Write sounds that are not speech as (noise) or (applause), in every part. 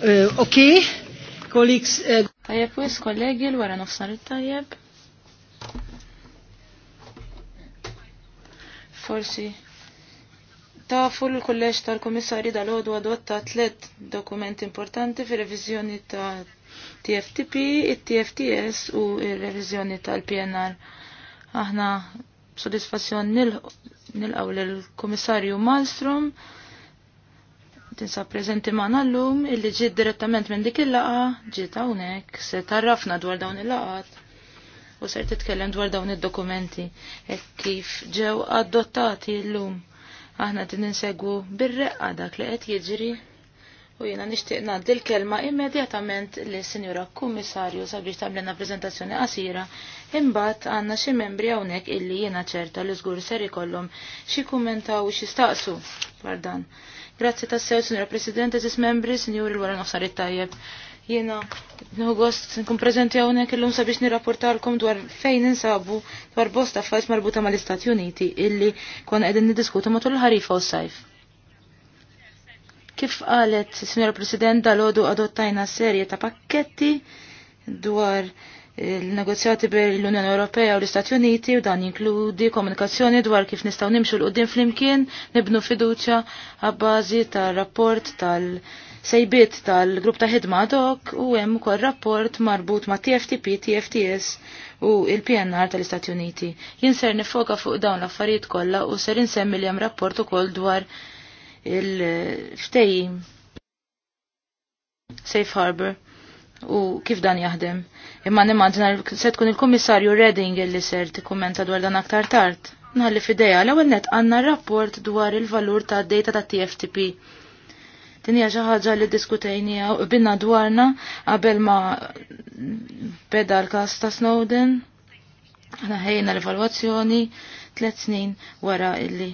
Eh, ok, colleagues. Eh, tajjeb, wis kollegi l-wara nofsar tajjeb. Forsi tafu l-kolleġ tal-komissari dal-ħodu adotta tlet dokument importanti fi revizjoni ta' TFTP, il-TFTS u il-revizjoni tal-PNR. Aħna b'sodisfazzjon nil għaw l-komissarju Malmstrom tinsa prezenti maħna l-lum illi ġiet direttament minn dik il-laqa ġiet hawnhekk se tarrafna dwar dawn il-laqat u ser titkellem dwar dawn id-dokumenti hekk kif ġew adottati llum l-lum aħna din insegwu bir-reqqa dak li qed jiġri U jena nishtiq naddi l-kelma immedjatament li Sinjura Kummissarju sabiex tamlena prezentazzjoni qasira, imbagħad għandna xi membri hawnhekk illi jiena ċerta li żgur ser ikollhom xi kummentaw u xi staqsu dwar dan. Grazzi tassew, Sinjura President, eżis membri, Sinjuri l-wara nofsar it-tajjeb. Jiena gost nkun preżenti hawnhekk illum sabiex nirrapportalkom dwar fejn insabu dwar bosta affarijiet marbuta mal-Istati Uniti illi kon qegħdin niddiskutu matul il-ħarifa u s-sajf. Kif qalet, Signor President, dal-ħodu adottajna serje ta' pakketti dwar eh, il-negozjati bil l-Unjoni Ewropea u l-Istati Uniti u dan jinkludi komunikazzjoni dwar kif nistgħu nimxu l qoddim flimkien nibnu fiduċja għabbażi tal-rapport tal-sejbiet tal-grupp ta' ħidma ad hoc u hemm ukoll rapport marbut ma' TFTP, TFTS u il-PNR tal-Istati Uniti. Jinser ser nifoka fuq dawn l-affarijiet kollha u ser insemmi li hemm rapport ukoll dwar il-ftejim Safe Harbor u kif dan jaħdem. Imma nimmaġna se tkun il-Kummissarju Redding li ser tikkumenta dwar dan aktar tard. Nħalli fideja l-ewwel net għandna rapport dwar il-valur ta' data ta' TFTP. Din hija xi ħaġa li diskutejnija binna dwarna qabel ma beda l-każ ta' Snowden. Aħna ħejna l-evalwazzjoni tliet snin wara illi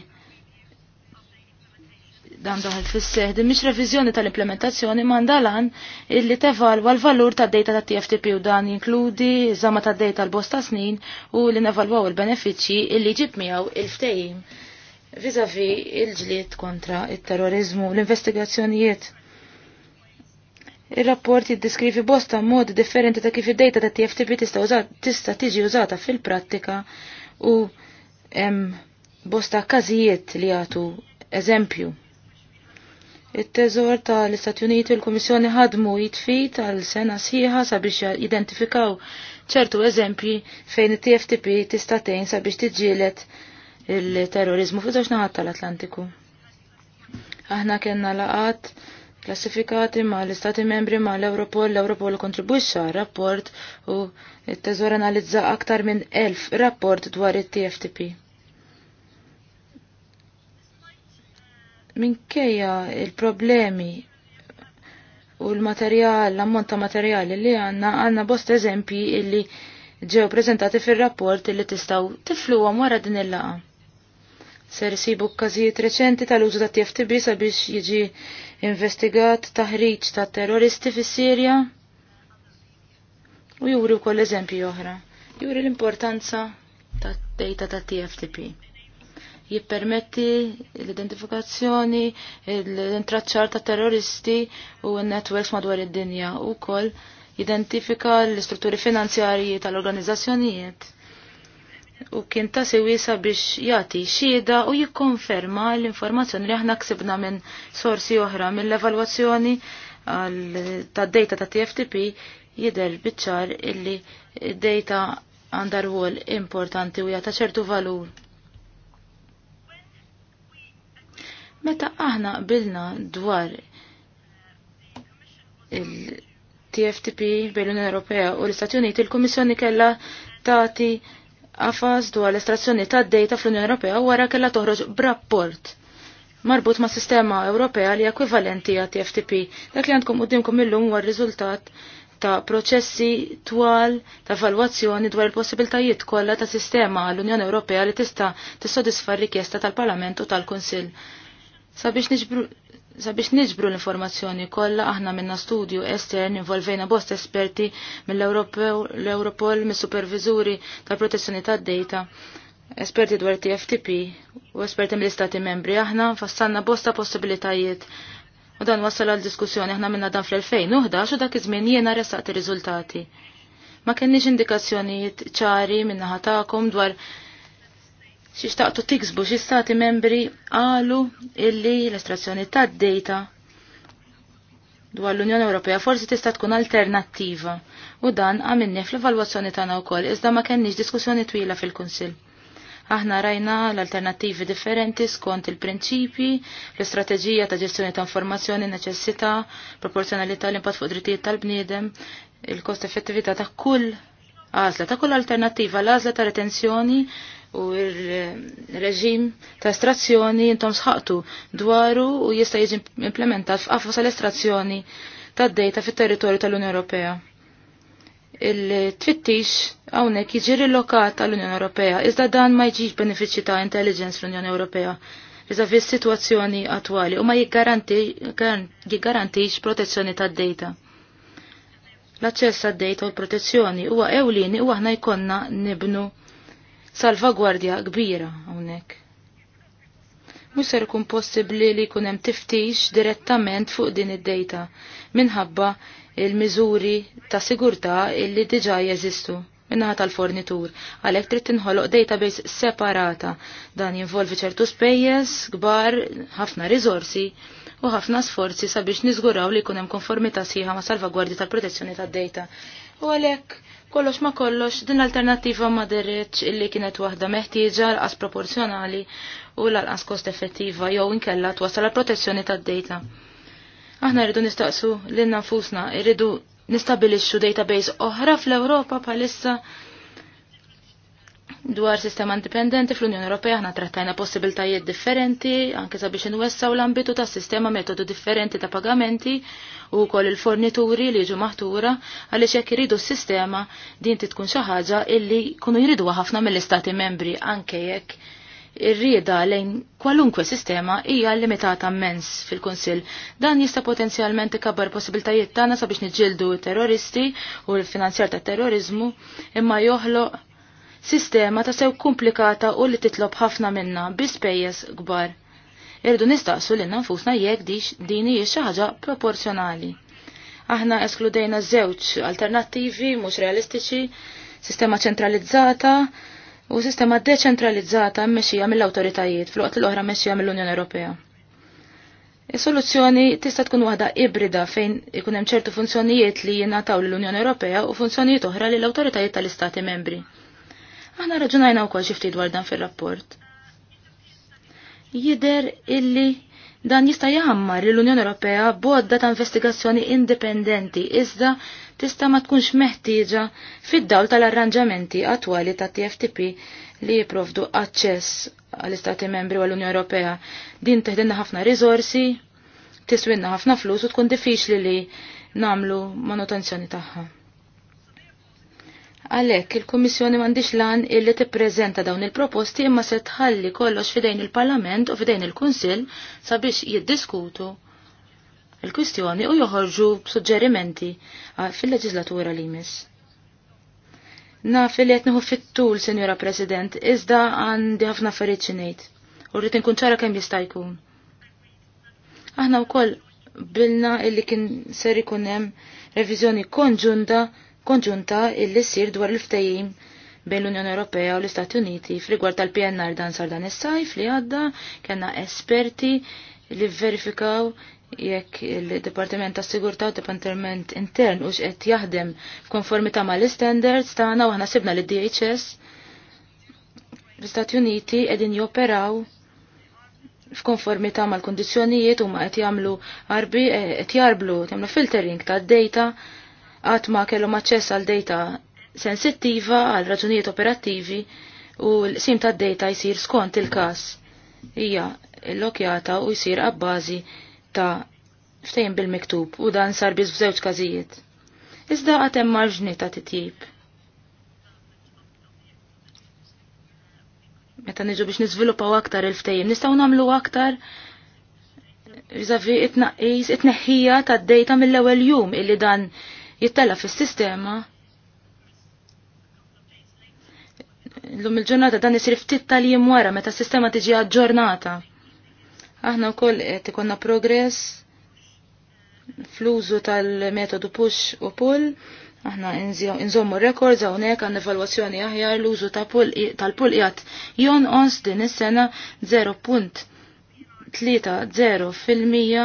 dan doħal fis di din mhix reviżjoni tal-implementazzjoni mandalan illi tevalwa l-valur tad-data ta' tftp u dan jinkludi żama ta' data l-bosta snin u li nevalwaw il-benefiċċji illi ġib miegħu il-ftehim Vizavi il-ġlied kontra il terrorizmu l-investigazzjonijiet. Ir-rapport jiddeskrivi bosta mod differenti ta' kif id-data ta' TFTP tista' tiġi użata fil-prattika u em, bosta każijiet li għatu eżempju it-teżor tal-Istati Uniti il-Kummissjoni ħadmu jitfit tal sena sħiħa sabiex identifikaw ċertu eżempji fejn it-TFTP tista' tgħin sabiex tiġġieled il-terrorizmu fi żewġ naħat tal-Atlantiku. Aħna kellna laqat klassifikati ma l-Istati membri ma l-Europol, l-Europol kontribwixxa rapport u t-teżor analizza aktar minn elf rapport dwar it-TFTP. minkejja il-problemi u l-materjal, l-ammont ta' materjali li għanna, għanna bost eżempji illi ġew prezentati fil-rapport illi tistaw tifluhom wara din il-laqa. Ser sibu każijiet reċenti tal-użu ta' TFTB sabiex jiġi investigat taħriġ ta' terroristi fis-Sirja u juri wkoll eżempji oħra. Juri l-importanza ta' data ta' TFTP jippermetti l-identifikazzjoni, l-intraċċar ta' terroristi u n-networks madwar id-dinja u kol jidentifika l-istrutturi finanzjarji tal-organizzazzjonijiet u kien ta' sewisa biex jati xieda u jikkonferma l-informazzjoni li aħna ksibna minn sorsi oħra mill-evalwazzjoni ta' data ta' TFTP jider biċċar illi data għandar wol importanti u jata ċertu valur Meta aħna qbilna dwar il-TFTP bejn l-Unjoni Ewropea u l-Istati Uniti, il-Kummissjoni kellha tagħti għafas dwar l-estrazzjoni ta' data fl-Unjoni Ewropea wara kellha toħroġ b'rapport marbut ma' sistema Ewropea li ekwivalenti għat TFTP. Dak li għandkom qudiemkom illum huwa r-riżultat ta' proċessi twal ta' valwazzjoni dwar il-possibiltajiet kollha ta' sistema għall-Unjoni Ewropea li tista' tissodisfa r-rikjesta tal-Parlament u tal-Kunsill. Sabiex niġbru l-informazzjoni kollha aħna minna studju estern involvejna bost esperti mill-Europol, mis-supervizuri tal-protezzjoni tad-data, esperti dwar TFTP u esperti mill-istati membri. Aħna fassanna bosta possibilitajiet u dan wassal għal diskussjoni aħna minna dan fl-2011 u dak iż-żmien jiena resaqt ir-riżultati. Ma kenniex indikazzjonijiet ċari minna tagħkom dwar xi xtaqtu tiksbu xi stati membri qalu illi l-estrazzjoni tad-data dwar l-Unjoni Ewropea forsi tista' tkun alternattiva u dan għamilni fl-evalwazzjoni tagħna wkoll iżda ma kenniex diskussjoni twila fil-Kunsill. Aħna rajna l-alternattivi differenti skont il-prinċipi, l-istrateġija ta' ġestjoni ta' informazzjoni, neċessità, proporzjonalità l-impatt fuq drittijiet tal-bniedem, il-kost effettività ta' kull għażla ta' kull alternattiva, l-għażla ta' retenzjoni u il-reġim ta' estrazzjoni intom sħaqtu dwaru u jista' jiġi implementat f'qafas l-estrazzjoni ta' data fit-territorju tal-Unjoni Ewropea. Il-tfittix hawnhekk jiġi rilokat tal-Unjoni Ewropea, iżda dan ma jiġix benefiċċji ta' intelligence fl-Unjoni Ewropea iżda fi situazzjoni attwali u ma jiggarantix protezzjoni tad data L-aċċess għad dejta u l-protezzjoni huwa ewlieni u aħna jkollna nibnu salvagwardja kbira hawnhekk. Mhux ser ikun possibbli li jkun hemm tiftix direttament fuq din id-dejta minħabba il-miżuri ta' sigurtà illi diġà jeżistu minnaħa tal-fornitur, għalhekk trid tinħoloq database separata. Dan jinvolvi ċertu spejjeż kbar, ħafna riżorsi u ħafna sforzi sabiex niżguraw li jkun hemm konformità sieħa ma' salvagwardja tal-protezzjoni tad dejta U għalhekk Kollox ma kollox, din alternativa ma derriċ illi kienet waħda meħtieġa l-qas proporzjonali u l-qas kost effettiva jew inkella twasal protezzjoni tad-data. Aħna rridu nistaqsu l-innanfusna, rridu nistabilixxu database oħra fl-Ewropa bħalissa dwar sistema indipendenti fl-Unjoni Ewropea aħna trattajna possibiltajiet differenti, anke sabiex inwessaw l-ambitu ta' sistema metodu differenti ta' pagamenti u wkoll il-fornituri li jiġu maħtura għaliex jekk iridu s-sistema din tkun xi ħaġa illi jkunu jridu ħafna mill-istati membri anke jekk ir-rieda lejn kwalunkwe sistema hija limitata mens fil-Kunsill. Dan jista' potenzjalment ikabbar possibiltajiet tagħna sabiex niġġieldu terroristi u l-finanzjar tat terrorizmu imma joħloq sistema ta' sew komplikata u li titlob ħafna minna bi spejjeż kbar. Irdu nistaqsu lil nfusna jekk dix din hija xi ħaġa proporzjonali. Aħna eskludejna żewġ alternattivi mhux realistiċi, sistema ċentralizzata u sistema deċentralizzata mmexxija mill-awtoritajiet fil-waqt l-oħra mmexxija mill-Unjoni Ewropea. Is-soluzzjoni tista' tkun waħda ibrida fejn ikun hemm ċertu funzjonijiet li jingħataw lill-Unjoni Ewropea u funzjonijiet oħra lill awtoritajiet tal-Istati membri. Aħna raġunajna wkoll xi ftit dwar dan fir-rapport. Jider illi dan jista' li l unjoni Ewropea bodda ta' investigazzjoni indipendenti iżda tista' ma tkunx meħtieġa fid-dawl tal-arranġamenti attwali ta' TFTP li jiprovdu aċċess għall-Istati Membri u l unjoni Ewropea. Din teħdinna ħafna riżorsi, tiswinna ħafna flus u tkun diffiċli li namlu manutenzjoni tagħha. Għalhekk il-Kummissjoni m'għandix lan illi tippreżenta dawn il-proposti imma se tħalli kollox fidejn il-Parlament u fidejn il-Kunsill sabiex jiddiskutu il-kwistjoni u joħorġu suġġerimenti ah, fil-leġislatura li jmiss. Naf li qed nieħu fit-tul, Sinjora President, iżda għandi ħafna affarijiet xi ngħid. U rrid inkun ċara kemm jista' jkun. Aħna wkoll bilna illi kien ser ikun hemm reviżjoni konġunta konġunta illi sir dwar il ftajim bejn l-Unjoni Ewropea u l-Istati Uniti f'rigward tal-PNR dan sar dan is-sajf li għadda kellna esperti li verifikaw jekk il-Departiment tas Sigurtà u Departiment Intern u x'qed jaħdem konformità mal-standards tagħna u aħna sibna li DHS l-Istati Uniti qegħdin joperaw f'konformità mal u huma qed jagħmlu arbi eh, qed jarblu jagħmlu filtering tad-data għat ma kellhom aċċess għal data sensittiva għal raġunijiet operattivi u l sim ta' data jisir skont il-każ. Hija lokjata u jisir għabbazi ta' ftejn bil-miktub u dan sar biz f'żewġ każijiet. Iżda għad hemm marġni ta' titjib. Meta niġu biex niżviluppaw aktar il-ftejn, nistgħu nagħmlu aktar vizavi it-naqqis, it ta' dejta mill-ewwel jum illi dan jittella fis-sistema l-lum il-ġurnata dan isir ftit tal jim wara meta s-sistema tiġi aġġornata. Aħna wkoll qed ikonna progress fl-użu tal-metodu push u pull, aħna nżommu records hawnhekk għan evalwazzjoni aħjar l-użu tal-pull jon jonqos din is-sena 0.30 fil-mija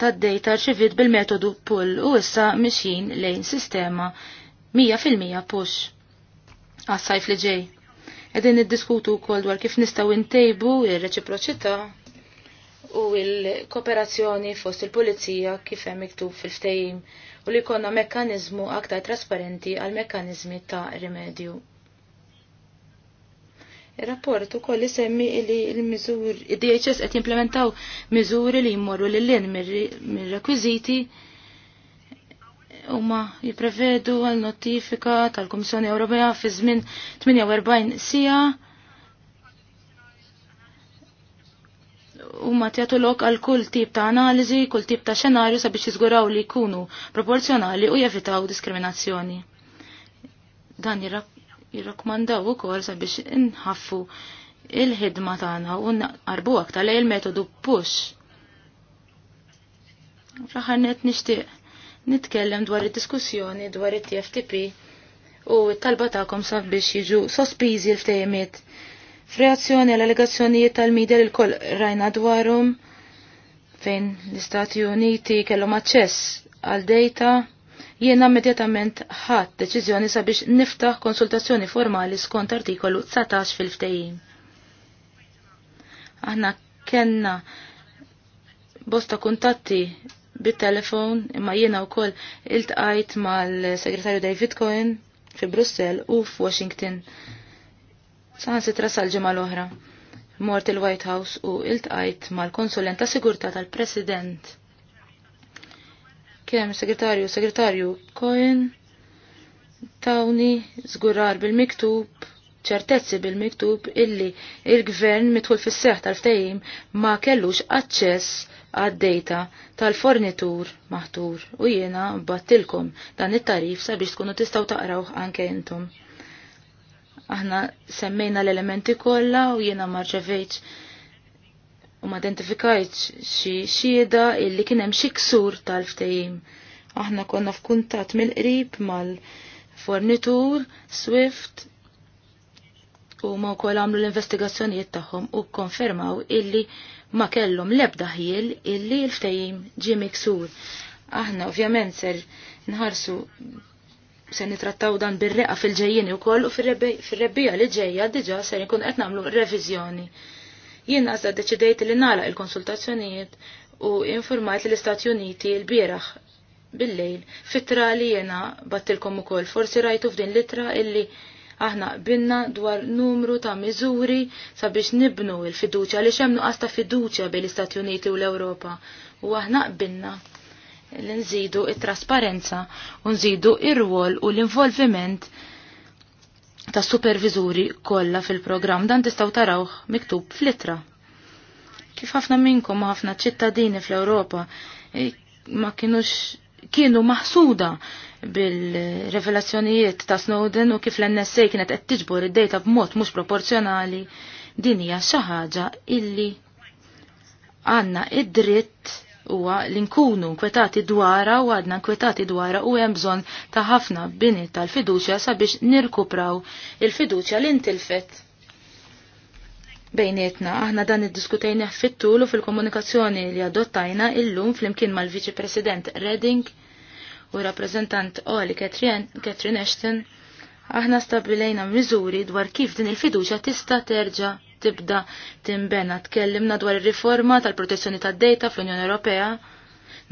tad-data rċivit bil-metodu pull u issa mixin lejn sistema 100% push. Għas-sajf li ġej. Edin niddiskutu wkoll dwar kif nistgħu ntejbu ir-reċiproċità u l-kooperazzjoni fost il-pulizija kif hemm miktub fil-ftehim u li konna mekkaniżmu aktar trasparenti għal mekkaniżmi ta' rimedju. Il-rapport ukoll isemmi li l-miżur id-DHS qed jimplementaw miżuri li jmorru lil lin mir-rekwiżiti huma jipprevedu għal notifika tal-Kummissjoni Ewropea fi żmien 48 sija huma tjatu lok għal kull tip ta' analiżi, kull tip ta' xenarju sabiex jiżguraw li jkunu proporzjonali u jevitaw diskriminazzjoni. Dan ir-rapport jirrakmandaw ukoll sabiex inħaffu il-ħidma tagħna u nqarbu aktar lej il-metodu push. Raħan net nixtieq nitkellem dwar id-diskussjoni dwar it-TFTP u t-talba tagħkom sabiex jiġu sospiżi l-ftehimiet. F'reazzjoni għal allegazzjonijiet tal-medja li l-koll rajna dwarhom fejn l-Istati Uniti kellhom aċċess għal data jiena immedjatament ħadd deċiżjoni sabiex niftaħ konsultazzjoni formali skont artikolu 19 fil-ftehim. Aħna kenna bosta kuntatti bit-telefon imma jiena wkoll iltqajt mal-Segretarju David Cohen fi Brussell u f'Washington. Saħansitra sal-ġimgħa l-oħra. Mort il-White House u iltqajt mal-konsulent ta' sigurtà tal-President kemm segretarju, segretarju Cohen tawni zgurar bil-miktub ċertezzi bil-miktub illi il-gvern mitħul fis seħ tal-ftejim ma kellux aċċess għad-data tal-fornitur maħtur u jiena battilkom dan it-tarif sabiex tkunu tistaw taqraw anke intom. Aħna semmejna l-elementi kollha u jiena marċevejċ u ma identifikajt xi xieda illi kien hemm xi ksur tal-ftehim. Aħna konna f'kuntatt mill-qrib mal-fornitur Swift u ma wkoll għamlu l-investigazzjonijiet tagħhom u konfermaw illi ma kellhom l-ebda ħiel illi l-ftehim ġie miksur. Aħna ovvjament ser nħarsu se nitrattaw dan bir-reqa fil-ġejjini wkoll u fir-rebbija li ġejja diġa' ser ikun qed nagħmlu reviżjoni Jien għazda deċidejt li nara il-konsultazzjonijiet u informajt l-Istati Uniti l-bieraħ bil-lejl. Fitra li jena battilkom u koll forsi rajtu f'din litra illi aħna binna dwar numru ta' miżuri sabiex nibnu il-fiduċja li xemnu għasta fiduċja bejn l-Istati Uniti u l-Ewropa. U aħna binna li nżidu il trasparenza u nżidu ir-rwol u l-involviment ta' supervizuri kollha fil-programm dan tistgħu tarawh miktub fl-ittra. Kif ħafna minnkom u ħafna ċittadini fl-Ewropa eh, ma kienux kienu maħsuda bil-revelazzjonijiet ta' Snowden u kif l-NSA kienet qed tiġbor id-dejta b'mod mhux proporzjonali din hija xi ħaġa illi għandna id-dritt huwa li nkunu nkwetati dwara u għadna nkwetati dwara u hemm bżonn ta' ħafna bini tal-fiduċja sabiex nirkupraw il-fiduċja li ntilfet bejnietna. Aħna dan iddiskutejna fit-tul u fil-komunikazzjoni li adottajna illum flimkien mal-Viċi President Redding u rappreżentant Oli Catherine Ashton aħna stabilejna miżuri dwar kif din il-fiduċja tista' terġa' tibda timbena. Tkellimna dwar ir-riforma tal-protezzjoni tad-data fl-Unjoni Ewropea.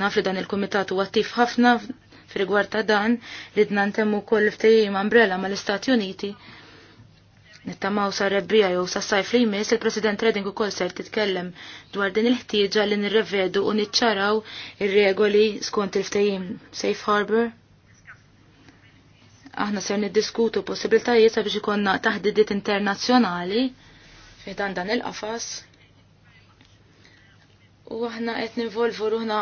Naf li dan il-Kumitat huwa attiv ħafna f'rigward ta' dan dna ntemmu wkoll ftehim umbrella mal-Istati Uniti. Nittamaw sa' rebbija jew sa' sajf li jmiss il-President Redding ukoll ser titkellem dwar din il-ħtieġa li nirrevedu u niċċaraw ir-regoli skont il-ftehim Safe Harbor aħna ser niddiskutu possibiltajiet sabiex ikonna taħdidiet internazzjonali fidan dan il-qafas u aħna qed ninvolvu ruħna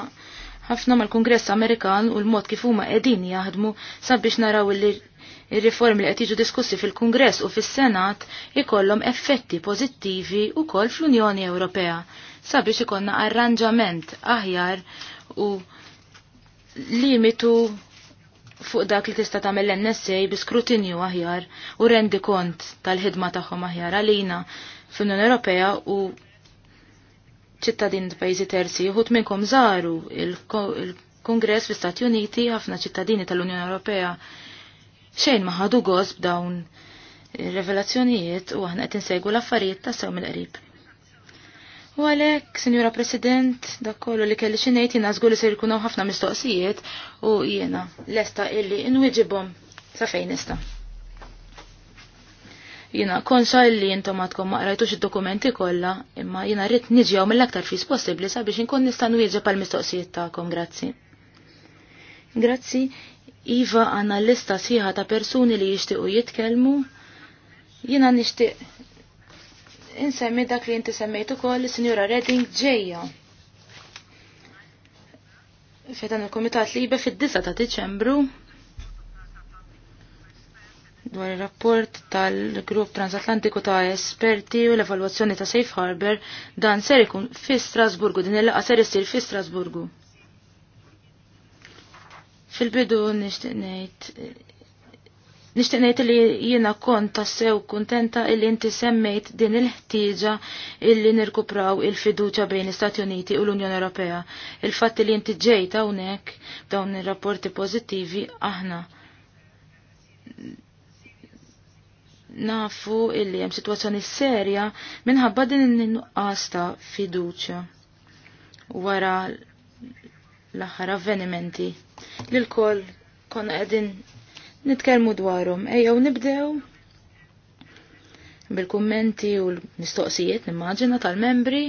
ħafna mal-Kongress Amerikan u l-mod kif huma qegħdin jaħdmu sabiex naraw li ir-riformi li qed jiġu diskussi fil-Kungress u fis-Senat ikollhom effetti pożittivi wkoll fl-Unjoni Ewropea sabiex ikollna arranġament aħjar u limitu fuq dak li tista' tagħmel l-NSA bi skrutinju aħjar u rendi kont tal-ħidma tagħhom aħjar għalina fl-Unjoni Ewropea u ċittadin ta' pajjiżi terzi. Jħut minnkom żaru il-Kongress il kongress fl istati Uniti ħafna ċittadini tal-Unjoni Ewropea xejn ma ħadu goż b'dawn revelazzjonijiet u aħna qed insegwu l-affarijiet ta' sew mill-qrib. U għalek, Sinjora President, da kollu li kelli xinejt jina zgur li ser jkunaw ħafna mistoqsijiet u jiena lesta illi inwiġibom sa fejn nista'. Jina konxa li jintom għatkom maqrajtux id-dokumenti kollha, imma jina rrit niġjaw mill-aktar fis possibbli sabiex inkun nista' nwieġeb għal mistoqsijiet tagħkom, grazzi. Grazzi, Iva għanna lista sħiħa ta' persuni li jixtiequ jitkellmu. Jina nixtieq insemmi dak li jinti semmejtu ukoll is-Sinjura Redding ġejja fetan il-Komitat Libe fid disa ta' Diċembru dwar il-rapport tal-grupp transatlantiku ta' esperti u l-evalwazzjoni ta' Safe Harbor dan ser ikun fi Strasburgu, din il-laqa ser isir fi Strasburgu. Fil-bidu nishtiq ngħid ngħid li jiena kont tassew kuntenta illi inti semmejt din il-ħtieġa illi nirkupraw il-fiduċa bejn l-Istati Uniti u l-Unjoni Ewropea. Il-fatt li inti ġejta hawnhekk dawn ir-rapporti pożittivi aħna nafu illi hemm sitwazzjoni serja minħabba din in-nuqqas ta' fiduċja wara l-aħħar avvenimenti li l-koll konna qegħdin nitkellmu dwarhom. Ejjew nibdew bil-kummenti u l-mistoqsijiet nimmaġina tal-membri.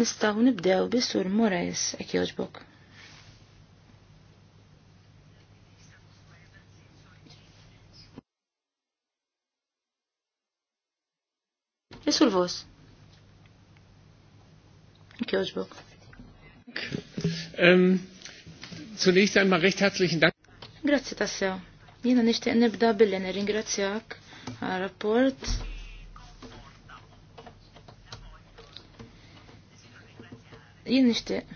Nistaw nibdew bis-sur Moraes ek joġbok. Nisul vos. Kjoġbok. Ehm, zunächst einmal recht herzlichen Dank. Grazie tassew. Jena nishti nibda billi nirringrazzjak għal rapport. Jien nishtiq.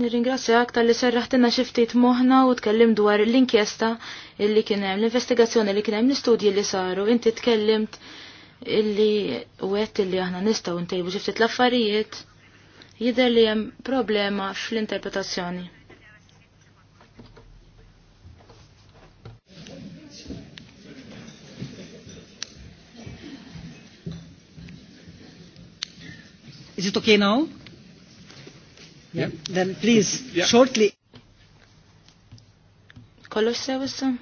Nirringrazzjak tal-li serraħtina xiftit moħna u tkellim dwar l-inkjesta illi kienem, l-investigazzjoni li kienem, l-istudji li saru, inti tkellimt illi u għet illi aħna nistaw ntejbu ġiftit l-affarijiet jider li jem problema fl-interpretazzjoni. Is it okay now? Yeah. yeah. Then please, yeah. shortly. Kollox sewissa?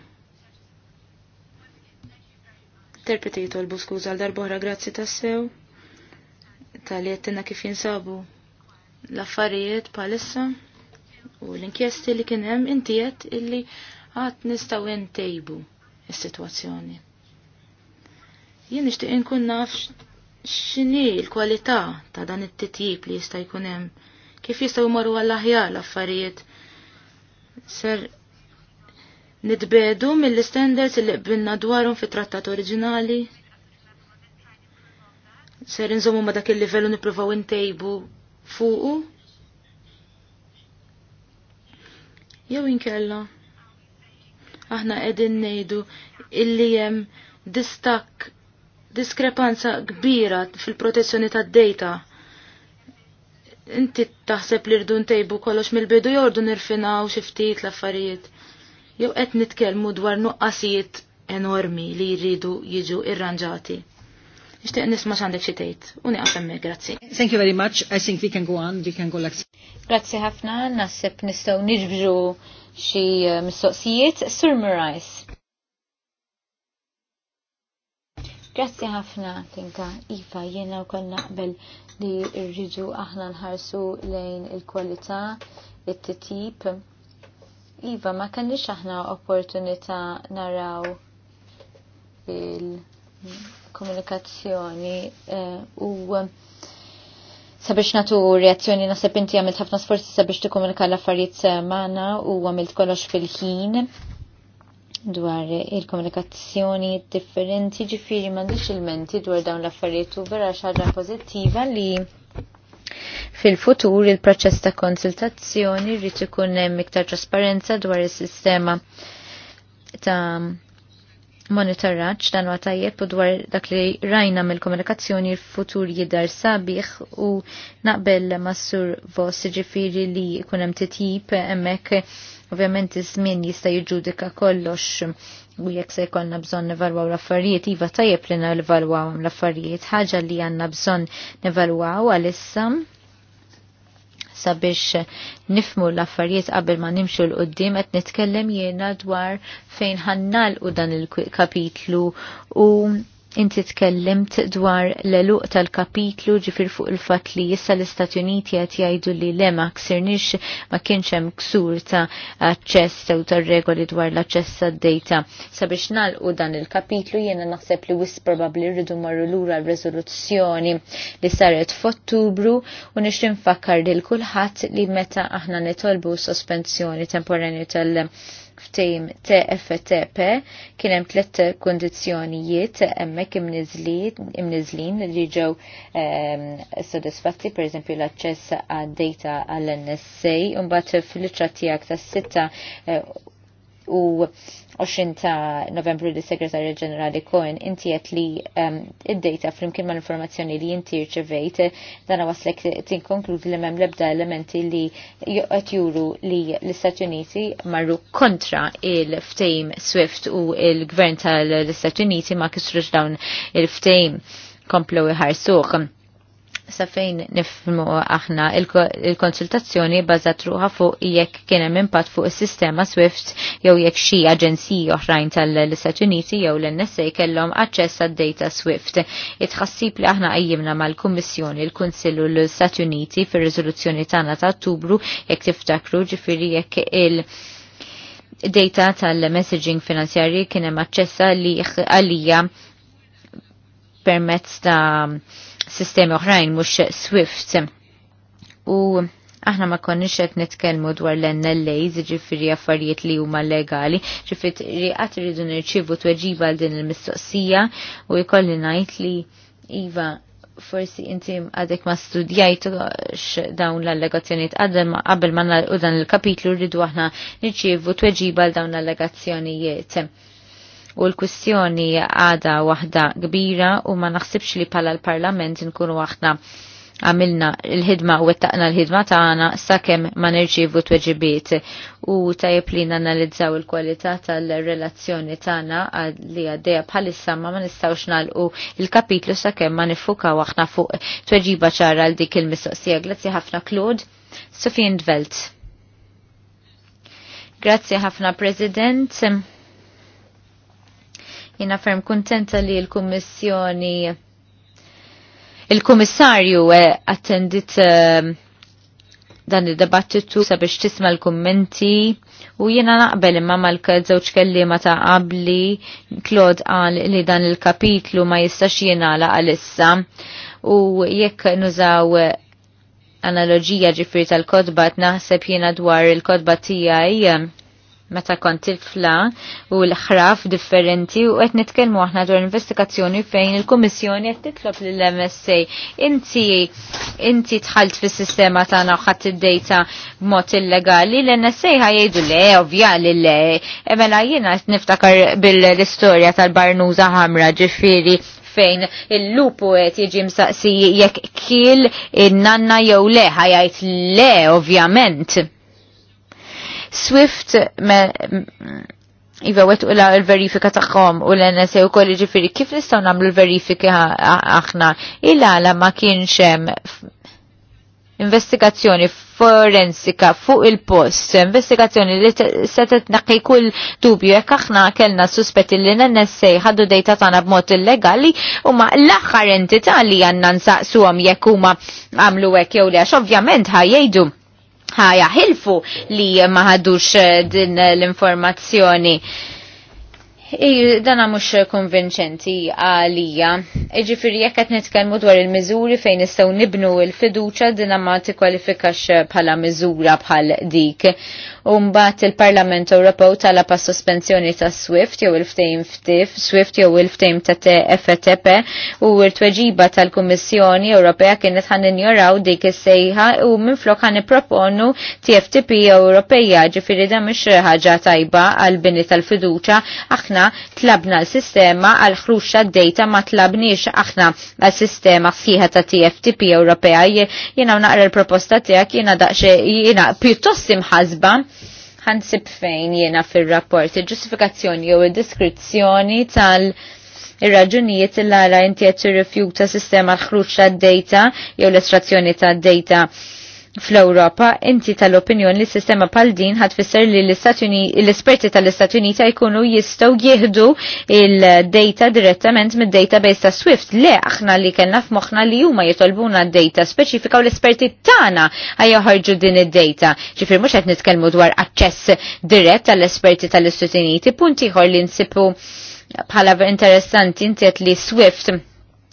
Terpeti jitolbu skuża għal darbohra grazzi tassew tal jettina kif jinsabu l-affarijiet palissa u l-inkjesti li kienem intijet illi għat nistaw intejbu il-situazzjoni. Jien nixtieq inkun naf x'inhi l-kwalità ta' dan it-titjib li jista' jkun hemm, kif jistgħu jmorru għall aħjar l-affarijiet. Ser nitbedu mill-standards li qbilna dwarhom fit-trattat oriġinali. Ser inżommu ma dak il-livellu nippruvaw intejbu fuqu. Jew inkella. Aħna qegħdin ngħidu illi hemm distak diskrepanza kbira fil-protezzjoni tad-data inti taħseb li rdu ntejbu kollox mill-bidu jordu nirfinaw xi ftit l-affarijiet jew qed nitkellmu dwar nuqqasijiet enormi li jridu jiġu irranġati. Ixtieq nisma' x'għandek xi tgħid u nieqaf hemmhekk, grazzi. Thank you very much. I think we can go on, we can go like. Grazzi ħafna, naħseb nistgħu niġbru xi eh, mistoqsijiet. Sur Grazzi ħafna, tinka, Iva, jiena wkoll naqbel li rridu aħna nħarsu lejn il-kwalità, it-titip, Iva, ma kellix aħna opportunità naraw il-komunikazzjoni eh, u eh, sabiex natu reazzjoni nasib inti għamilt ħafna sforzi sabiex tikkomunika l-affarijiet semana u għamilt kollox fil-ħin dwar il-komunikazzjoni differenti ġifiri m'għandix il-menti dwar dawn l-affarijiet u vera xaġa pozittiva li fil-futur il-proċess ta' konsultazzjoni rrit ikun hemm iktar trasparenza dwar is-sistema ta' monitoraġġ dan huwa tajjeb u dwar dak li rajna mill-komunikazzjoni l-futur jidher sabiħ u naqbel mas-sur vos ġifiri li jkun hemm titjib hemmhekk ovvjament iż-żmien jista' jiġġudika kollox u jekk se jkollna bżonn nevalwaw l-affarijiet, iva tajjeb li nevalwaw l-affarijiet, ħaġa li għandna bżonn nevalwaw għalissa sabiex nifmu l-affarijiet qabel ma nimxu l-qoddim qed nitkellem jiena dwar fejn ħannalqu dan il-kapitlu u Inti tkellimt dwar l-eluq tal-kapitlu ġifir fuq il-fat li jissa l-Istati Uniti għat jajdu li le ma ksirnix ma kienxem ksur ta' ċess u ta' regoli dwar l d data Sabiex u dan il-kapitlu jena naħseb li wis probabli rridu marru l-ura rezoluzzjoni li saret f'Ottubru u nix nfakkar li l-kulħat li meta aħna nitolbu sospensjoni temporanju tal- ftejm TFTP kien hemm tliet kundizzjonijiet hemmhekk imniżlin li ġew ehm, sodisfatti pereżempju l-aċċess għad-data għall-NSA u mbagħad fil-itra tiegħek tas-sitta eh, u 20 ta' novembru li segretarja ġenerali Cohen inti qed li um, id-data flimkien mal informazzjoni li inti rċevejt dan waslek tinkonkludi li m'hemm l-ebda elementi li qed juru li l-Istati Uniti marru kontra il-ftejm Swift u il-gvern tal-Istati Uniti ma kisruġ dawn il-ftejm komplu iħarsuh sa fejn nifmu aħna il-konsultazzjoni bazat ruħa fuq jekk kien hemm impatt fuq is-sistema Swift jew jekk xi aġenziji oħrajn tal-Istati Uniti jew l-NSA kellhom aċċess għad-data Swift. Itħassib li aħna qajjimna mal-Kummissjoni l-Kunsill u l-Istati Uniti fir-riżoluzzjoni tagħna ta' Ottubru jekk tiftakru ġifieri jekk il- data tal-messaging finanzjarji kien hemm aċċessa li għalija permezz ta' sistemi oħrajn mhux Swift. U aħna ma konniex qed nitkellmu dwar l-NLAs, ġifieri affarijiet li huma legali, ġifieri qatt iridu nirċivu tweġiba għal din il-mistoqsija u jkolli ngħid li iva forsi inti għadek ma studijajt dawn l-allegazzjoniet qabel ma nalqu dan il-kapitlu rridu aħna nirċievu tweġiba għal dawn l-allegazzjonijiet u l-kwistjoni għada waħda kbira u ma naħsibx li pala l-parlament nkunu aħna għamilna l-ħidma u għettaqna l-ħidma taħna sakem ma nerġivu tweġibiet u tajib li nanalizzaw il-kualità tal-relazzjoni taħna li għaddeja bħalissa ma ma nistawx nalqu il-kapitlu sakem ma nifuka waħna fuq tweġiba ċara l-dik il-mistoqsija. Grazzi ħafna Klod, Sofien Dvelt. Grazzi ħafna President. Jina ferm kontenta li l-Kummissjoni il-Kummissarju eh, attendit eh, dan il-debattitu sabiex tisma l-kommenti u jiena naqbel imma mal-żewġ kellima ta' qabli Klod qal li dan il-kapitlu ma jistax la' għalissa u jekk nużaw analogija ġifri tal-kodba naħseb jiena dwar il-kodba tiegħi meta kont tifla u l-ħraf differenti u qed nitkellmu aħna dwar investigazzjoni fejn il-Kummissjoni qed titlob lill-MSA. Inti inti tħalt fis-sistema tagħna u ħadd id-dejta b'mod illegali, l-NSA jgħidu le ovvja li le. E mela jiena qed niftakar bil-istorja tal-Barnuża ħamra ġifieri fejn il-lupu qed jiġi msaqsi jekk kiel in-nanna jew le ħajajt le ovvjament. Swift Iva wet u l-verifika taħħom u l-NSA u kolli ġifiri kif nistaw namlu l-verifika aħna Illa la ma kienxem investigazzjoni forensika fuq il-post, investigazzjoni li setet naqi kull dubju jekk aħna kellna suspetti li n-NSA ħaddu dejta tagħna b'mod illegali u ma l-aħħar entità li għandna nsaqsuhom jekk huma għamlu hekk jew le għax ovvjament ħajjajdu ħaja ħilfu li ma ħadux eh, din l-informazzjoni. Dana mux konvinċenti għalija. Iġifiri jekk qed nitkellmu dwar il-miżuri fejn nistgħu nibnu il-fiduċa dina ma tikkwalifikax bħala miżura bħal dik u mbagħad il-Parlament Ewropew talab sospensjoni ta' Swift jew il-ftehim ftif, Swift jew il-ftehim ta' TFTP u l tweġiba tal-Kummissjoni Ewropea kienet ħan injoraw dik is-sejħa u minflok ħan proponu TFTP Ewropeja ġifieri da mhix ħaġa tajba għal bini tal-fiduċa aħna tlabna l-sistema għal ħruxa tad-dejta ma tlabniex aħna għal-sistema sħiħa ta' TFTP Ewropea jiena naqra l-proposta tiegħek jiena daqsxejn jiena pjuttost imħasba ħansib fejn jiena fil-rapport il-ġustifikazzjoni jew il-diskrizzjoni tal- ir-raġunijiet il-għala inti qed tirrifjuta sistema l-ħruġ tad-data jew l-estrazzjoni tad-data fl-Europa, inti tal-opinjoni li sistema pal din ħad fisser li l-esperti tal-Istati Unita jkunu jistgħu jieħdu il-data direttament mid-database ta' Swift. Le aħna li kellna f'moħħna li huma jitolbuna data speċifika u l-esperti tagħna ħajjoħorġu din id-data. ċifir mhux qed nitkellmu dwar aċċess dirett tal-esperti tal-Istati Uniti, punt ieħor li nsipu bħala interessanti intiet li Swift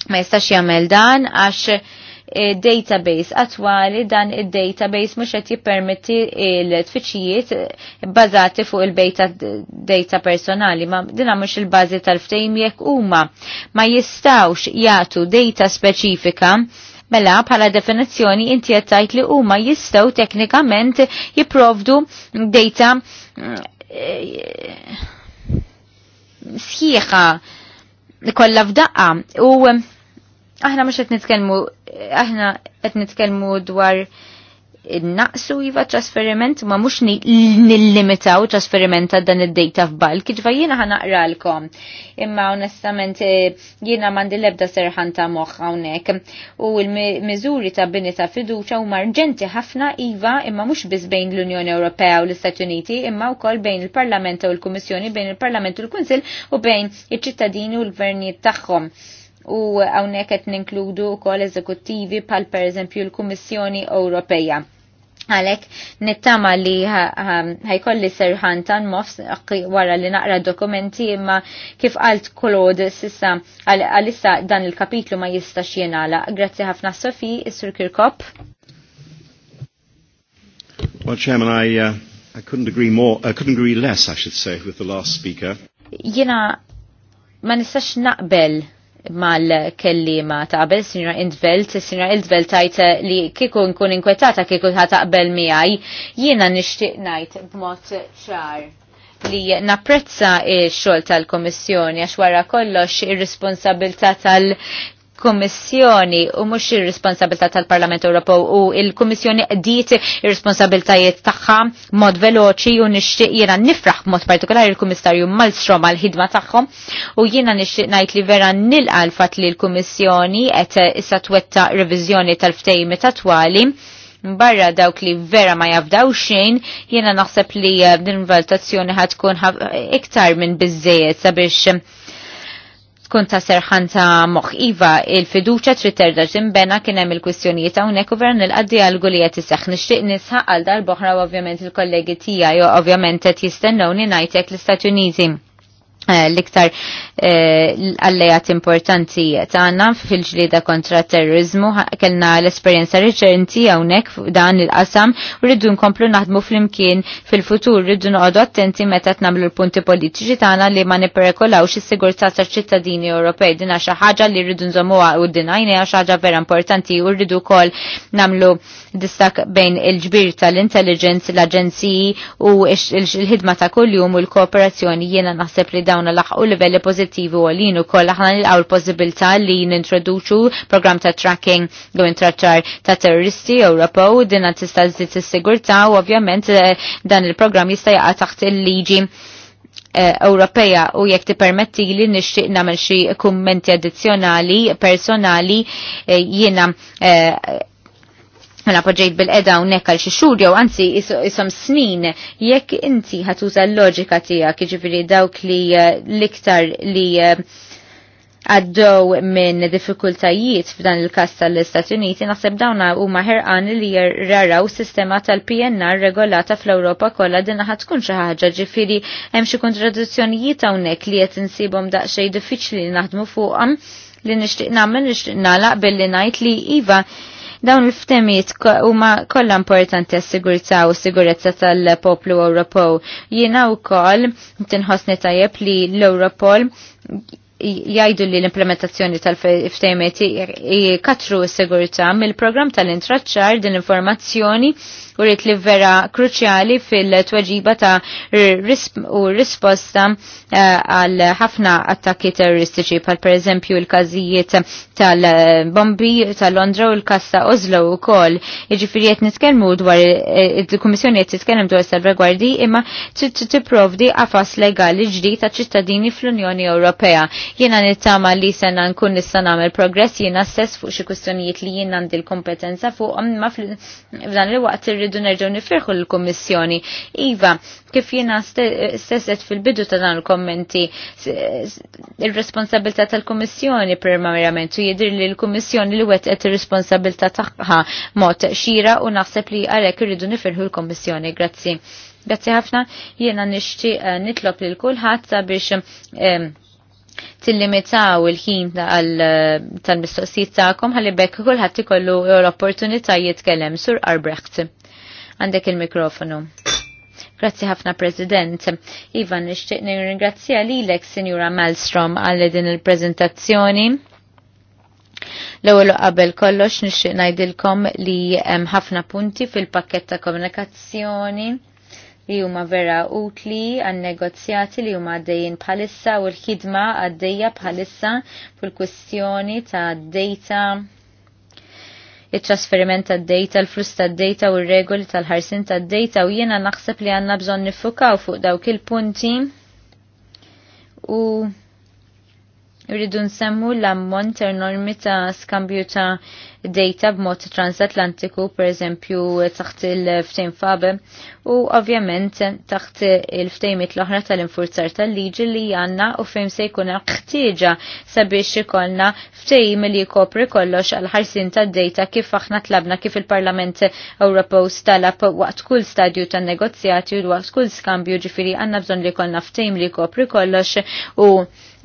ma jistax jagħmel dan għax database attwali dan id-database mhux qed jippermetti l-tfittxijiet bbażati fuq il beta data personali ma din mux il-bażi tal-ftehim jekk huma ma jistawx jagħtu data speċifika Mela, bħala definizzjoni inti jattajt li huma jistgħu teknikament jipprovdu data eh, sħiħa kollha f'daqqa u aħna mhux qed nitkellmu aħna qed nitkellmu dwar naqsu iva trasferiment ma mux nillimitaw trasferiment ta' dan id-data f'balk, ġva jina ħanaqralkom. Imma onestament eh, jina mandi lebda serħan ta' moħħ hawnhekk u l-miżuri ta' bini ta' fiduċa u marġenti ħafna iva imma mhux biss bejn l-Unjoni Ewropea u l-Istati Uniti imma wkoll bejn il-Parlament u l-Kummissjoni, bejn il-Parlament u l-Kunsill u bejn iċ-ċittadini u l-gvernijiet tagħhom u hawnhekk qed ninkludu wkoll eżekuttivi per pereżempju l-Kummissjoni Ewropeja. Għalek, nittama li ħajkolli serħan tan mofs wara li naqra dokumenti imma kif għalt kolod sissa għalissa dan il-kapitlu ma jistax jenala. Grazzi ħafna Sofi, Sir Kirkop. Well, Chairman, I, uh, I couldn't agree more, I couldn't agree less, I should say, with the last speaker. Jena, ma nistax naqbel mal-kellima ta' qabel Sinjora Indvelt, Sinjora Indvelt tajt li kiku nkun inkwetata kiku ta' taqbel miħaj, jiena nishtiq najt b'mod ċar li napprezza xol tal-Komissjoni għax wara kollox ir-responsabilità tal Kommissjoni u mhux ir-responsabilità tal-Parlament Ewropew u il kummissjoni qdiet ir-responsabiltajiet tagħha mod veloċi u nixtieq jiena nifraħ mod partikolari l-Kummissarju Malstrom għal ħidma tagħhom u jiena nixtieq ngħid li vera nilqal l-fatt li l-Kummissjoni qed issa twetta reviżjoni tal-ftejmi tatwali barra dawk li vera ma jafdaw xejn, jiena naħseb li din valutazzjoni ħatkun iktar minn biżejjed sabiex tkun ta' serħanta moħ iva il-fiduċa trid terġa' ġimbena kien hemm il-kwistjonijiet hawnhekk u vera nilqaddi għal gulija tiseħ nixtieq nisħaq għal darb'oħra ovvjament il-kollegi tiegħi ovvjament qed jistennewni ngħidlek l-Istati Uniti eh, l-iktar Eh, alleat importanti tagħna fil-ġlieda kontra terrorizmu kellna l-esperjenza reċenti hawnhekk dan il-qasam u rridu nkomplu naħdmu flimkien fil-futur rridu nqodu attenti meta tnamlu l-punti politiċi tagħna li ma nipperekolawx is-sigurtà taċ-ċittadini Ewropej din xi ħaġa li rridu nżommuha u dinajna xi ħaġa vera importanti u rridu wkoll namlu distak bejn il-ġbir tal-intelligence, l-aġenziji u il-ħidma ta' kuljum u l-kooperazzjoni jiena naħseb li dawn u livelli pożittivi pozittivi u għalin u koll aħna għaw l pozibilta li nintroduċu program ta' tracking u intraċar ta' terroristi Ewropew dinna tista' zit is-sigurtà u ovvjament eh, dan il-programm jista' jaqa' taħt il-liġi eh, Ewropeja u jekk permetti li nixtieq nagħmel xi kummenti addizzjonali personali eh, jiena mela poġġejt bil-qeda hawnhekk għal xi xhur jew anzi isom snin jekk inti ħatuża l-loġika tiegħek jiġifieri dawk li eh, l-iktar li eh, għaddew minn diffikultajiet f'dan il-kas tal-Istati Uniti naħseb dawn huma ħerqan li raraw sistema tal-PNR regolata fl-Ewropa kollha din ħad tkun xi ħaġa ġifieri hemm xi kontradizzjonijiet hawnhekk li qed insibhom daqsxejn diffiċli naħdmu fuqhom li nixtieq nagħmel nixtieq nagħlaq billi ngħid li iva Dawn il-ftemiet huma kollha importanti għas-sigurtà u s-sigurezza tal-poplu Ewropew. Jiena wkoll tinħossni tajjeb li l ewropol jajdu li l-implementazzjoni tal-ftejmet katru s-sigurta mill-program tal-intraċċar din informazzjoni u rrit li vera kruċjali fil-tweġiba ta' u risposta eh, għal ħafna attakki terroristiċi pal per eżempju il-kazijiet tal-bombi tal-Londra u l-kasta Oslo u kol. Iġifiri jett nitkelmu dwar, eh, il-Komissjoni jett titkellem dwar ser-regwardi imma t-provdi għafas legali ġdijt ta' ċittadini fl-Unjoni Ewropea. Jena nittama li sena nkun nista' nagħmel progress jena s-sess fuq xi kwistjonijiet li jien għandi l-kompetenza fuq ma f'dan il-waqt rridu nerġgħu nifirħu l-Kummissjoni. Iva, kif jiena stesset fil-bidu ta' dan il-kommenti, il responsabilità tal-Kummissjoni primarjament u jidir li l-Kummissjoni li et ir-responsabilità tagħha mot xira u naħseb li għalek irridu nifirħu l-Kummissjoni. Grazzi. Grazzi ħafna, jiena nixtieq eh, nitlob lil kulħadd sabiex eh, tillimitaw il-ħin eh, tal-mistoqsijiet tagħkom ħalli bekk kulħadd ikollu l-opportunità jitkellem sur Arbrecht. Għandek il-mikrofonu. Grazzi ħafna President. Ivan, nixtieq nirringrazzja lilek Signora Malmstrom għal din il prezentazzjoni L-ewwel qabel kollox nixtieq ngħidilkom li hemm ħafna punti fil-pakkett ta' komunikazzjoni li huma vera utli għan negozjati li huma għaddejjin bħalissa u l-ħidma għaddejja bħalissa fil-kwistjoni ta' data it-trasferiment tad-data, l-flus tad-data u r-regoli tal-ħarsin tad-data u jiena naħseb li għandna bżonn nifukaw fuq dawk il-punti u Irridu nsemmu l-ammont enormi ta' skambju ta' data b'mod transatlantiku, per eżempju, taħt il-ftejn fabe, u ovvjament taħt il-ftejmit l-oħra tal-infurzar tal-liġi li għanna u fejn se jkun ħtieġa sabiex ikollna ftejm li jkopri kollox għal-ħarsin ta' data kif aħna tlabna kif il-Parlament Ewropew stalab waqt kull stadju ta' negozjati u waqt kull skambju ġifiri għanna bżon li jkollna ftejm li jkopri kollox u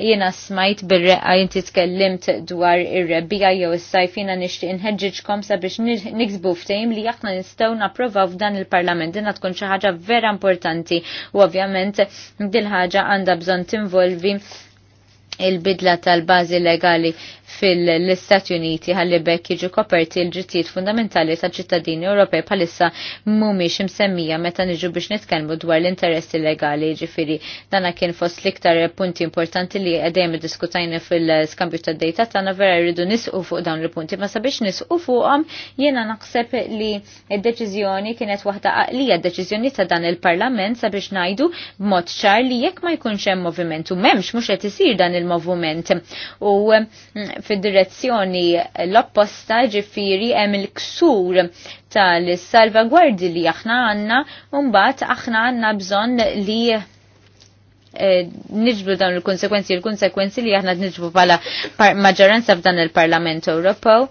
Jiena smajt bil-reqqa jinti tkellimt dwar ir-rebbija jew is-sajf jiena nixtieq inħeġġiġkom sabiex niksbu ftehim li aħna nistgħu napprovaw f'dan il-Parlament. Dinha tkun xi ħaġa vera importanti u ovvjament din ħaġa għandha bżonn tinvolvi il-bidla tal-bazi legali fil-Istati Uniti ħalli bekk jiġu koperti l-ġittijiet fundamentali ta' ċittadini Ewropej palissa mhumiex imsemmija meta niġu biex nitkellmu dwar l-interessi legali ġifiri. Dana kien fost l-iktar punti importanti li għedem diskutajna fil-skambju ta' dejta tagħna vera rridu nisqu fuq dawn il-punti ma sabiex nisqu fuqhom jiena naħseb li d-deċiżjoni kienet waħda għalija d-deċiżjoni ta' dan il-Parlament sabiex ngħidu b'mod ċar li jekk ma jkunx hemm moviment u m'hemmx mhux qed isir dan il-moviment. U mm, fid-direzzjoni l-opposta ġifiri hemm il-ksur tal-salvagwardi li aħna għanna mbagħad aħna għanna bżonn li eh, niġbu dawn il-konsekwenzi, il-konsekwenzi li aħna niġbu bħala maġġoranza f'dan il-Parlament Ewropew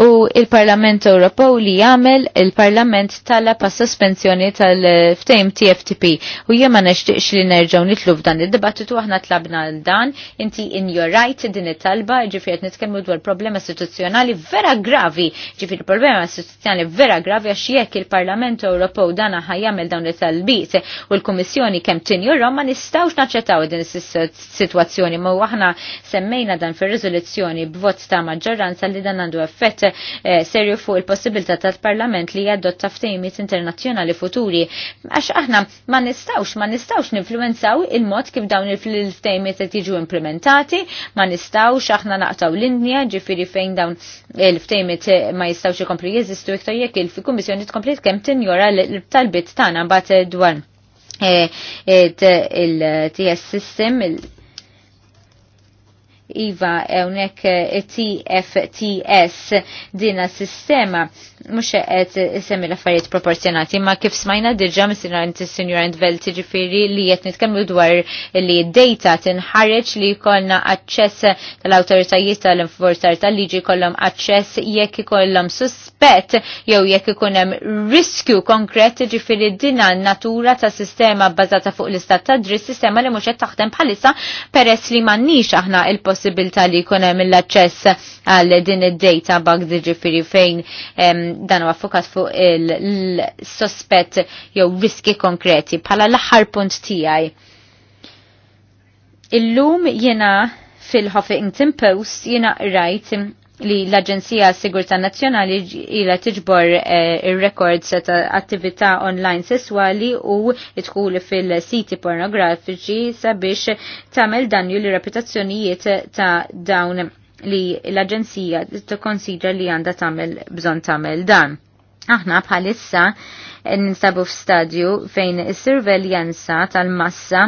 u il-Parlament Ewropew li jagħmel il-Parlament tala pa' sospensjoni tal-ftejm TFTP u jien ma nextieqx li nerġgħu nitlu f'dan id-dibattitu aħna tlabna dan inti in your right din it-talba ġifier qed nitkellmu dwar problema istituzzjonali vera gravi ġifier problema istituzzjonali vera gravi għax jekk il-Parlament Ewropew aħna jagħmel dawn it-talbiet u l-Kummissjoni kemm tinjurhom ma nistgħux naċċettaw din is-sitwazzjoni ma aħna semmejna dan fir-riżoluzzjoni b'vot ta' maġġoranza li dan għandu effett Eh, serju fuq il-possibilità tal-Parlament li jadotta ftejmiet internazzjonali futuri. Għax aħna ma nistawx, ma nistawx ninfluenzaw il-mod kif dawn il-ftejmiet qed jiġu implementati, ma nistawx aħna naqtaw l indnija ġifiri fejn dawn il-ftejmiet ma jistawx ikomplu jeżistu iktar jekk il-Kummissjoni tkompli kemm tinjora l-talbit tagħna mbagħad dwar eh, eh, il-TS system, Iva, hawnhekk e e, TFTS din sistema mux qed isemmi l-affarijiet proporzjonati, ma kif smajna diġa mis-sinjorant sinjorant Velti ġifiri li qed nitkemmu dwar li data tinħareġ li jkollna aċċess tal-awtoritajiet tal inforzar tal-liġi kollom aċċess jekk ikollhom suspett jew jekk ikun hemm riskju konkret ġifiri dina natura ta' sistema bazata fuq l-istat ta' dritt sistema li mhux qed taħdem bħalissa peress li m'għandniex aħna il-possibilità li jkun hemm l-aċċess għal din id-data bug ġifiri fejn dan huwa fuq il-sospett jew riski konkreti bħala l-aħħar punt tiegħi. Illum jiena fil-Huffington Post jiena rajt li l-Aġenzija Sigurta Nazzjonali ila tiġbor eh, ir-rekord ta' attività online sessuali u tkun fil-siti pornografiċi sabiex tagħmel danju l reputazzjonijiet ta' dawn li l-Aġenzija konsidra li għandha tamel bżonn tagħmel dan. Aħna bħalissa ninsabu f'stadju fejn is-surveljanza tal-massa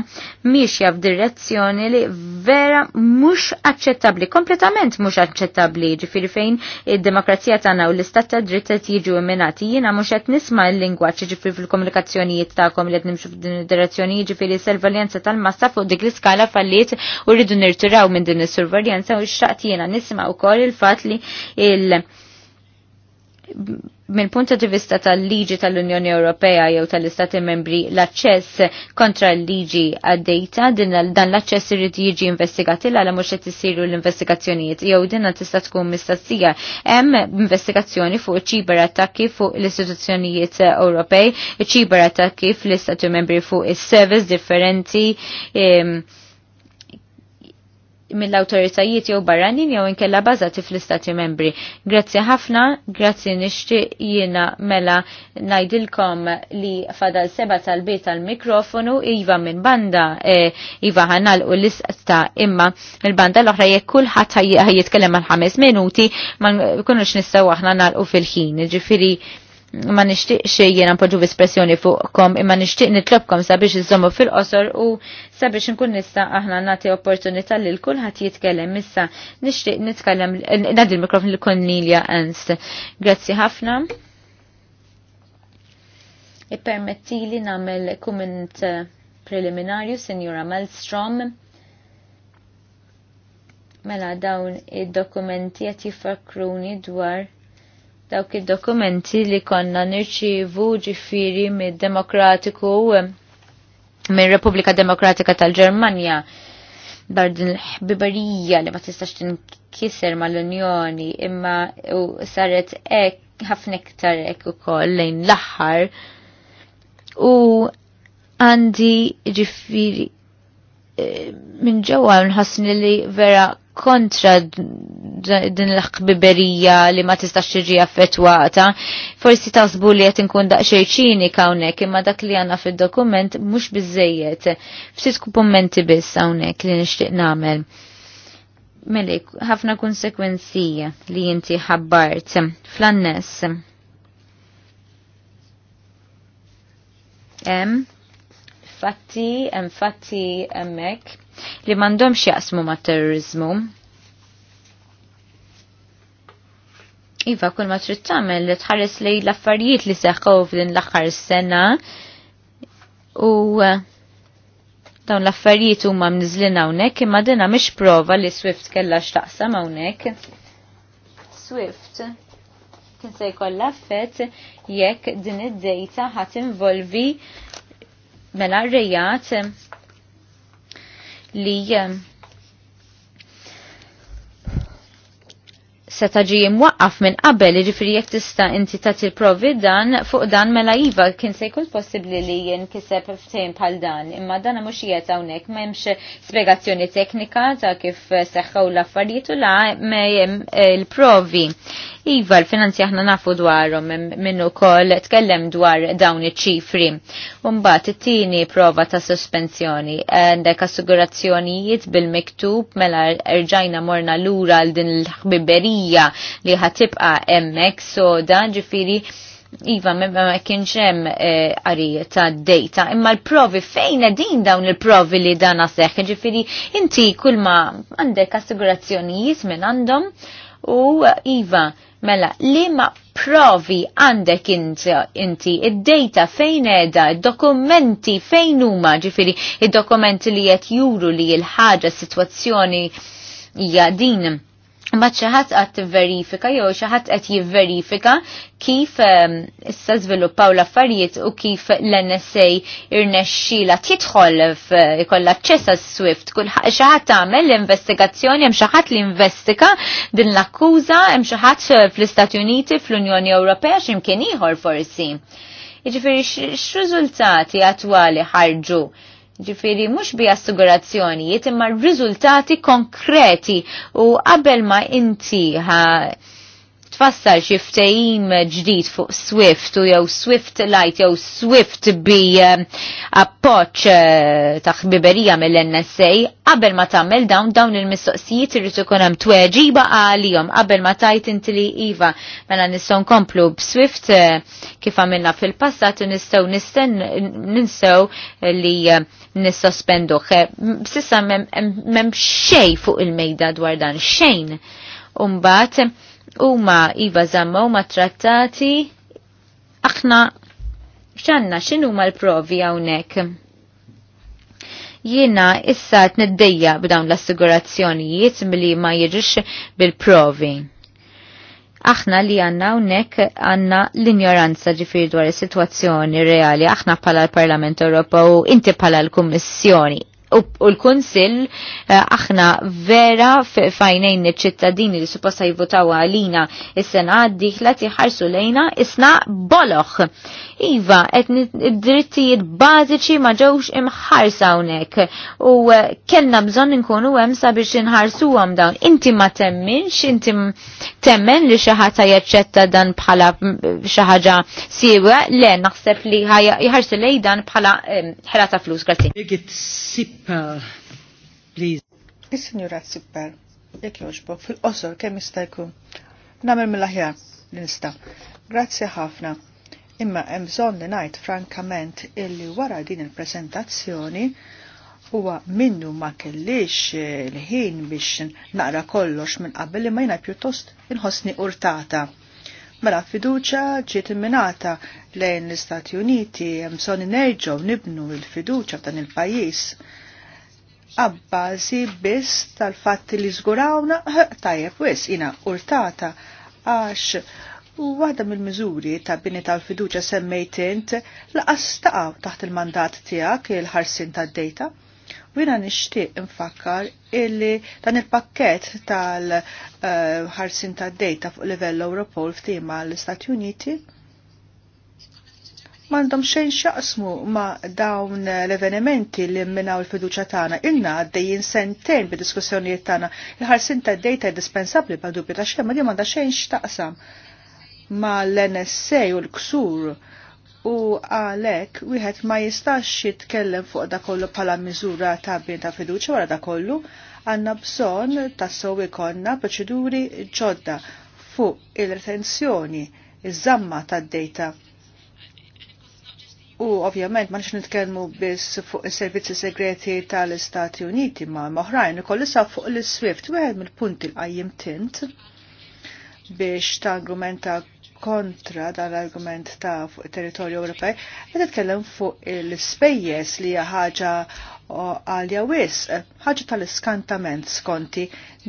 miexja f'direzzjoni li vera mhux aċċettabbli, kompletament mhux aċċettabbli, ġifieri fejn id-demokrazija tagħna u l-istat ta' dritt qed jiġu imminati. Jiena mhux qed nisma' l-lingwaġġ ġifieri fil-komunikazzjonijiet tagħkom li qed nimxu f'din id-direzzjoni ġifieri s-surveljanza tal-massa fuq dik l-iskala falliet u rridu nirtiraw minn din is-surveljanza u x-xaqt jiena nisma' wkoll il-fatt li il- minn punta di vista tal-liġi tal-Unjoni Ewropea jew tal-Istati membri l-aċċess kontra l-liġi għad-data din dan l-aċċess irid jiġi investigati l għala mhux qed isiru l-investigazzjonijiet jew dinna tista' tkun mistassija hemm investigazzjoni fuq ċiber attakki fuq l-istituzzjonijiet Ewropej, ċiber attakki fl-Istati membri fuq is-servizz differenti ehm, mill-autoritajiet jew barranin jew inkella bażati fl-istati membri. Grazzi ħafna, grazzi nixtieq jiena mela ngħidilkom li fadal seba tal-bit tal-mikrofonu iva minn banda e, iva u l-ista imma il-banda l-oħra jekk kulħadd ħajjitkellem għal ħames minuti ma nkunux nistgħu aħna nalqu fil-ħin. Ġifiri ma nixtieq xie jiena npoġġu espressjoni fuqkom imma nixtieq nitlobkom sabiex iżommu fil-qosor u sabiex nkun nista' aħna nagħti opportunità l kulħadd jitkellem issa nixtieq nitkellem nagħdi l-mikrofon li Cornelia Ernst. Grazzi ħafna. Ippermettili nagħmel kumment eh, preliminarju, Sinjura Malmstrom. Mela dawn id-dokumenti qed jiffakruni dwar dawk id-dokumenti li konna nirċivu ġifiri mid-Demokratiku eh, mir Repubblika Demokratika tal-Ġermanja bardin din l-ħbibarija li ma tistax tinkisser mal-Unjoni imma u saret ek ħafna iktar ek ukoll lejn l-aħħar u għandi ġifiri eh, minn ġewwa nħassni li vera kontra din l-ħqbiberija li ma tistax tiġi affettwata. Forsi taħsbu li qed inkun daqsxejn hawnhekk imma dak li għandna fid-dokument mhux biżejjed. Ftit kummenti biss hawnhekk li nixtieq nagħmel. Melek, ħafna konsekwenzi li inti ħabbart fl-annes. Em, fatti, em fatti emmek li mandomx jaqsmu ma' terrorizmu. Iva, kull ma trid tagħmel li tħares li l-affarijiet li seħħu f'din l-aħħar sena u eh, dawn l-affarijiet huma mniżlin hawnhekk imma dinha mhix prova li Swift kellha x'taqsam hawnhekk. Swift kien se jkollha fett jekk din id-dejta ħadd involvi mela rejat li seta ġi imwaqqaf minn qabel, ġifiri jek tista inti ta' provi dan fuq dan mela iva kien se jkun possibbli li kiseb ftejn bħal dan, imma dan mhux qiegħed hawnhekk m'hemmx spjegazzjoni teknika ta' kif seħħaw l-affarijiet u la ma il-provi. Iva, l-finanzi aħna nafu dwarhom minnu kol tkellem dwar dawn iċ-ċifri. Umbat, it-tieni prova ta' sospensjoni għandek assigurazzjonijiet bil-miktub mela erġajna morna lura l din l-ħbiberija li ħatibqa' hemmhekk soda ġifieri Iva, ma kienx hemm eh, qari ta' data, imma l-provi fejn din dawn il-provi li dan seħ, ġifiri inti kull ma għandek assigurazzjonijiet minn għandhom u Iva, Mela, li ma provi għandek inti id-data fejn edha, id-dokumenti fejn huma, ġifiri id-dokumenti li qed juru li l-ħaġa situazzjoni hija din Ma ċaħat għat verifika, jew ċaħat għat jivverifika kif issa zviluppaw l-affarijiet u kif l-NSA irnexxila titħol f'ikolla ċessa s-Swift. ċaħat għamel l-investigazzjoni, hemm xaħat li investika din l-akkuża, hemm xaħat fl-Istati Uniti, fl-Unjoni Ewropea, x'imkien ieħor forsi. Jiġifieri x'riżultati attwali ħarġu? ġifiri mux bi assigurazzjonijiet imma rizultati konkreti u qabel ma inti ha tfassar xi ftehim ġdid fuq Swift u jew Swift Light jew Swift bi eh, appoġġ eh, ta' ħbiberija mill-NSA qabel ma tagħmel dawn dawn il-mistoqsijiet irid ikun hemm tweġiba għalihom qabel ma tajt inti li iva mela nistgħu nkomplu b'Swift eh, kif għamilna fil-passat nistgħu ninsew li nissospenduh. Sissa m'hemm xejn fuq il-mejda dwar dan xejn. Umbat, huma iva zamma huma trattati aħna x'għandna x'inhu huma l-provi hawnhekk. Jiena issa qed niddejja b'dawn l-assigurazzjonijiet milli ma jiġix bil-provi. Aħna li għanna unnek għanna l-ignoranza ġifiri dwar is-sitwazzjoni reali, aħna pala l-Parlament Ewropew, inti pala l-Kummissjoni, u l-Kunsill eh, aħna vera fajnejn iċ-ċittadini li supposta jivvotaw għalina is-sena diħla jħarsu lejna isna boloħ. Iva, id-drittijiet bażiċi ma ġewx imħarsa hawnhekk u eh, kellna bżonn inkunu hemm sabiex inħarsuhom dawn. Inti ma temminx, inti temmen li xi ħadd jaċċetta dan bħala xi ħaġa siewa, le naħseb li jħarsu lejn dan bħala eh, ħela ta' flus, grazzi. Sippel, please. Is-Sinjura Sippel, jekk joġbok fil-qosor kemm jista' jkun. mill nista'. Grazzi ħafna. Imma hemm bżonn li ngħid frankament illi wara din il-preżentazzjoni huwa minnu ma kellix eh, l-ħin biex naqra kollox minn qabel imma jiena pjuttost inħossni urtata. Mela fiduċa ġiet imminata lejn l-Istati Uniti hemm bżonn nerġgħu nibnu l-fiduċa f'dan il-pajjiż għabbażi biss tal-fatt li zgurawna (laughs) tajjeb wis jina urtata għax u waħda mill-miżuri ta' bini tal-fiduċa semmejt int laqas taħt il-mandat tiegħek il-ħarsin tad-dejta. U jina nixtieq infakkar illi dan il-pakkett tal-ħarsin eh, tad-dejta fuq livell Europol ftima l-Istati Uniti mandom xejn xaqsmu ma dawn l-evenimenti li minnaw il-fiduċa tagħna. Ilna għaddejjin sentejn bid-diskussjonijiet tagħna. Il-ħarsin ta' dejta indispensabbli pa' dubju ta' xemma li m'għandha xejn x'taqsam ma' l-NSA u l-ksur u għalek wieħed ma jistax jitkellem fuq da kollu bħala miżura ta' bin ta' fiduċa wara da kollu għanna bżon ta' sowi konna proċeduri ġodda fuq il-retenzjoni iż-żamma tad-dejta U ovvjament ma nix nitkellmu biss fuq is-servizzi segreti tal-Istati Uniti ma moħrajn u sa fuq l-Swift wieħed mill-punti l qajjim tint biex ta' argumenta kontra dan l-argument ta' fuq territorju Ewropej, qed tkellem fuq il spejjes li hija ħaġa għalja wis, eh, ħaġa tal-iskantament skonti,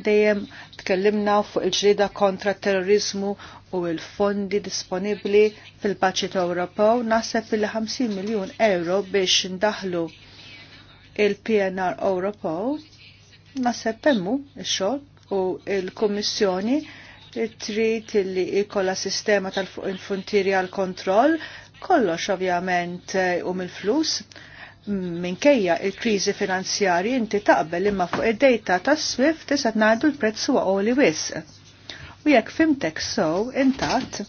dejjem tkellimna fuq il-ġrida kontra terrorizmu u il-fondi disponibli fil-Baċit Ewropew naħseb il-50 miljun euro biex ndaħlu il-PNR Ewropew naħseb temmu il-xol u il-Kommissjoni ix-xogħol u il-Kummissjoni il trid li ikolla sistema tal-frontieri għal kontroll kollox ovvjament eh, u mill-flus minkejja il-kriżi finanzjari inti taqbel imma fuq id-dejta tas Swift tista' ngħidu l-prezz huwa qoli wisq. U jekk fimtek sow intat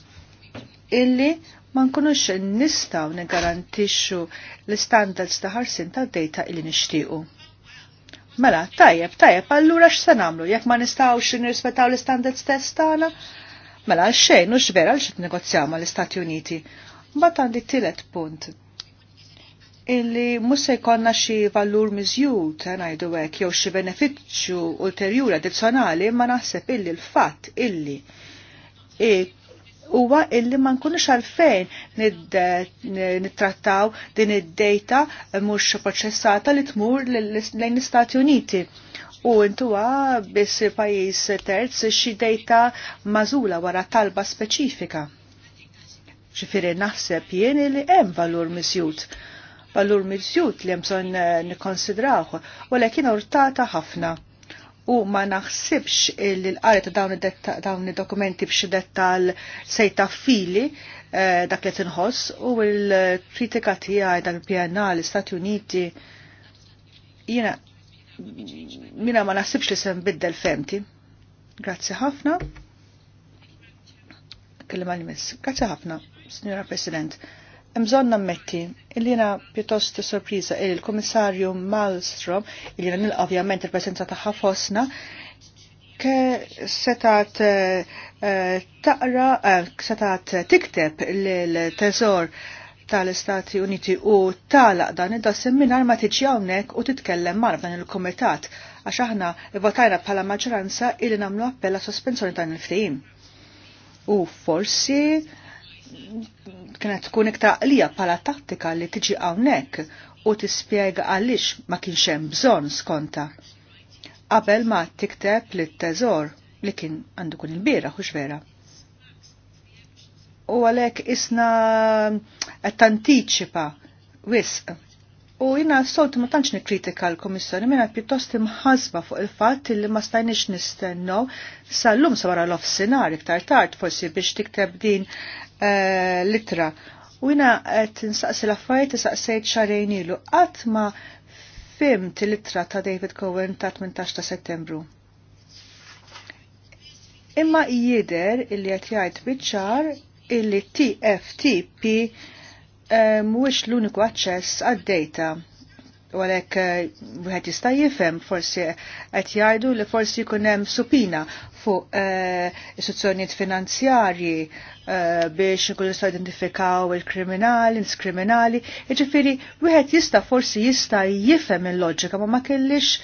illi ma nkunux nistgħu niggarantixxu l-istandards ta' ħarsin tad-dejta illi nixtiequ. Mela, tajjeb, tajjeb, allura x'se nagħmlu jekk ma nistgħux nirrispettaw l-istandards test tagħna? Mela għal xejn u x'vera għal xit negozjaw mal-Istati Uniti. Mbagħad għandi tillet punt illi musse jkonna xi valur miżjud eh, ngħidu hekk jew xi benefiċċju ulterjuri addizzjonali ma naħseb illi l-fatt illi huwa illi ma nkunux għalfejn nittrattaw din id-data mhux proċessata li tmur lejn l-Istati Uniti. U intuwa biss pajjiż terz xi data mażula wara talba speċifika. Ġifieri naħseb jien li hemm valur miżjud valur miżjud li hemm bżonn nikkonsidrawh, u lekin urtata ħafna u ma naħsibx l-qari ta' dawn id-dokumenti b'xi dettal sejta fili eh, dak li tinħoss u l-kritika tiegħi dan il-PNA l-Istati Uniti jina mina ma naħsibx li se nbiddel femti. Grazzi ħafna. Kellim għal-miss. Grazzi ħafna, Signora President. Mżon nammetti, il-lina pjuttost sorpriza il-komissarju Malmstrom, il-lina nil ovvjament il-presenza taħħa fosna, ke setat eh, taqra, eh, setat tikteb l-teżor tal-Istati Uniti u tala dan id-dassim minn ma tiġi hawnhekk u titkellem mar dan il-Kumitat għax aħna votajna bħala maġranza illi nagħmlu appella sospensjoni dan il-ftehim. U forsi kienet tkun iktar qlija pala tattika li tiġi hawnhekk u tispjega għaliex ma kienx hemm bżonn skonta. Qabel ma tikteb li teżor li kien għandu kun il-bira, u vera. U għalhekk isna qed tantiċipa wisq. U jina s-soltu ma tantx nikritika l-Komissjoni, minna pjuttost imħasba fuq il-fatt li ma stajniex nistennu sal-lum sa wara l-offsinar iktar tard forsi biex tikteb din Eh, litra. U jina qed nsaqsi l-affarijiet saqsejt xarejn ilu qatt ma fimt litra ta' David Cohen ta' 18 ta' Settembru. Imma jider illi qed jgħid biċ-ċar illi TFTP eh, mhuwiex l-uniku aċċess għad-data U għalek eh, wieħed jista' jifhem forsi qed jajdu li forsi jkun hemm supina fuq eh, istituzzjoniet finanzjarji eh, biex ikun jista' identifikaw il-kriminali, l skriminali jiġifieri wieħed jista' forsi jista' jifhem il-loġika ma ma kellix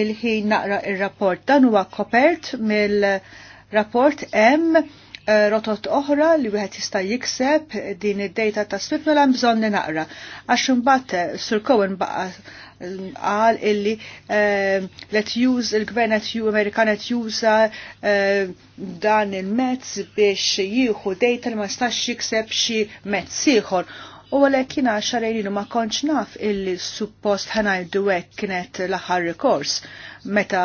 il-ħin naqra il rapport Dan huwa kopert mill-rapport hemm Eh, rotot oħra li wieħed jista' jikseb din id-data ta' swift mela bżonn naqra. Għax imbagħad eh, Sir Cohen baqa' eh, qal illi let use il-gvern qed Amerikan qed juża dan il-mezz biex jieħu data li ma stax jikseb xi mezz ieħor. U għalhekk jiena xarajlinu ma kontx naf illi suppost ħanajdu għek kienet l-ħar rikors meta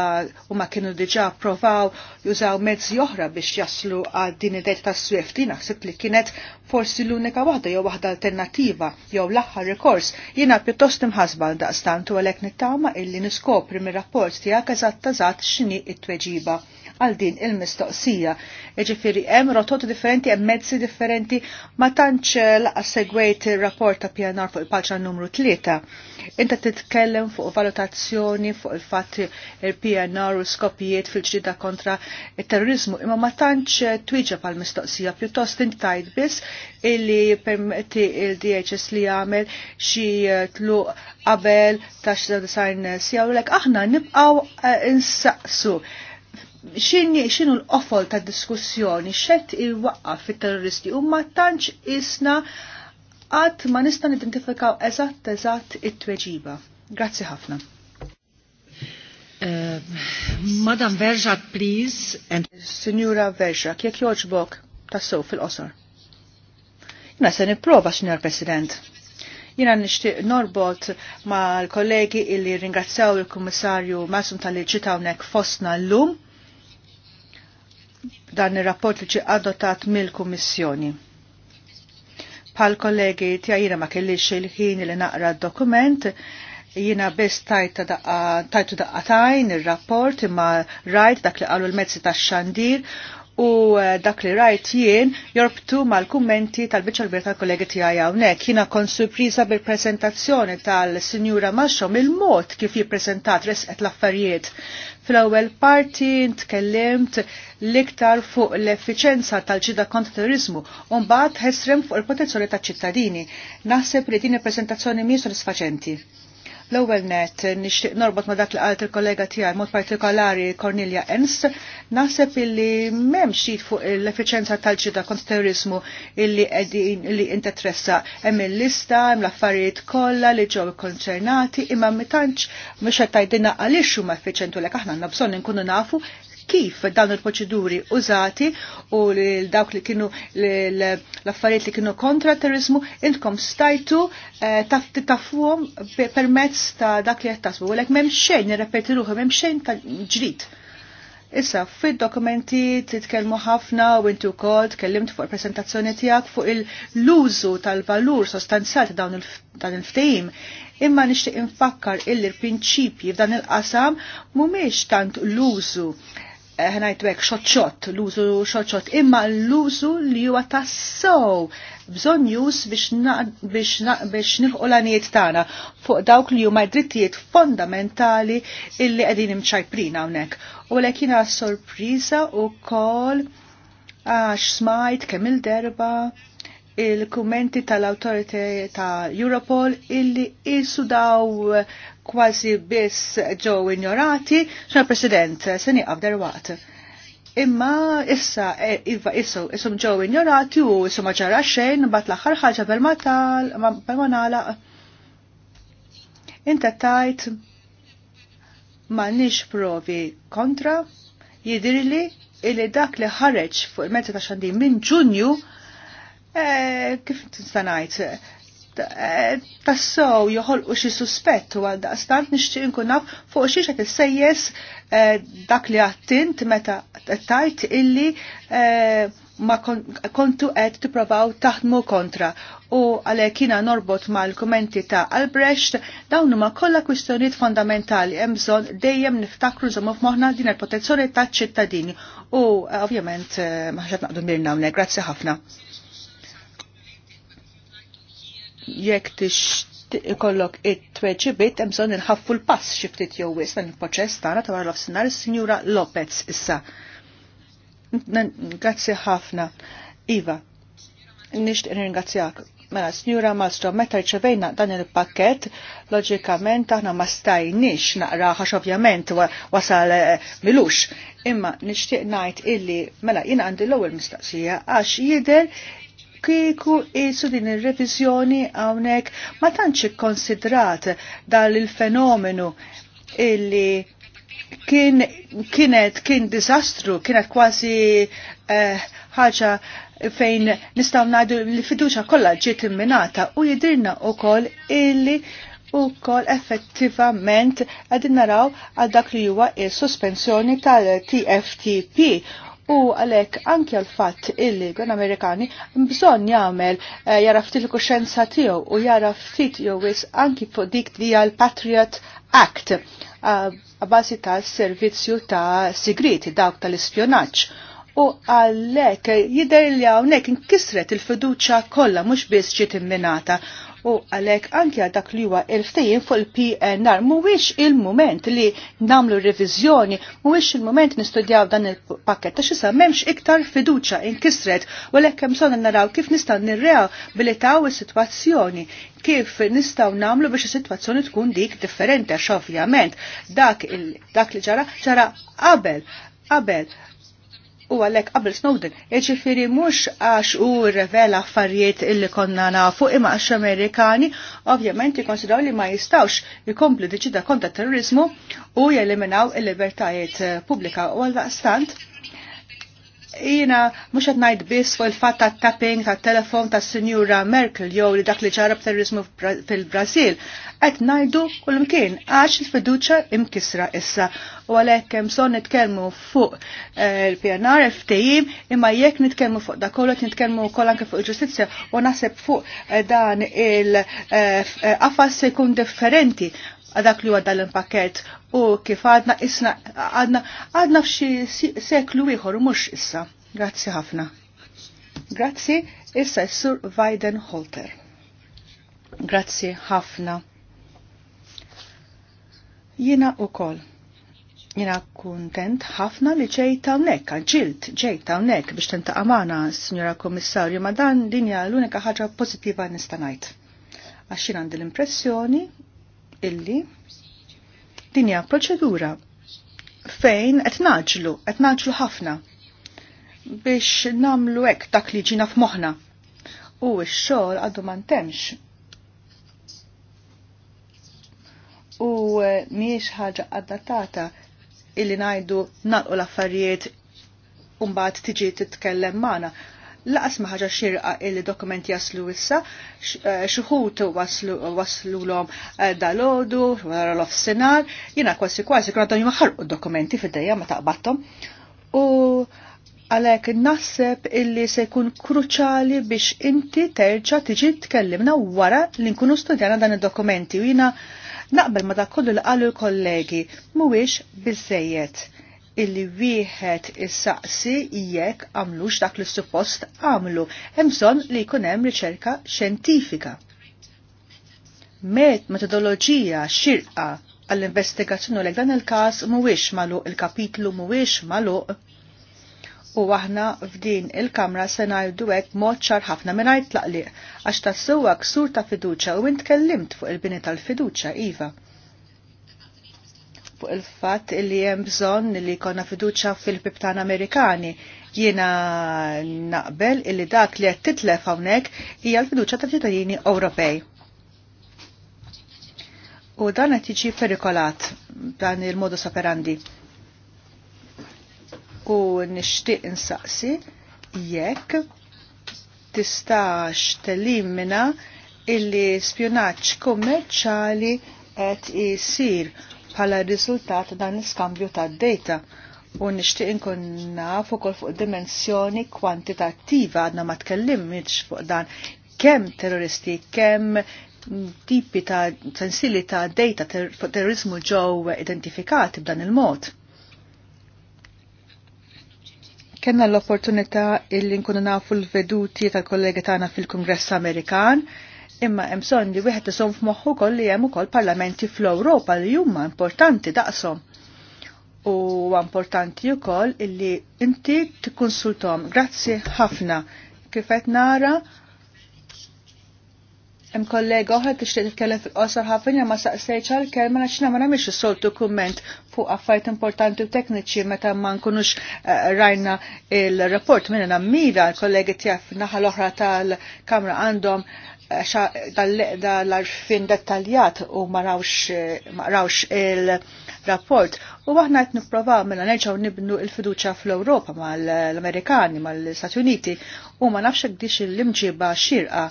huma kienu diġa' provaw jużaw mezzi oħra biex jaslu għal din id-det ta' Swift. Jina naħseb li kienet forsi l-unika waħda jew waħda alternattiva jew l-aħħar rikors. Jiena pjuttost imħasba daqstant u għalhekk nittama illi niskopri mir-rapport tiegħek eżatt eżatt x'inhi t tweġiba għal din il-mistoqsija. Eġifiri, hemm rotot differenti, hemm mezzi differenti, ma tantx eh, laqqa segwejt il-rapport ta' PNR fuq il-paċa numru 3. Inta titkellem fuq valutazzjoni fuq il-fatt il-PNR u skopijiet fil-ġdida kontra il-terrorizmu, imma ma tantx eh, twiġa pal-mistoqsija, pjuttost intajt biss illi permetti il-DHS li għamel xie eh, tluq qabel ta' xdisajn l-ek. aħna nibqaw insaqsu xinu l-qofol ta' diskussjoni xet il-waqqa fit-terroristi u ma tantx isna għat ma nista' nidentifikaw eżatt eżatt it-tweġiba. Grazzi ħafna. Uh, Madam Verja, please. And... Signora Verja, jek joġbok so fil-qosor. Jina se niprofa, Signor President. Jina nishtiq norbot ma l-kollegi illi ringrazzaw il-Kummissarju Masum tal-li ġitawnek fosna l-lum dan ir-rapport li ġi adottat mill-Kummissjoni. Pal kollegi tija jina ma kellix il-ħin li naqra d-dokument, jina biss tajtu tajn il-rapport imma rajt dak li qalu l-mezzi ta' xandir u eh, dak li rajt jien jorbtu mal-kummenti tal-bicċa l tal-kollegi tiegħi hawnhekk. Jina kon surpriża bil-presentazzjoni tal-Sinjura Mashom il-mod kif jippreżentat resqet l-affarijiet Fl-ewwel parti tkellimt l-iktar fuq l-effiċenza tal-ġida kontra terrorizmu u mbagħad ħesrem fuq il-protezzjoni taċ-ċittadini. Naħseb li din il-preżentazzjoni mhi sodisfaċenti L-ewwel net nixtieq norbot ma dak li qalet il-kollega tiegħi mod partikolari Cornelia Ernst, naħseb illi m'hemm xit fuq l-effiċenza tal-ġida kont terrorismu illi qegħdin li inta tressa hemm il-lista, hemm l-affarijiet kollha li ġew konċernati, imma mitantx mhux qed tgħidilna għaliex huma effiċjentu lek aħna għandna bżonn inkunu nafu kif dawn il-proċeduri użati u dawk li kienu l-affarijiet li kienu kontra terrorizmu intkom stajtu eh, tafuhom permezz ta' dak li qed tasbu. l m'hemm xejn nirrepeti ruħu m'hemm xejn ta' ġrit. Issa, fi dokumenti titkellmu ħafna u intu wkoll tkellimt fuq il-presentazzjoni tiegħek fuq il-lużu tal-valur sostanzjal ta' dawn il-ftehim. Imma nixtieq infakkar illi l-prinċipji f'dan il-qasam mhumiex tant l-użu ħnajtwek xoċot, l-użu xoċot, imma l-użu li huwa tassow bżon jus biex nilħu l tana fuq dawk li huma drittijiet fondamentali illi qegħdin imċajprina hawnhekk. U lek jiena sorpriża wkoll għax smajt kemm il-derba il-kummenti tal-autorite ta' Europol illi isu daw kważi biss ġew ignorati, xna President, se nieqaf derwaqt. Imma issa e, iva issu isum ġew ignorati u issu ma ġara xejn bat l-aħħar ħaġa bel ma nagħlaq. Inta tajt m'għandniex provi kontra jidirli illi dak li ħareġ fuq il-mezzi ta' xandin minn Ġunju e, kif tista' ngħid Eh, tassow joħolqu xi suspett u għal daqstant nixtieq inkun naf fuq xi qed issejjes eh, dak li għattint meta tajt illi eh, ma kontu qed tipprovaw taħdmu kontra. U għalhekk kina norbot mal-kumenti ta' Albrecht dawn huma kollha kwistjonijiet fondamentali hemm bżonn dejjem niftakru żommu f'moħħna din il-protezzjoni taċ-ċittadini. U ovvjament ma naqdu mirna hawnhekk. Grazzi ħafna jekk ikollok it bit, hemm bżonn inħaffu l-pass xi ftit jew wis dan il-proċess tagħna ta' warlof sinar is-Sinjura Lopez issa. Grazzi ħafna. Iva, nixtieq ringrazzjak. Mela, Sinjura Mastro, meta rċevejna dan il-pakket, loġikament aħna ma stajniex naqra ħax ovvjament wasal eh, milux. Imma nixtieq ngħid illi mela jien għandi l-ewwel mistaqsija għax jidher kieku isu din ir-reviżjoni hawnhekk ma tantx ikkonsidrat dal il-fenomenu illi kien kienet kien disastru, kienet kważi eh, ħaġa eh, fejn nistaw ngħidu li fiduċa kollha ġiet imminata u jidirna wkoll illi u kol effettivament għadin naraw għal dak li huwa il-sospensjoni tal-TFTP U għalek anki għal fatt illi għan Amerikani bżon jgħamil eh, jara ftit il-kuxenza tiegħu u jara ftit jew anki fuq dik li l-Patriot Act għabasi ta' servizzju ta' sigriti dawk tal-ispjonaċ. U għalek jider li għawnek nkisret il-fiduċa kolla mux biex ġiet imminata u għalek anki għal dak li huwa il-ftejjin fuq il-PNR mhuwiex il-mument li namlu reviżjoni, mhuwiex il-mument nistudjaw dan il-pakket ta' issa m'hemmx iktar fiduċa inkisret u għalhekk hemm sonna naraw kif nistgħu nirreabilitaw is-sitwazzjoni kif nistgħu namlu biex is-sitwazzjoni tkun dik differenti għax ovvjament dak, dak li ġara ġara qabel qabel u għalek qabel Snowden, ġifiri mux għax u revela affarijiet illi konna nafu imma għax Amerikani, ovvjament jikonsidaw li ma jistawx jikomplu deċida konta terrorizmu u jeliminaw il-libertajiet eh, publika u għal-daqstant Jina, mux għed najt bis fuq il-fat ta' tapping ta' telefon ta' Sinjura Merkel jew li dak li ġara terrorizmu fil-Brazil. Għed najdu kull-mkien, għax il-fiduċa imkisra issa. U għalek kem son nitkelmu fuq eh, il-PNR, FTIM, imma jek nitkelmu fuq da kollu, nitkelmu koll anke fuq il-ġustizja, u naħseb fuq eh, dan il-affas eh, se jkun differenti għadak li għadda l-impakket u kif għadna isna għadna għadna f'xi seklu ieħor mhux issa. Grazzi ħafna. Grazzi issa s-sur Vajden Holter. Grazzi ħafna. Jina u kol. Jina kuntent ħafna li ġejta unnek, ġilt ġejta unnek biex tenta maħna, signora komissarju, ma dan dinja l-unika ħaġa pozitiva nistanajt. Għaxin għandi l-impressjoni illi din hija proċedura fejn qed naġlu, qed naġlu ħafna biex namlu hekk dak li ġina f'moħħna. U x-xogħol għadu ma ntemx. U miex ħaġa adattata illi ngħidu nalqu l-affarijiet u mbagħad tiġi titkellem magħna laqas ma ħaġa xirqa illi dokumenti jaslu issa, xuħut eh, waslu l-om eh, dal-ħodu, wara l-offsinar, jina kwasi kwasi kuna donju maħarqu dokumenti fid-dajja ma taqbattom. U għalek nasseb illi se jkun kruċali biex inti terġa tiġi tkellimna wara li nkunu studjana dan id-dokumenti u jina naqbel ma dak kollu li qalu l-kollegi, mhuwiex bizzejiet illi wieħed is-saqsi jekk għamlux dak li suppost għamlu. Hemm bżonn li jkun hemm riċerka xjentifika. Met metodoloġija xirqa għall-investigazzjoni lek dan il-każ mhuwiex magħluq il-kapitlu mhuwiex magħluq u aħna f'din il-kamra se ngħidu hekk mod ċar ħafna mingħajr tlaqliq għax tassuwak ksur ta' fiduċja u intkellimt fuq il-bini tal-fiduċja iva fuq il-fatt li hemm bżonn li jkollna fiduċja fil-piptan Amerikani. Jiena naqbel illi dak li qed titlef hawnhekk hija l-fiduċja ta' ċittadini Ewropej. U dan qed jiġi perikolat dan il-modus operandi. U nixtieq insaqsi jekk tistax telimina illi spjonaċ kummerċali qed isir bħala riżultat dan l-iskambju ta' data u nixtieq inkun naf ukoll fuq dimensjoni kwantitattiva għadna ma tkellimx fuq dan kemm terroristi, kemm tipi ta' sensili ta' data fuq terrorizmu ġew identifikati b'dan il-mod. Kenna l-opportunità illi nkunu nafu l-veduti tal kollegi tagħna fil-Kongress Amerikan imma hemm bżonn li wieħed isom f'moħħu koll li hemm ukoll parlamenti fl-Ewropa li huma importanti daqshom. U importanti wkoll illi inti tikkonsultom. Grazzi ħafna. Kif qed nara hemm kollega oħra tixtieq titkellem fil-qosor ħafna ma saqsejt għall-kelma għax ma nagħmilx is-soltu kumment fuq affarijiet importanti u tekniċi meta ma nkunux eh, rajna il-rapport minn nammira l-kollegi tiegħek naħa l-oħra tal-Kamra għandhom dal-arfin dettaljat u ma rawx il-rapport. U aħna qed nipprovaw minna mela nerġgħu nibnu l-fiduċja fl-Ewropa mal-Amerikani, mal-Stati Uniti u ma nafx hekk dix il imġiba xirqa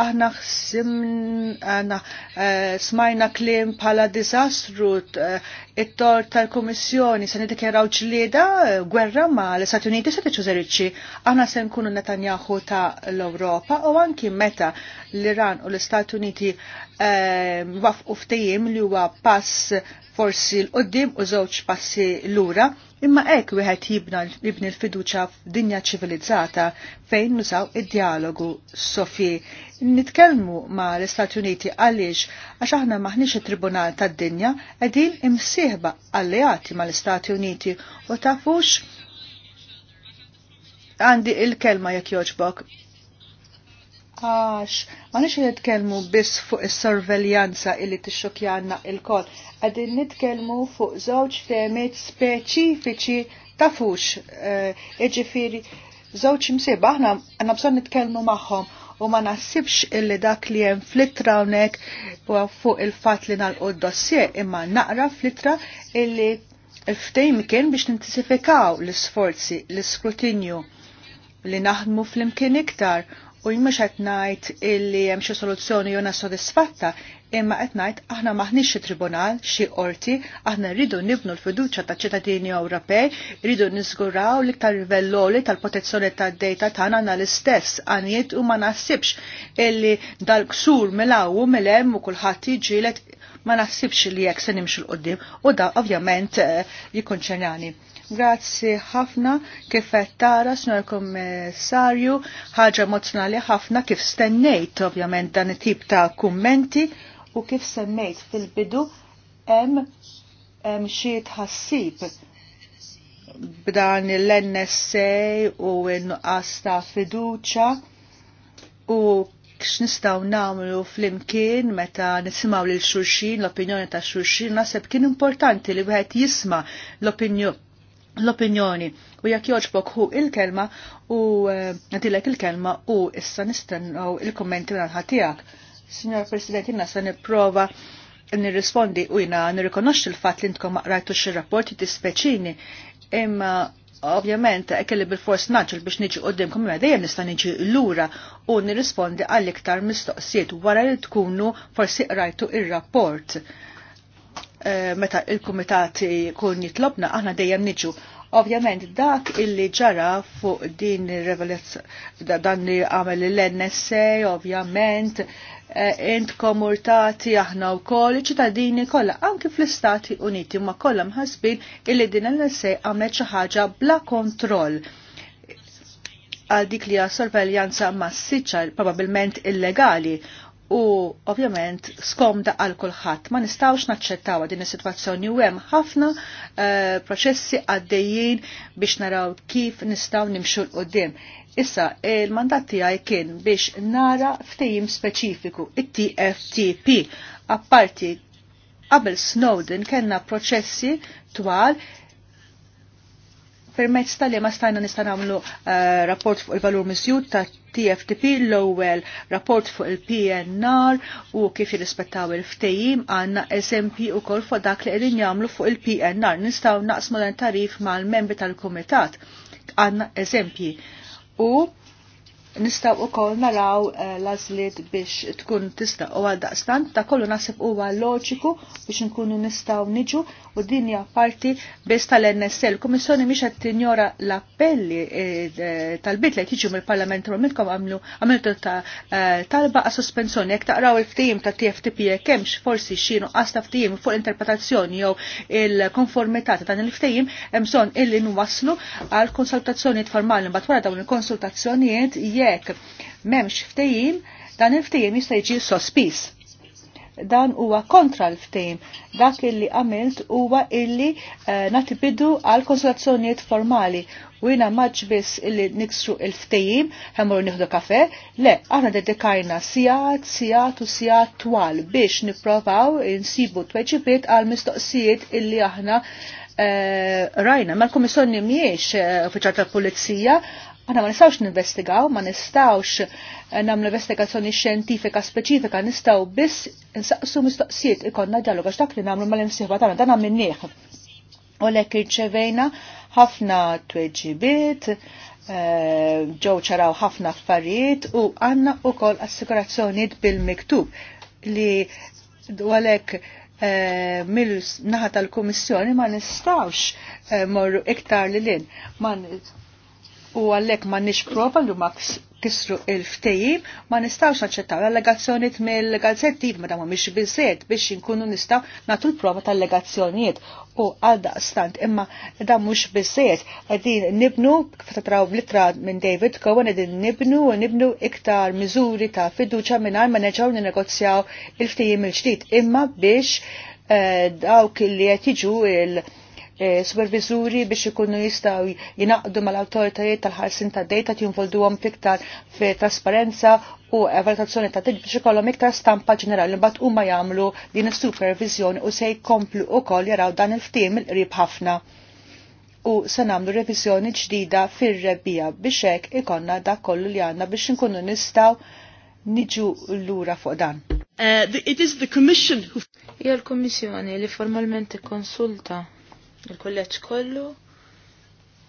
aħna ħsimna eh, smajna klim pala disastru eh, it-tor tal-Komissjoni se nidikjaraw ġlieda eh, gwerra ma l-Istati Uniti se tiċużeriċi aħna se nkunu Netanyahu ta' l-Ewropa u anki meta l-Iran u l-Istati Uniti wafqu ftejim li huwa pass forsi l-qoddim u żewġ passi lura, imma hekk wieħed jibna jibni l-fiduċa f'dinja ċivilizzata fejn nużaw id-dialogu sofi. Nitkellmu ma l-Istati Uniti għaliex għax aħna maħniex it-Tribunal tad-dinja qegħdin imsieħba alleati mal-Istati Uniti u tafux għandi il-kelma jekk joġbok għax ma nix nitkellmu biss fuq is-sorveljanza illi tixxokjanna il-kol, għadin nitkellmu fuq żewġ temet speċifiċi tafux, eh, iġifiri żewġ msib. aħna għanna bżonn nitkellmu magħhom u ma nasibx illi dak li jem flittra unek fuq il-fat li nal d-dossier imma naqra flittra illi ftejm kien biex nintisifikaw l-sforzi, l-skrutinju li naħdmu fl-imkien iktar U mhux qed ngħid illi hemm xi soluzzjoni jona sodisfatta, imma qed ngħid aħna maħniex xi tribunal, xi qorti, aħna rridu nibnu l-fiduċja taċ-ċittadini Ewropej, rridu niżguraw l-iktar livelloli tal-protezzjoni tad-dejta tagħna għandna l-istess għaniet u ma naħsibx illi dal-ksur mill-għawu mill-hemm u kulħadd ġilet ma naħsibx li jekk se nimxu l-qoddim u da ovvjament eh, jikkonċernjani. Grazzi ħafna kif qed tara, snor Kummissarju, ħaġa emozzjonali ħafna kif stennejt ovvjament dan it-tip ta' kummenti u kif semmejt fil-bidu hemm hemm xi tħassib b'dan l-NSA u n-nuqqas ta' fiduċa u namlu nagħmlu flimkien meta nisimgħu l xulxin l-opinjoni ta' xulxin naħseb kien importanti li wieħed jisma' l-opinjoni l-opinjoni u jekk joġbok hu il-kelma u għadilek eh, il-kelma u issa nistennu il-kommenti minn ħatijak. Signor President, jina se niprofa nirrispondi u jina nirrikonoxxi l-fat li ntkom maqrajtu xi rapporti dispeċini imma ovvjament kelli bil-fors naċil biex niġi qoddimkom mela dejjem nista' niġi lura u nirrispondi għall iktar mistoqsijiet wara li tkunu forsi qrajtu ir-rapport. ir rapport rapport Eh, meta il-kumitati kun jitlobna aħna dejjem niġu. Ovvjament dak illi ġara fuq din ir da dan li għamel l-NSA ovvjament eh, intkom komurtati aħna wkoll ċittadini kollha anki fl-Istati Uniti ma kollha mħasbin illi din l-NSA għamel xi ħaġa bla kontroll għal dik li sorveljanza massiċa probabilment illegali u ovvjament skomda għal kulħadd. Ma nistawx naċċettaw din is-sitwazzjoni u hemm ħafna eh, proċessi għaddejjin biex naraw kif nistaw nimxu l-qudiem. Issa, il-mandat tiegħi kien biex nara ftehim speċifiku, it-TFTP, apparti qabel Snowden kellna proċessi twal Permezz tal-li ma stajna nista' nagħmlu uh, rapport fuq il-valur misjud ta' TFTP l-ewwel rapport fuq il-PNR u kif jirrispettaw il-ftejim għandna eżempji wkoll fuq dak li qegħdin jagħmlu fuq il-PNR. Nistgħu naqsmu l tarif mal-membri tal-kumitat. Għandna eżempji u nistaw u kol naraw eh, lażliet biex tkun tista' u daqstant, ta' kollu nasib huwa loġiku biex nkunu nistaw niġu u din hija parti biss tal-NSL. Kummissjoni mhix qed tinjora l-appelli eh, tal-bit li jiġu mill-Parlament Romilkom għamlu għamiltu ta' eh, talba għas sospensjoni jekk taqraw il-ftehim ta' TFTP kemmx forsi xi nuqqas ta' fuq interpretazzjoni jew il-konformità ta' dan il ftim hemm bżonn illi nwasslu għal konsultazzjonijiet formali mbagħad wara dawn il-konsultazzjonijiet jekk memx ftejim, dan il-ftejim jista' jiġi sospis. Dan huwa kontra l-ftejim. Dak illi għamilt huwa illi uh, eh, natibidu għal konsultazzjonijiet formali u jina maġ biss illi niksru il-ftejim, hemmur nieħdu kafe, le, aħna dedikajna sijat, sijat u sijat twal biex niprofaw insibu tweċibiet għal mistoqsijiet illi aħna eh, rajna. Ma l-komissjoni miex eh, uffiċjal tal-pulizija, Aħna ma nistgħux ninvestigaw, ma nistgħux eh, nagħmlu investigazzjoni xjentifika speċifika, nistgħu biss insaqsu mistoqsijiet ikonna dialog għax dak li nagħmlu mal-imsieħba tagħna dan għamilnieh. U lek irċevejna ħafna tweġibiet, eh, ġew ċaraw ħafna affarijiet u għandna wkoll assikurazzjonijiet bil-miktub li għalek eh, mill naħa tal-Kummissjoni ma nistawx morru iktar li lin u għallek ma nix prova li ma kisru il-ftejim, ma nistawx naċċettaw l-allegazzjoniet mill-gazzetti, ma damma miex bizzet biex inkunu nistaw natu l-prova tal-allegazzjoniet u għadda stant, imma da mux bizzet, għedin nibnu, fatraw litra minn David Cohen, għedin nibnu u nibnu iktar miżuri ta' fiduċa minn għal ma neġaw negozjaw il-ftejim il-ġdid, imma biex eh, dawk li jtiġu il-ftejim E, supervizuri biex ikunu jistaw jinaqdu mal-autoritajiet tal-ħarsin ta' data għom f'iktar fi trasparenza u evaluazzjoni ta' tiġ biex ikollhom iktar stampa ġenerali mbagħad huma jagħmlu din is-supervizjoni u se jkomplu wkoll jaraw dan il-ftim il-qrib ħafna u se nagħmlu reviżjoni ġdida fir-rebbija biex hekk ikonna dak kollu li għandna biex inkunu nistgħu niġu l-lura fuq dan. Uh, the, it is the commission who... Ja l-Kommissjoni li formalment konsulta il kulleċ kollu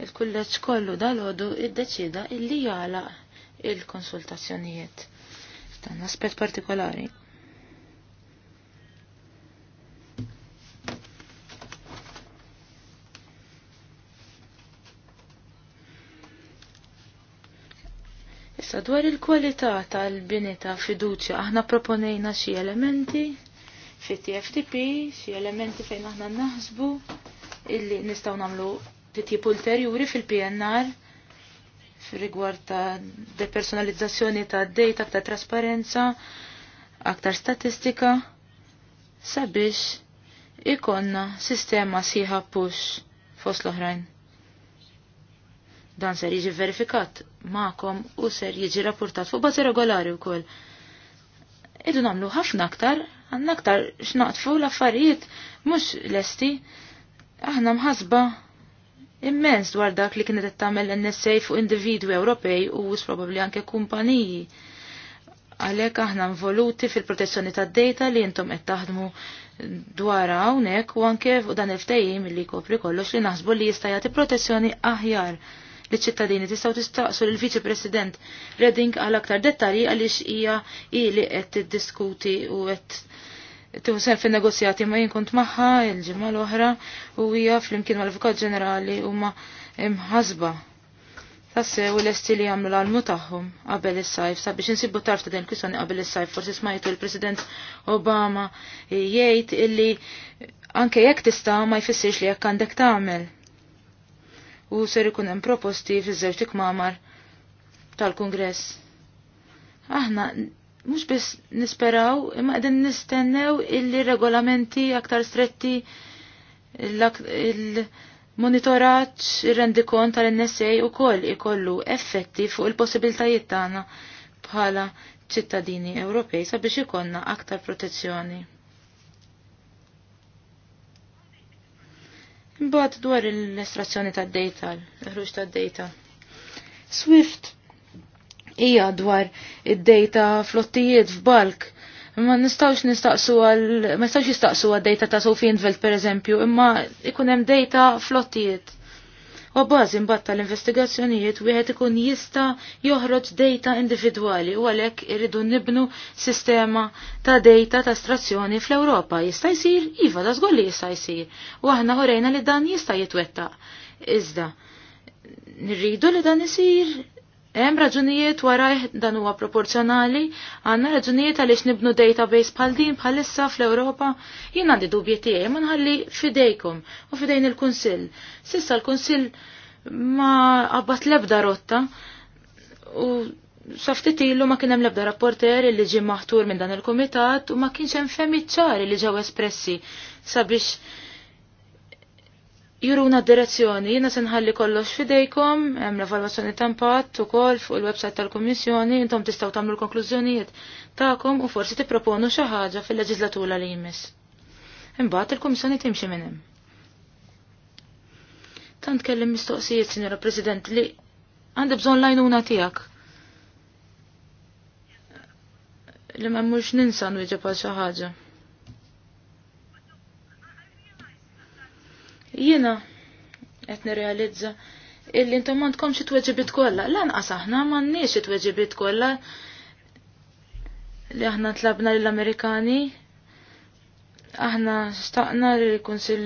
il kulleċ kollu dal-ħodu iddeċida illi jala il-konsultazzjonijiet f'dan aspet partikolari. Issa dwar il-kwalità tal-bini ta' fiduċja aħna proponejna xi elementi fit-TFTP, xi elementi fejn aħna naħsbu illi nistaw namlu titjib ulterjuri fil-PNR fil-rigward ta' depersonalizzazzjoni ta' data, ta' trasparenza, aktar statistika, sabiex ikonna sistema siħa push fos l-oħrajn. Dan ser jiġi verifikat ma'kom u ser jiġi rapportat fuq bażi regolari wkoll. Idu namlu ħafna aktar, għandna aktar x'naqtfu l-affarijiet mhux lesti Aħna mħasba immens dwar dak li kienet tagħmel NSA fuq individwi Ewropej u probabbli anke kumpaniji. Għalhekk aħna involuti fil-protezzjoni tad-data li intom qed taħdmu dwar hawnhekk u anke fuq dan il-ftehim li jkopri kollox li naħsbu li jista' jagħti protezzjoni aħjar li ċittadini tistgħu tistaqsu lill viċi President Redding għal aktar dettalji għaliex hija ili qed tiddiskuti u qed tuħsel fin negozjati ma jinkont maħħa il-ġimma l-oħra u hija flimkien mal-Avukat Ġenerali u ma imħazba. Tassew l-esti li għamlu l-almu taħħum qabel is-sajf, sabiex insibu tarf ta' din kwissjoni qabel is-sajf, forsi smajtu l-President Obama jgħid illi anke jekk tista' ma jfissirx li jekk għandek tagħmel. U ser ikun hemm proposti fiż-żewġ mamar tal-Kungress. Aħna mux biss nisperaw, imma għedin nistennew illi regolamenti aktar stretti il-monitoraċ il rendikon tal-NSA u koll ikollu effetti fuq il-possibiltajiet tagħna bħala ċittadini Ewropej sabiex ikonna aktar protezzjoni. Imbagħad dwar l-estrazzjoni tad-data, l-ħruġ tad-data. Swift hija dwar id-data flottijiet f'balk. Ma nistawx nistaqsu għal, ma nistawx jistaqsu għal data ta' Sofie Invelt per eżempju, imma ikun hemm data flottijiet. U bażi mbagħad tal-investigazzjonijiet wieħed ikun jista' joħroġ data individwali u għalhekk irridu nibnu sistema ta' data ta' strazzjoni fl-Ewropa. Jista' jsir iva da zgolli jista' jsir. U aħna orejna li dan jista' jitwettaq. Iżda, nirridu li dan isir Hemm raġunijiet wara dan huwa proporzjonali, għandna raġunijiet għaliex nibnu database bħal din bħalissa fl-Ewropa, jien għandi dubji tiegħi ma nħalli fidejkom u fidejn il-Kunsill. Sissa l-Kunsill ma qabbat lebda rotta u saftit ilu ma kien hemm lebda rapporter li ġie maħtur minn dan il-kumitat u ma kienx hemm femmi ċari li ġew espressi sabiex juruna direzzjoni, jina senħalli kollox fidejkom, hemm l-evalwazzjoni ta' impatt ukoll fuq il-website tal-Kummissjoni, intom tistgħu tagħmlu l-konklużjonijiet tagħkom u forsi tipproponu xi ħaġa fil-leġislatura li jmiss. Imbagħad il-Kummissjoni timxi minn hemm. Tant kellim mistoqsijiet, Sinjora President, li għandi bżonn lajnuna tiegħek. Li ma mhux ninsa nwieġeb għal xi ħaġa. Jiena qed nirrealizza illi intom m'għandkomx it-tweġibiet kollha, lanqas aħna m'għandniex it-tweġibiet kollha li aħna tlabna lill-Amerikani aħna staqna li l-Kunsil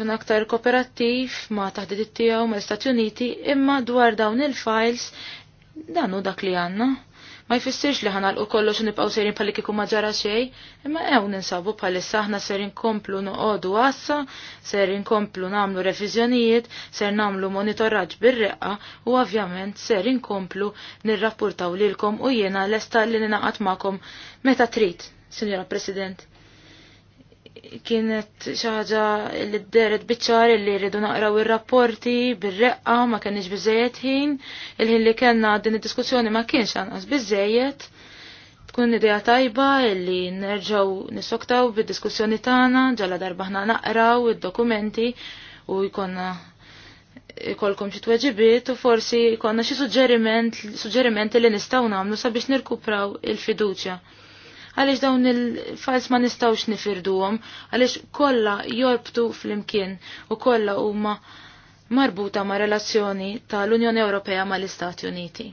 kun aktar kooperattiv ma taħdid tiegħu mal istati Uniti imma dwar dawn il-files dan hu dak li għandna. Ma jfissirx li ħanalqu kollox u nibqgħu serin pali kiku ma ġara xejn, imma ew ninsabu bħalissa aħna ser inkomplu noqogħdu għassa, ser komplu nagħmlu reviżjonijiet, ser nagħmlu monitorraġ bir-reqqa u ovvjament ser inkomplu nirrapportaw lilkom u jiena lesta li ninaqat magħkom meta trid, Sinjora President kienet xaġa li d-deret bieċar li rridu naqraw il-rapporti bil-reqqa ma kienx bizzejet ħin il-ħin li kena din id-diskussjoni ma kienx għanqas bizzejet tkun idea tajba li nerġaw nisoktaw bid-diskussjoni tagħna ġalla darba ħna naqraw id-dokumenti u jkonna ikolkom xi tweġibiet u forsi jkollna xi suġġeriment suġġerimenti li nistgħu nagħmlu sabiex nirkupraw il-fiduċja. il fiduċja għaliex dawn il fals ma nistawx nifirduhom, għaliex kollha jorbtu fl-imkien u kollha huma marbuta ma' relazzjoni tal-Unjoni Ewropea mal-Istati Uniti.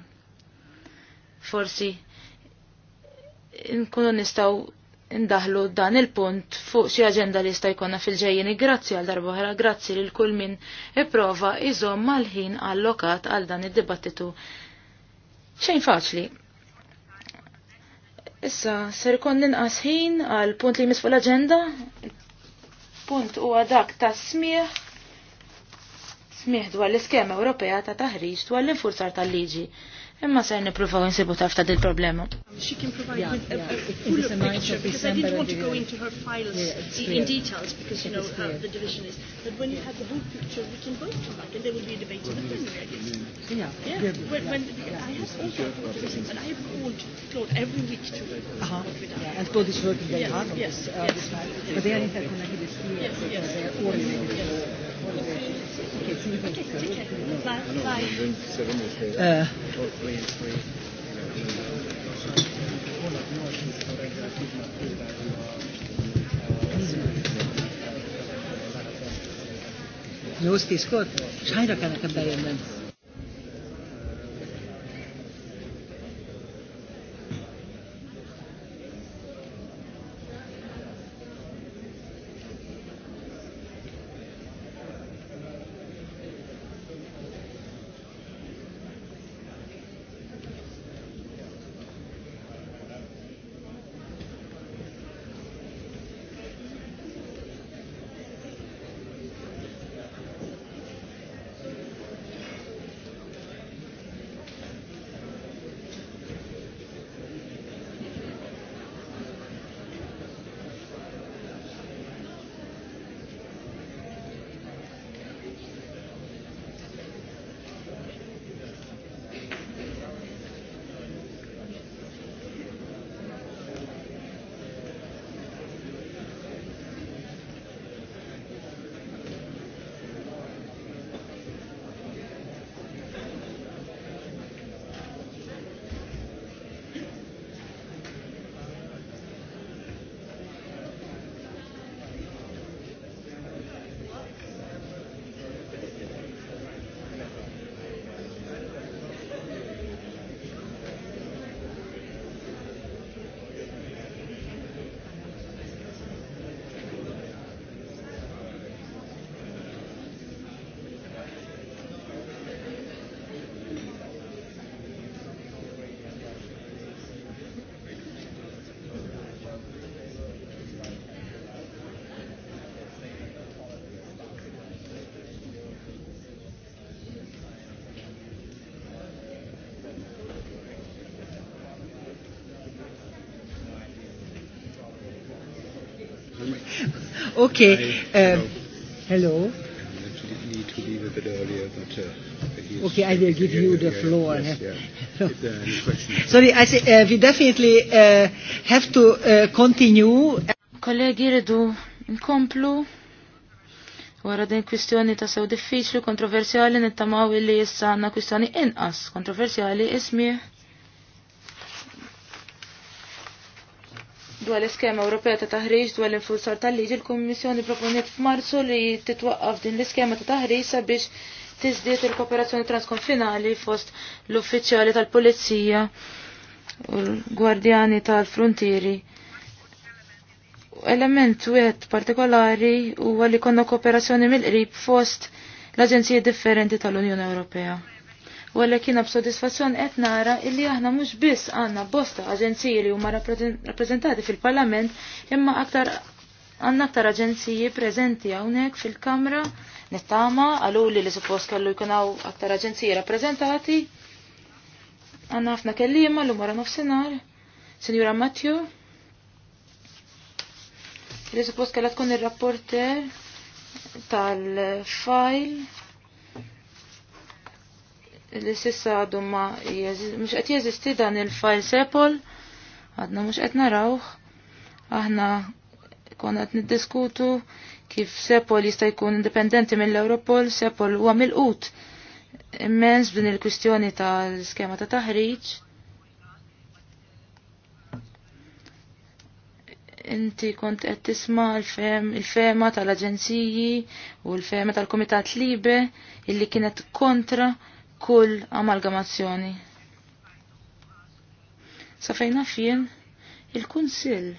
Forsi nkunu nistaw ndaħlu dan il-punt fuq xi aġenda li jista' jkollna fil-ġejjeni. Grazzi għal darboħra, grazzi lil kull min ipprova iżomm mal-ħin allokat għal dan id-dibattitu. Xejn faċli, Issa, ser ikon ninqas ħin għal punt li jmiss fuq l-agenda. Punt huwa dak ta' smieħ. Smieħ dwar l-iskema Ewropea ta' taħriġ dwar l-infurzar tal-liġi. Imma ser nippruvaw insibu taf ta' dil problema. She can provide yeah, with a, yeah. a fuller picture because I didn't want to go into her files yeah, in details because you know how the division is. But when you have the whole picture, we can both come back and there will be a debate in the plenary, I guess. Yeah. yeah. yeah. When, when yeah. I have all and called Claude every week to uh -huh. Yeah, and Claude is working very yeah. hard on yes. this. Uh, yes. this yes. But they are interconnected as here. Yes. Yes. They are Yes. Okay, okay. Nus tiskot, xħajra kana kabda jemmen. Okay. Um, hello. Need to leave a bit earlier, but. Uh, Okay, I will give you the floor. Yes, yeah. (laughs) if Sorry, I say, uh, we definitely uh, have to uh, continue. Kollegi, redu nkomplu. Wara din kwistjoni ta' sew diffiċli, kontroversjali, nittamaw li jissa għanna kwistjoni inqas kontroversjali ismi dwar l-iskema Ewropea ta' taħriġ dwar l infulsar tal-liġi l-Kummissjoni proponiet f'Marzu li titwaqqaf din l-iskema ta' taħriġ sabiex tiżdiet il-kooperazzjoni transkonfinali fost l-uffiċjali tal-Pulizija u l-Gwardjani tal-Frontieri. Element wieħed partikolari huwa li konna kooperazzjoni mill-qrib fost l-Aġenziji differenti tal-Unjoni Ewropea. Walla kiena b'sodisfazzjon qed nara illi aħna mhux biss għandna bosta aġenziji li huma rappreżentati fil-Parlament imma aktar għandna aktar aġenziji preżenti hawnhekk fil-Kamra nittama għaluli li suppost kellu jkun hawn aktar aġenziji rappreżentati. Għandna ħafna kelliema l wara nofsinhar, Sinjura Matthew. Li suppost kellha tkun ir-rapporter tal-file li sissa għadu ma mux għet jeżisti dan il-file sepol, għadna mux għet narawħ, aħna konna għet niddiskutu kif sepol jista' jkun indipendenti mill-Europol, sepol huwa mill-qut immens b'din il-kwistjoni tal-skema ta' taħriġ. Inti kont qed tisma' il-fema tal-aġenziji u l-fema tal-Kumitat Libe illi kienet kontra kull amalgamazzjoni. Sa fejna fien il-Kunsill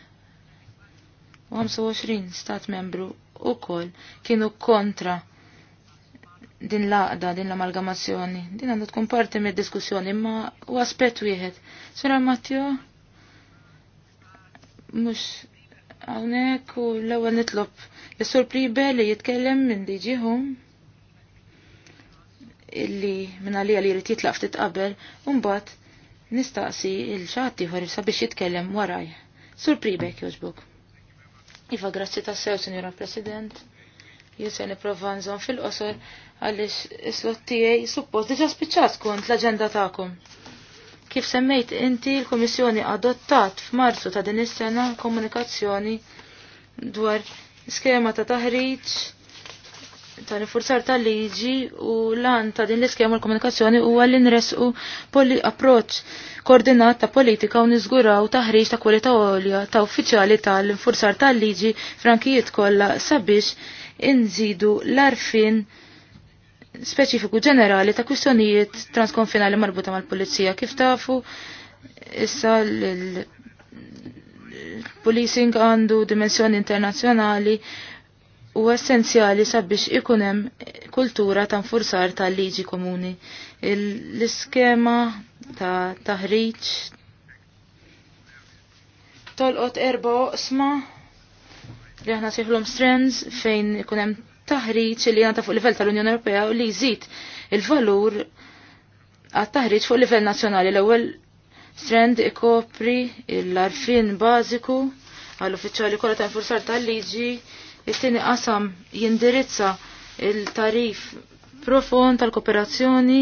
u 25 stat membru u koll kienu kontra din laqda, din l-amalgamazzjoni. Din għandu tkun parti mid diskussjoni imma u aspet wieħed. Sura Matteo, mux għawnek u l-ewel nitlob jessur Pribe li jitkellem minn diġiħum illi minna li għalli rritiet jitlaq ftit qabel, umbat nistaqsi il ċati ħor sabiex jitkellem waraj. Sur pribek joġbuk. Iva grazzi ta' sew, Signora President. Jisa niprofa nżon fil-qosor għalix islot tijaj suppost diġa spiċċat kont l-agenda ta'kom. Kif semmejt inti l-Komissjoni adottat f'Marzu ta' din is-sena komunikazzjoni dwar skema ta' taħriġ ta' riforzar tal-liġi u lan ta' din l-iskema l-komunikazzjoni u għallin nresqu poli approċ koordinat ta' politika u nizguraw taħriġ ta' kwalità għolja ta' uffiċjali tal-infurzar tal-liġi frankijiet kollha sabiex inżidu l-arfin speċifiku ġenerali ta' kwistjonijiet transkonfinali marbuta mal-pulizija. Kif tafu issa l-policing għandu dimensjoni internazzjonali u essenzjali sabiex ikun hemm kultura ta' nfursar tal-liġi komuni. L-iskema ta' taħriġ tolqot erba' oqsma li aħna sieħlhom strands fejn ikun hemm taħriġ li għandha fuq livell tal-Unjoni Ewropea u li jżid il-valur għat-taħriġ fuq livell nazzjonali. L-ewwel strand ikopri l-arfin bażiku għall-uffiċjali kollha ta' n'fursar tal-liġi It-tieni qasam jindirizza il-tarif profond tal-kooperazzjoni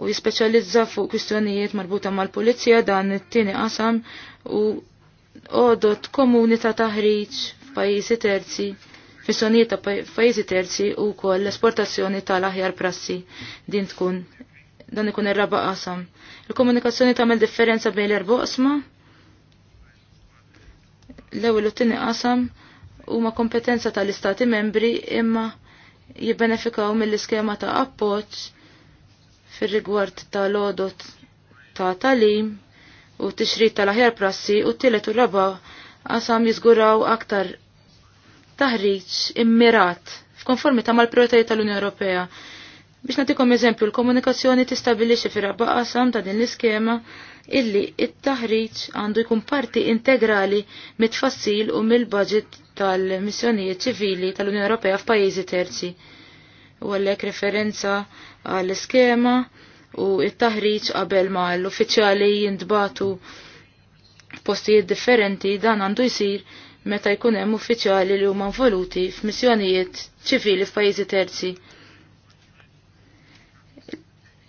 u jispeċjalizza fuq kwistjonijiet marbuta mal-pulizija dan it-tieni qasam u għodot komuni ta' taħriġ f'pajjiżi terzi, fissonijiet ta' pajjiżi terzi u kol l-esportazzjoni tal-aħjar prassi din tkun dan ikun ir-raba qasam. Il-komunikazzjoni tagħmel differenza bejn l erbuqsma l-ewwel u tieni qasam huma kompetenza tal-istati membri imma jibbenefikaw mill-iskema ta' appoġġ fir-rigward tal lodot ta' talim u tixrid tal-aħjar prassi u t-tielet u raba' qasam jiżguraw aktar taħriġ immirat f'konformità mal-prioritajiet tal-Unjoni Ewropea. Biex natikom eżempju, l-komunikazzjoni tistabilixi fir raba qasam ta' din l-iskema illi it-taħriġ għandu jkun parti integrali mit-tfassil u mill-budget tal-missjonijiet ċivili tal-Unjoni Ewropea f'pajjiżi terzi. U għallek referenza għall-iskema u it-taħriġ qabel ma l-uffiċjali jintbatu f'postijiet differenti dan għandu jsir meta jkun hemm uffiċjali li huma involuti f'missjonijiet ċivili f'pajjiżi terzi.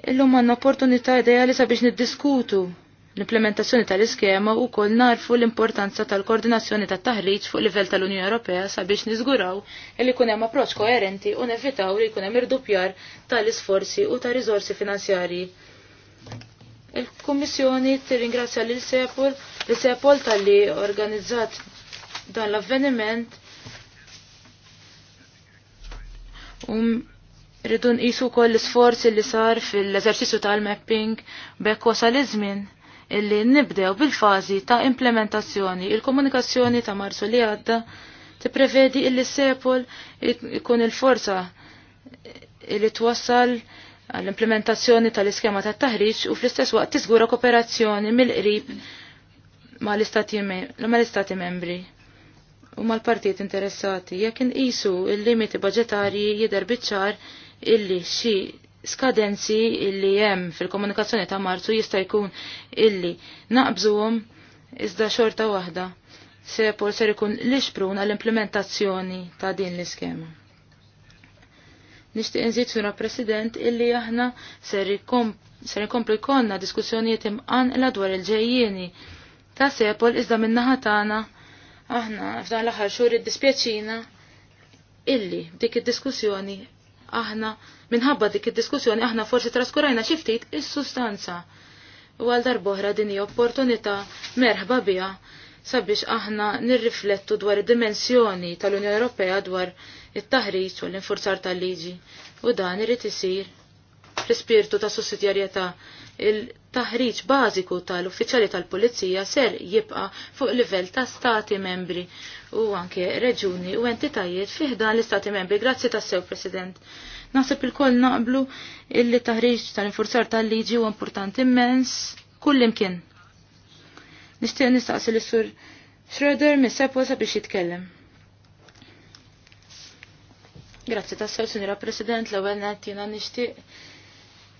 Illum għanna opportunità ideali sabiex niddiskutu l-implementazzjoni tal-iskema u kol narfu l-importanza tal-koordinazzjoni tat taħriġ fuq livell tal-Unjoni Ewropea sabiex niżguraw li jkun hemm approċċ koerenti u nevitaw li jkun hemm irdupjar tal-isforzi u ta' rizorsi finanzjarji. Il-Kummissjoni tirringrazzja lil Sepol, l Sepol tal-li organizzat dan l-avveniment um Ridun nqisu wkoll l-isforzi li sar fil-eżerċizzju tal-mapping bekk wasal iż-żmien illi nibdew bil-fażi ta' implementazzjoni. Il-komunikazzjoni ta' Marzu li għadda tipprevedi illi sepol ikun il-forza illi twassal għall-implementazzjoni tal-iskema ta' taħriġ u fl-istess waqt tiżgura kooperazzjoni mill-qrib ma' l-istati membri u mal-partijiet interessati jekk inqisu il-limiti budġetarji jidher biċ-ċar illi xi skadenzi illi hemm fil-komunikazzjoni ta' Marzu jista' jkun illi naqbżuhom iżda xorta waħda por ser ikun l-ixprun l implementazzjoni ta' din l-iskema. Nishtiq nżid sura President illi aħna ser ikomplu jkollna diskussjonijiet imqan il dwar il-ġejjieni ta' sepol iżda minnaħa tagħna aħna f'dan l-aħħar xhur iddispjaċina illi dik id-diskussjoni aħna minħabba dik id-diskussjoni aħna forsi traskurajna xi ftit is-sustanza. U għal darbohra din hija opportunità merħba biha sabiex aħna nirriflettu dwar id-dimensjoni tal-Unjoni Ewropea dwar it-taħriġ u l-infurzar tal-liġi. U dan irid isir fl-ispirtu ta' sussidjarjetà il-taħriġ bażiku tal-uffiċjali tal-Pulizija ser jibqa' fuq livell ta' stati membri u anke reġuni u entitajiet fiħdan l-istati membri. Grazzi ta' sew President. Naħseb il-koll naqblu illi taħriġ tal-infurzar tal-liġi huwa importanti immens kull imkien. Nixtieq nistaqsi l-sur Schroeder mis sepwasa biex jitkellem. Grazzi tassew, Sinjora President, l-ewwel nett jiena nixtieq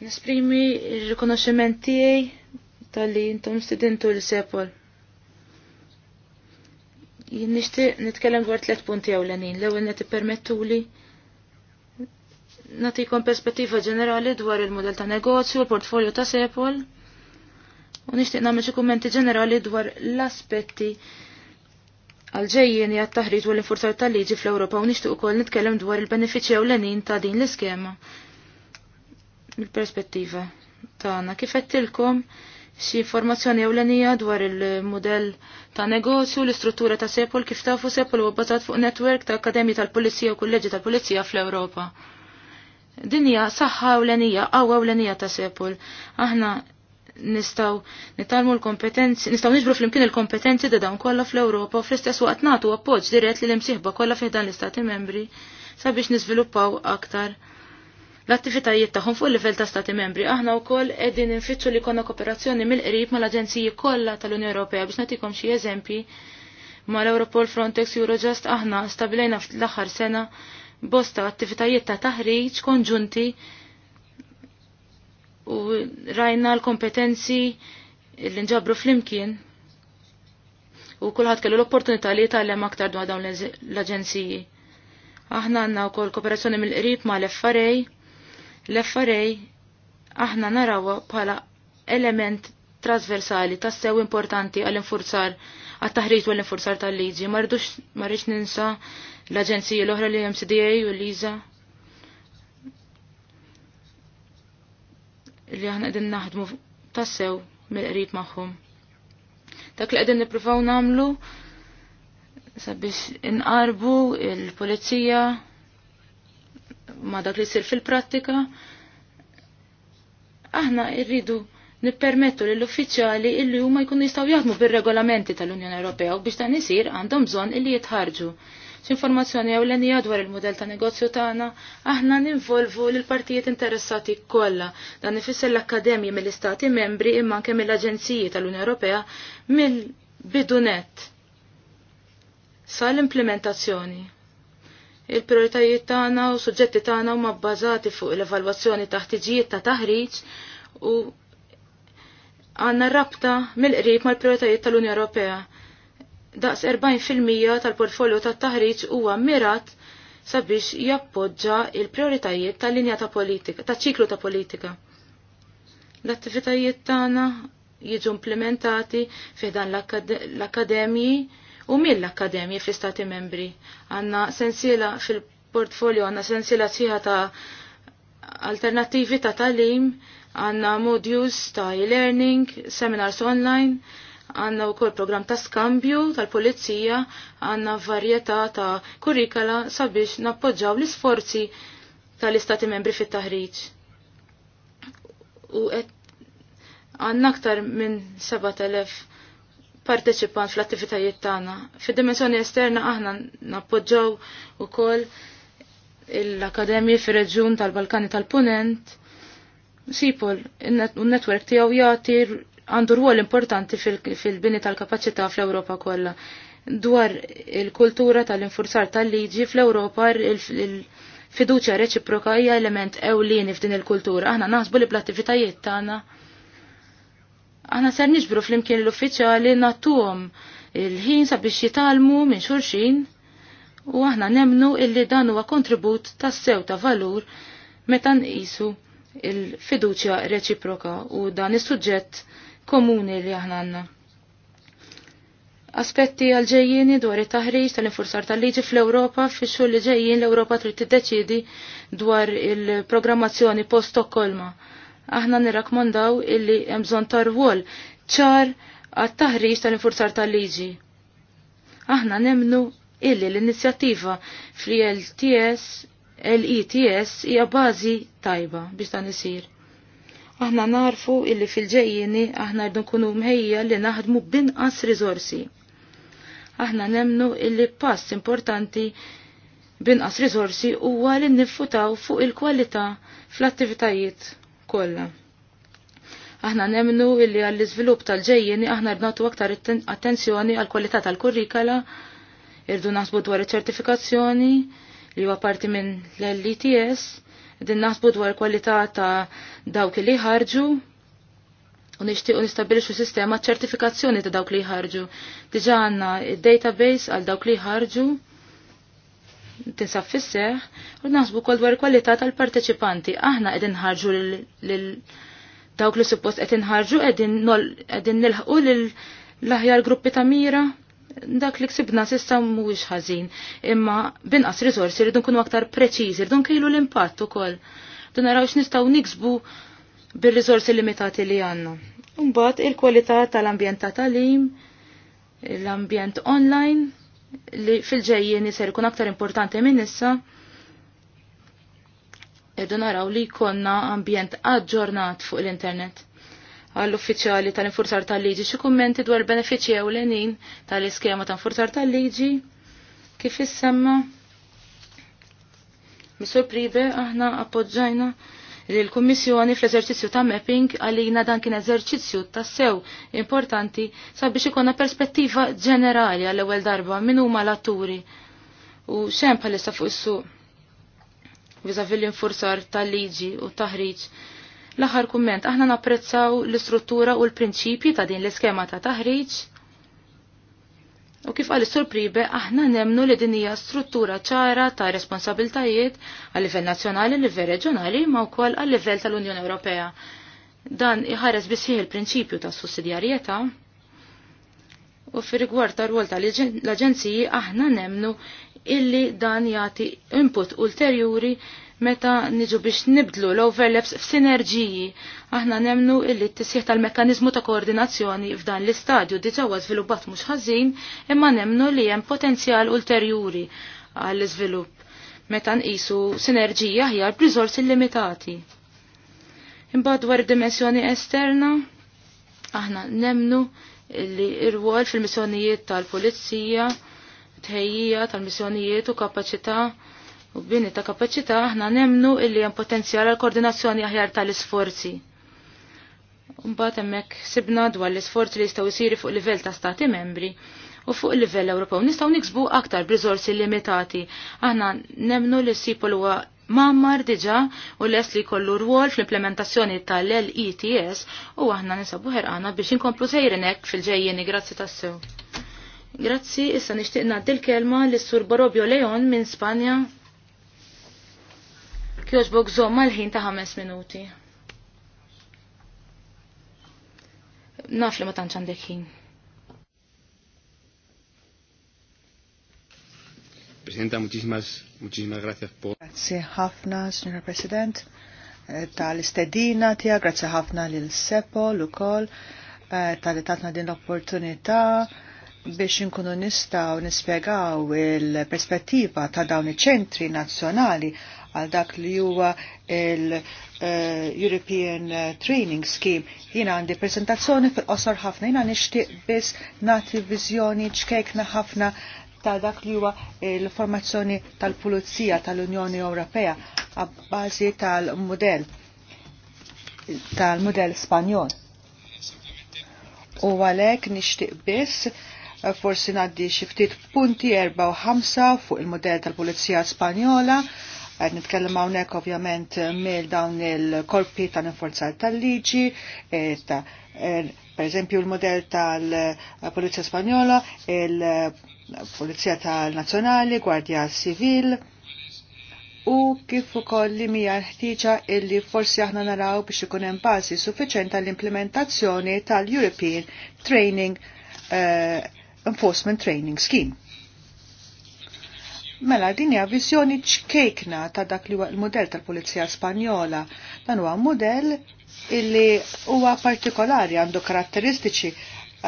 Nesprimi il-rikonoxximent tiegħi tal-li intom studentu l-sepol. Jien nixtieq nitkellem dwar tliet punti ewlenin. L-ewwel permettu ippermettuli natikon perspettiva ġenerali dwar il model ta' negozju, il-portfolio ta' sepol. U nixtieq nagħmel xi kummenti ġenerali dwar l-aspetti għal-ġejjien jgħat u l-infurzar tal-liġi fl europa u nixtieq ukoll nitkellem dwar il-benefiċċji ewlenin ta' din l-iskema mill-perspettiva tagħna. Kif qedtilkom xi informazzjoni ewlenija dwar il-modell ta' negozju, l-istruttura ta' Sepol kif tafu Sepol huwa bbażat fuq netwerk ta' Akademji tal-Pulizija u Kulleġġi tal-Pulizija fl-Ewropa. Dinja saħħa ewlenija, qawwa ewlenija ta' Sepol. Aħna nistaw nitalmu l-kompetenzi, nistaw nġbru fl-imkien il-kompetenzi da dawn kollha fl-Ewropa u fl-istess waqt nagħtu appoġġ dirett li l kollha fih dan l-istati membri sabiex niżviluppaw aktar l-attivitajiet tagħhom fuq il-livell ta' stati membri. Aħna wkoll qegħdin infittxu li jkollna kooperazzjoni mill-qrib mal-aġenziji kollha tal-Unjoni Ewropea biex nagħtikom xi eżempji mal-Europol Frontex Eurojust aħna stabilejna fl aħħar sena bosta attivitajiet ta' taħriġ konġunti u rajna l-kompetenzi l-inġabru fl-imkien u kullħat kellu l-opportunità li jitgħallem aktar dwar dawn l-aġenziji. Aħna għandna wkoll kooperazzjoni mill-qrib mal-FRA l affarej aħna narawa bħala element trasversali tassew importanti għall-infurzar għat-taħriġ u l-infurzar tal-liġi. Marridux ninsa l aġenzija l-oħra li MCDA u l-ISA. Li aħna qegħdin naħdmu tassew mill-qrib magħhom. Dak li qegħdin nippruvaw nagħmlu sabiex inqarbu il-pulizija, ma dak li jsir fil-prattika, aħna rridu nippermettu lill uffiċjali illi huma jkunu jistgħu jaħdmu bir-regolamenti tal-Unjoni Ewropea u biex dan isir għandhom bżonn illi jitħarġu. X'informazzjoni ewlenija dwar il-mudell ta' negozju tagħna, aħna ninvolvu l partijiet interessati kollha dan ifisser l-akkademji mill-istati membri imma anke mill-aġenziji tal-Unjoni Ewropea mill-bidunet sal-implementazzjoni il-prioritajiet tagħna u suġġetti tagħna huma bbażati fuq l-evalwazzjoni ta' ħtiġijiet ta' taħriġ u għandna rabta mill-qrib mal-prioritajiet tal-Unja Ewropea. Daqs 40% tal-portfolio tat-taħriġ huwa mirat sabiex jappoġġa il-prioritajiet tal-linja ta' politika, ta' ċiklu ta' politika. L-attivitajiet tagħna jiġu implementati fi dan l-akademji u mill-akademji l fl-istati membri. Għanna sensiela fil-portfolio, għanna sensiela sieħa ta' alternativi ta' talim, għanna modules ta' e-learning, seminars online, għanna u kol program ta' skambju tal-polizija, għanna varjetà ta' kurikala sabiex nappoġġaw l-isforzi tal-istati membri fit-taħriġ. U għanna aktar minn 7000 parteċipant fl-attivitajiet tagħna. Fid-dimensjoni esterna aħna nappoġġaw ukoll l-Akademji fir-Reġjun tal-Balkani tal-Punent. Sipol, un netwerk tiegħu jagħti għandu rwol importanti fil-bini tal-kapaċità fl-Ewropa kollha. Dwar il-kultura tal-infurzar tal-liġi fl-Ewropa il-fiduċja reċiproka hija element ewlieni f'din il-kultura. Aħna naħsbu li bl-attivitajiet tagħna Aħna ser niġbru fl-imkien l-uffiċjali natuhom il-ħin sabiex jitalmu minn xulxin u aħna nemnu illi dan huwa kontribut tas sew ta' valur meta nqisu il-fiduċja reċiproka u dan is-suġġett komuni li aħna għandna. Aspetti għal-ġejjini dwar it-taħriġ tal-infurzar tal-liġi fl-Ewropa fix xogħol li ġejjin l-Ewropa trid tiddeċiedi dwar il-programmazzjoni post-Stokkolma aħna nirrakmandaw illi hemm bżonn tarwol ċar għat-taħriġ tal-infurzar tal-liġi. Aħna nemnu illi l-inizjattiva fl-LTS l-ETS hija bażi tajba biex dan isir. Aħna narfu illi fil-ġejjini aħna rdu nkunu mħejja li naħdmu binqas rizorsi. Aħna nemnu illi pass importanti binqas rizorsi huwa li nifutaw fuq il-kwalità fl-attivitajiet kollha. Aħna nemnu illi għall-iżvilupp tal-ġejjeni aħna rnatu aktar attenzjoni għal kwalità tal-kurrikala, irdu naħsbu dwar iċ-ċertifikazzjoni li huwa parti minn l-LTS, e din naħsbu dwar kwalità ta' dawk li ħarġu u nixtiequ nistabilixu sistema ċertifikazzjoni ta' dawk li ħarġu. Diġà għandna id-database għal dawk li ħarġu tinsab fisseħ u naħsbu kol dwar kwalità tal-parteċipanti. Aħna qegħdin ħarġu lil dawk li suppost qed inħarġu qegħdin nilħqu lil l-aħjar gruppi ta' mira dak li ksibna sissa mhuwiex ħażin, imma binqas riżorsi rridu nkunu aktar preċiżi, rridu nkejlu l-impatt ukoll. Rridu naraw x'nistgħu niksbu bir-riżorsi limitati li għandna. Mbagħad il-kwalità tal-ambjent ta' tagħlim, l-ambjent online, li fil-ġejjien jisir ikun aktar importanti minn issa, irdu naraw li jkollna ambjent aġġornat fuq l-internet. Għall-uffiċjali tal-infurzar tal-liġi xi kummenti dwar benefiċċji ewlenin tal-iskema ta' infurzar tal-liġi kif issemma. Misur Pribe aħna appoġġajna li l-Kummissjoni fl-eżerċizzju ta' mapping għalina dan kien eżerċizzju ta' sew importanti sabiex ikonna perspettiva ġenerali għall ewwel darba minn huma l-atturi u xem bħalissa fuq is-suq viża fil-infurzar tal-liġi u taħriġ. L-aħħar kumment, aħna napprezzaw l-istruttura u l-prinċipji ta' din l-iskema ta' taħriġ U kif għal surpribe aħna nemnu li dinija struttura ċara ta' responsabiltajiet għal livell nazzjonali, livell reġjonali, ma' wkoll għal livell tal-Unjoni Ewropea. Dan iħares bisħieħ il-prinċipju ta' sussidjarjetà u fir rigward ta' rwol tal-aġenziji aħna nemnu illi dan jagħti input ulterjuri meta niġu biex nibdlu l-overlaps f'sinerġiji. Aħna nemnu illi t-tisjeħ tal mekanizmu ta' koordinazzjoni f'dan l-istadju diġawa żviluppat mhux ħażin imma nemnu li hemm potenzjal ulterjuri għall-iżvilupp meta nqisu sinerġija aħjar b'riżorsi limitati. Imbagħad dwar dimensjoni esterna, aħna nemnu li r fil-missjonijiet tal-pulizija, tħejjija tal-missjonijiet u kapaċità U bini ta' kapacita aħna nemnu illi hemm potenzjal għal koordinazzjoni aħjar tal-isforzi. Mbagħad hemmhekk sibna dwar l-isforzi li jistgħu jsiru fuq livell ta' stati membri u fuq livell Ewropew nistgħu niksbu aktar b'rizorsi limitati. Aħna nemnu li sipol huwa mammar diġa u les li kollu rwol fl-implementazzjoni tal-LETS u aħna nisabu ħerqana biex inkomplu sejrinek fil-ġejjeni grazzi tas-sew. Grazzi, issa nishtiqna dil-kelma l-Sur Borobio Leon minn Spanja Kjoġbok zomma l-ħin ta' 5 minuti. Naf li ma tantx għandek ħin. Presidenta, muchísimas, muchísimas gracias por... Grazie ħafna, signor President, eh, tal-istedina tija, grazie ħafna lil sepo l-ukol, eh, tal-li tatna din l-opportunità biex inkunu nistaw nispiegaw il-perspettiva ta' dawn iċ-ċentri nazzjonali għal dak li huwa l-European eh, Training Scheme. Jina għandi prezentazzjoni fil-qosor ħafna, jina nixtieq biss nati viżjoni ċkejkna ħafna ta' dak li huwa l-formazzjoni tal-Pulizija tal-Unjoni Ewropea għabbażi tal-modell tal-modell Spanjol. U għalek nixtieq biss eh, forsi ngħaddi xi ftit punti erba' u 5 fuq il-modell tal-Pulizija Spanjola Għed nitkellem hawnhekk ovvjament mill dawn il-korpi e, ta' ninforzar e, tal-liġi, per eżempju l model tal-Polizija Spanjola, il-Polizija tal-Nazzjonali, Gwardja Civil, u kif ukoll li mija ħtiġa illi forsi aħna naraw biex ikun hemm bażi suffiċjenti għall-implementazzjoni tal-European Training uh, Enforcement Training Scheme. Mela, din hija viżjoni ċkejkna ta' dak li huwa l-mudell tal-Pulizija Spanjola. Dan huwa mudell illi huwa partikolari għandu karatteristiċi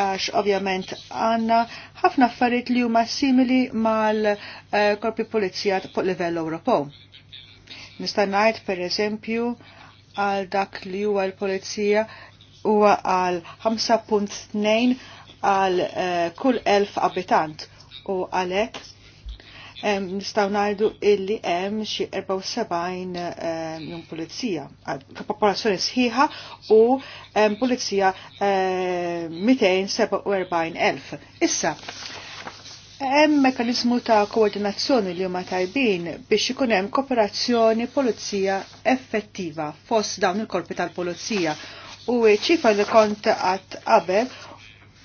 għax ovvjament għanna ħafna affarijiet li huma simili mal-korpi pulizija fuq livell Ewropew. Nista' ngħid pereżempju għal dak li huwa l-pulizija huwa għal 5.2 għal eh, kull elf abitant u għalhekk nistaw najdu illi hemm xi 74 minn pulizija, popolazzjoni sħiħa u pulizija 247,000. Issa, hemm mekanizmu ta' koordinazzjoni li huma tajbin biex ikun hemm kooperazzjoni polizija effettiva fost dawn il-korpi tal-pulizija. U ċifra li kont qatt qabel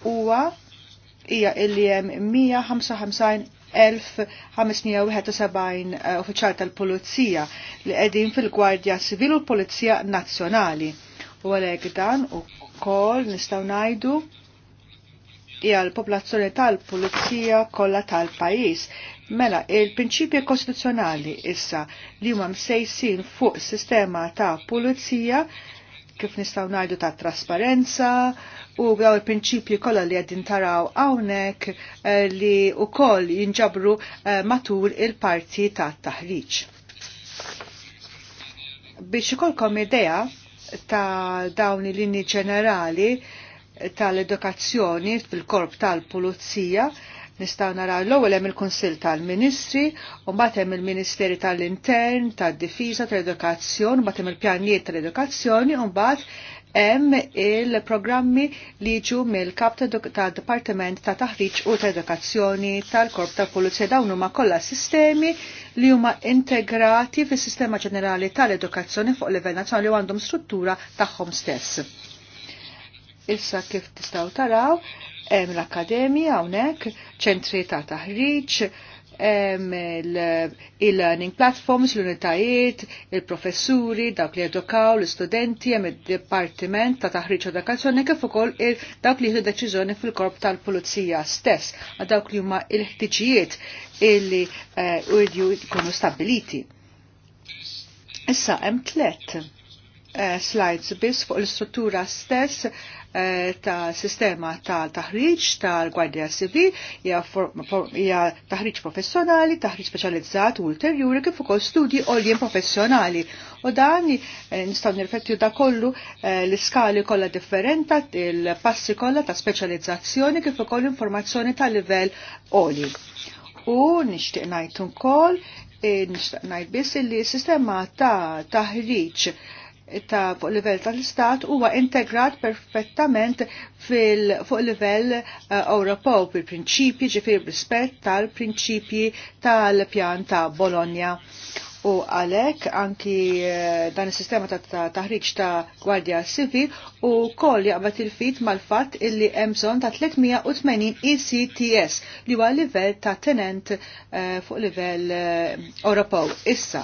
huwa hija illi hemm 155 1571 eh, uffiċjal tal-Pulizija li qegħdin fil-Gwardja Sivil u l-Pulizija Nazzjonali. U għalhekk dan ukoll nistgħu ngħidu hija l-popolazzjoni tal-pulizija kollha tal-pajjiż. Mela, il-prinċipji kostituzzjonali issa li huma msejsin fuq sistema ta' pulizija kif nistaw najdu ta' trasparenza u għaw il-prinċipju kolla li għeddin taraw għawnek eh, li u koll jinġabru eh, matul il-parti ta' taħriċ. Biex ikolkom idea ta' dawn il-linji ġenerali tal-edukazzjoni fil-korp tal-pulizija, Nistaw naraw l-ewwel hemm il-Kunsill tal-Ministri, u mbagħad hemm il-Ministeri tal-Intern, tad-Difiża, tal-Edukazzjoni, mbagħad hemm il-pjanijiet tal-edukazzjoni, u mbagħad hemm il-programmi li jiġu mill-kap tad Dipartiment ta' Taħriġ u tal Edukazzjoni tal-Korp tal Pulizija dawn huma kollha sistemi li huma integrati fis-sistema ġenerali tal-edukazzjoni fuq livell nazzjonali u għandhom struttura tagħhom stess. Issa kif tistgħu taraw, l akademija hawnhekk, ċentri ta' taħriġ, il-learning platforms, l-unitajiet, il-professuri, dawk li edukaw, l-studenti, hemm id-dipartiment ta' taħriġ u edukazzjoni kif ukoll dawk li jieħdu deċiżjoni fil-korp tal-pulizija stess, għal dawk li huma l-ħtiġijiet illi eh, jkunu stabiliti. Issa hemm tlet Eh, slides biss fuq l-struttura stess eh, ta' sistema ta' taħriġ tal-Gwardja sivi hija taħriġ professjonali, taħriġ speċjalizzat u ulterjuri kif ukoll studji għoljien professjonali. U dan eh, nistgħu nirfettju da kollu l-iskali kollha differenta, il-passi kollha ta' speċjalizzazzjoni kif ukoll informazzjoni ta' livell għoli. U nixtieq ngħid ukoll nixtaq ngħid biss li sistema ta' taħriġ ta' fuq livell tal-istat huwa integrat perfettament fil fuq livell eh, Ewropew bil fil-prinċipji ġifir rispett tal-prinċipji tal-pjan ta' Bologna. U għalek anki eh, dan is-sistema ta' taħriġ ta' Gwardja Sivi u koll jaqbad il-fit mal-fatt illi hemm bżonn ta' 380 ECTS li huwa livell ta' tenent uh, fuq livell Ewropew. Issa,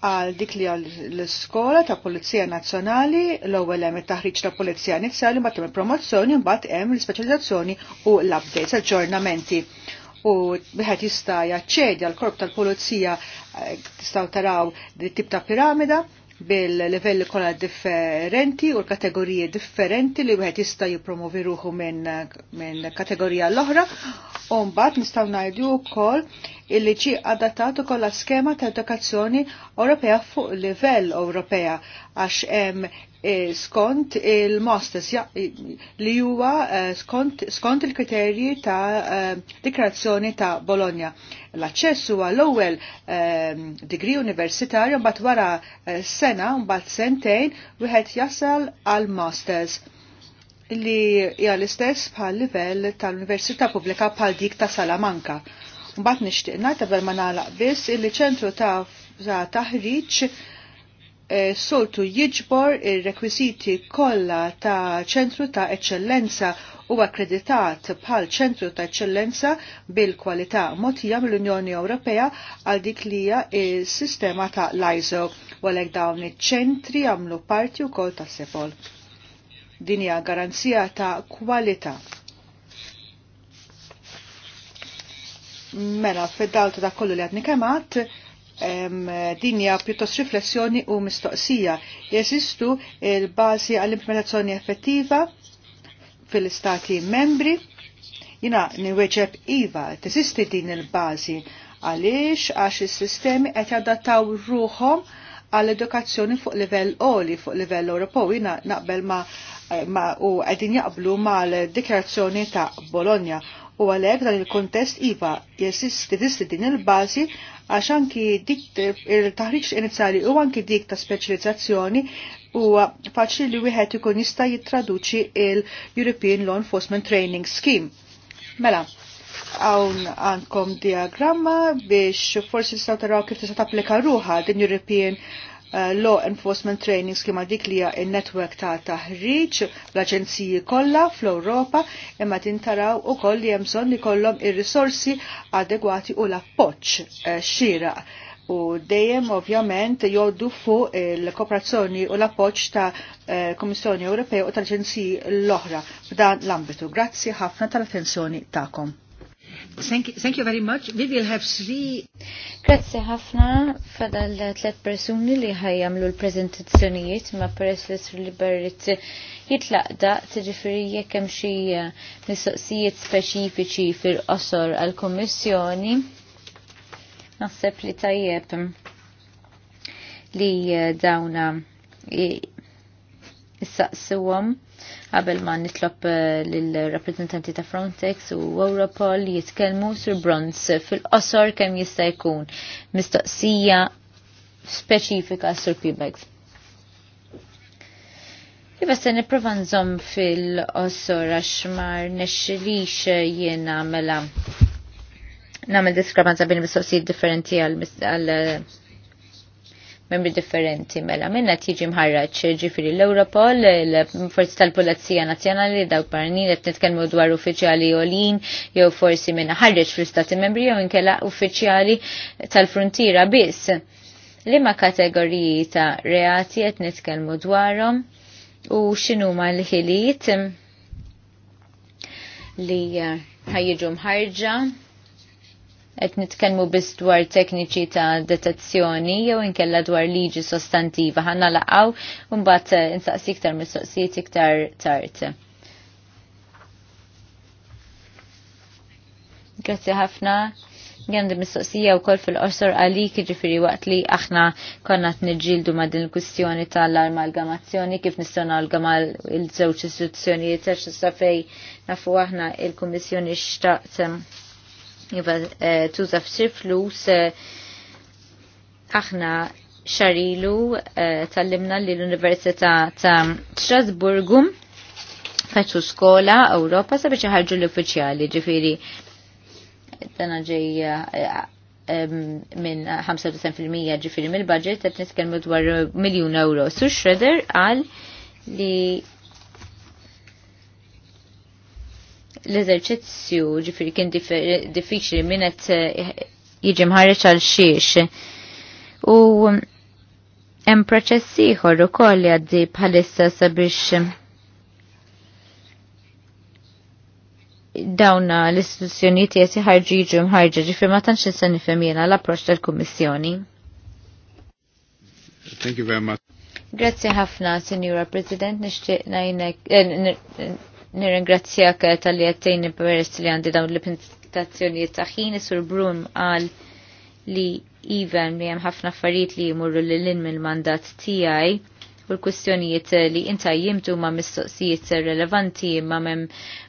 għal dik li għal l-skola ta' Polizija Nazzjonali, l-ewwel hemm it-taħriġ ta' Polizija Nizzjali mbagħad hemm il-promozzjoni, mbagħad hemm l-ispeċjalizzazzjoni u l-updates, aġġornamenti. U wieħed jista' jaċċedi għal korp tal-Pulizija eh, tistgħu taraw tip ta' piramida bil-livelli kollha differenti u l-kategoriji differenti li wieħed jista' jippromovi ruħu minn min kategorija l-oħra. U mbagħad nistgħu ngħidu wkoll illi ġi adattat ukoll skema ta' edukazzjoni Ewropea fuq livell Ewropea għax hemm eh, skont il-masters li huwa eh, skont, skont il-kriterji ta' eh, dikrazzjoni ta' Bologna. L-aċċess huwa l-ewwel digri universitarju mbagħad wara sena mbagħad sentejn wieħed jasal għal masters li hija l-istess bħal livell tal-Università Pubblika bħal dik ta' Salamanka. Mbagħad nixtieq ta' qabel ma nagħlaq biss illi ċentru ta' taħriċ eh, soltu jiġbor ir-rekwiżiti kollha ta' ċentru ta' eċċellenza u akkreditat bħal ċentru ta' eċċellenza bil-kwalità motija mill-Unjoni Ewropea għal dik li hija s-sistema ta' l-ISO għalhekk dawn iċ-ċentri għamlu parti wkoll ta' sepol. Din hija garanzija ta' kwalità Mela, fid-dalta da kollu li għadni kemat, dinja pjuttost riflessjoni u mistoqsija. Jeżistu il-bazi għall-implementazzjoni effettiva fil-istati membri. Jina niweġeb IVA, teżisti din il-bazi għaliex għax il-sistemi qed jadattaw ruħom għall-edukazzjoni fuq livell oli, fuq livell Ewropew. Jina naqbel ma, ma u għedin jaqblu ma l-dikjarazzjoni ta' Bologna U għalhekk dan il-kontest iva jesisti tisti din il-bażi għax anki dik il-taħriġ inizjali u anki dik ta' speċjalizzazzjoni huwa faċli li wieħed ikun jista' jittraduċi il-European Law Enforcement Training Scheme. Mela, hawn għandkom diagramma biex forsi s taraw kif tista' tapplika ruħa din European Eh, law Enforcement Training skima dik li hija n ta' taħriġ l-aġenziji kollha fl-Ewropa imma tintaraw ukoll li hemm bżonn li kollhom ir-risorsi adegwati u l-appoġġ eh, xira u dejjem ovvjament joddu fuq il-kooperazzjoni u l-appoġġ ta' eh, Komissjoni Ewropea u tal-Aġenziji l-oħra f'dan l-ambitu. Grazzi ħafna tal-attenzjoni tagħkom. Thank you, thank you very much. We will have three... Grazie ħafna fadal tlet persuni li ħajamlu l-prezentazzjonijiet ma peress li sri liberit jitlaqda tiġifiri jekk hemm xi eh, mistoqsijiet speċifiċi fil-qosor għall-Kummissjoni. Naħseb li tajjeb li eh, dawna issaqsuhom. Qabel ma nitlob eh, lill-rappreżentanti ta' Frontex u Europol jitkellmu sur Bronze fil-qosor kemm jista' jkun mistoqsija speċifika sur Pibex. Iba se niprofa nżomm fil-qosor għax mar nexxilix eh, jiena mela namel diskrepanza bejn mistoqsijiet differenti għal eh, membri differenti mela minna tiġi mħarraċ ġifiri l-Europol, l-Forzi tal-Polizija Nazjonali, daw barni, li t-netkelmu dwar uffiċjali olin, jew forsi minna ħarraċ fl-Stati membri jew inkella uffiċjali tal-Frontiera biss. Lima kategoriji ta' reati qed nitkellmu dwarhom u x'inhuma l-ħiliet li ħajjiġu mħarġa qed nitkellmu biss dwar tekniċi ta' detezzjoni jew inkella dwar liġi sostantiva ħanna laqgħu u mbagħad eh, insaqsi iktar mistoqsijiet iktar tard. Grazzi ħafna għandi mistoqsija u fil-qosor għalik ġifiri waqt li aħna konna t-nġildu ma din il-kustjoni tal-amalgamazzjoni kif nistona għal il-żewċ istituzzjonijiet għax safej nafu aħna il-Kommissjoni xtaqt eh, jiva eh, tuża f'sir flus eh, aħna xarilu eh, tal-limna li l-Università ta' Strasburgu faċu skola Ewropa sabiex ħarġu l-uffiċjali ġifiri dana ġej minn 95% ġifiri mill-budget qed nitkellmu dwar miljun euro. Su Schroeder għal li l-eżerċizzju ġifiri kien diffiċli minnet qed eh, jiġi mħarreġ għal xiex. U mm, hemm proċess ieħor ukoll li għaddi bħalissa sabiex dawna l-istituzzjonijiet qed ħarġu jiġu mħarġa ġifiri ma tantx insa nifhem jiena l-approċċ tal-Kummissjoni. Thank you very much. Grazie ħafna, Signora President, nishtiq najnek, eh, Nirringrazzjak eh, tal-li għattejni peress li għandi dawn l pintazzjoni taħin, sur Brum għal li even li hemm ħafna affarijiet li jmurru lil lin mill-mandat tiegħi u l-kwistjonijiet li inta jimtu ma' mistoqsijiet relevanti ma' mem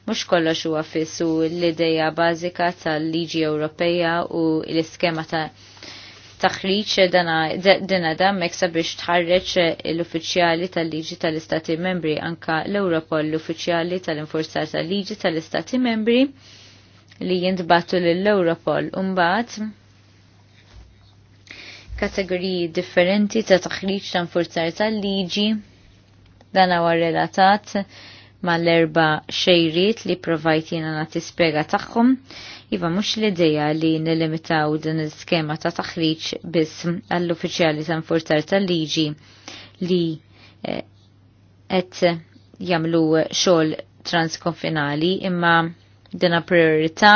mux kollox huwa fissu l-ideja bażika tal-liġi Ewropeja u l-iskema ta' taħriċ dana da meksa biex tħarreċ l-uffiċjali tal-liġi tal-istati membri anka l-Europol l-uffiċjali tal-infurzar tal-liġi tal-istati membri li jintbatu l-Europol unbat kategoriji differenti ta' taħriċ tal-infurzar tal-liġi dana war relatat mal-erba xejrit li provajt jena nati spiega taħħum, Iva mux l-ideja li nilimitaw din il-skema ta' taħriċ biss għall-uffiċjali ta' nfurtar tal-liġi li qed eh, jamlu xogħol transkonfinali imma dina priorità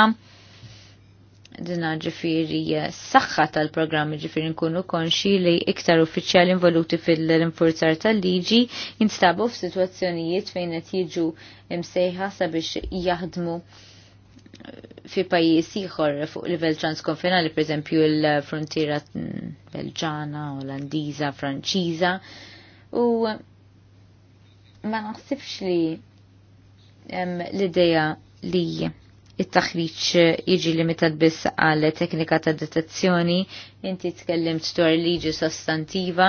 dina ġifiri eh, saħħa tal-programmi ġifiri nkunu konxi li iktar uffiċjali involuti fil-infurzar tal-liġi jinstabu f-situazzjonijiet fejn qed jiġu imsejħa sabiex jaħdmu eh, fi pajjiż ieħor fuq livell transkonfinali, pereżempju l-frontiera Belġana, Olandiża, Franċiża. U eh, ma naħsibx li l-idea li it-taħriċ jiġi limitat biss għal teknika ta' detezzjoni, inti tkellimt dwar liġi sostantiva,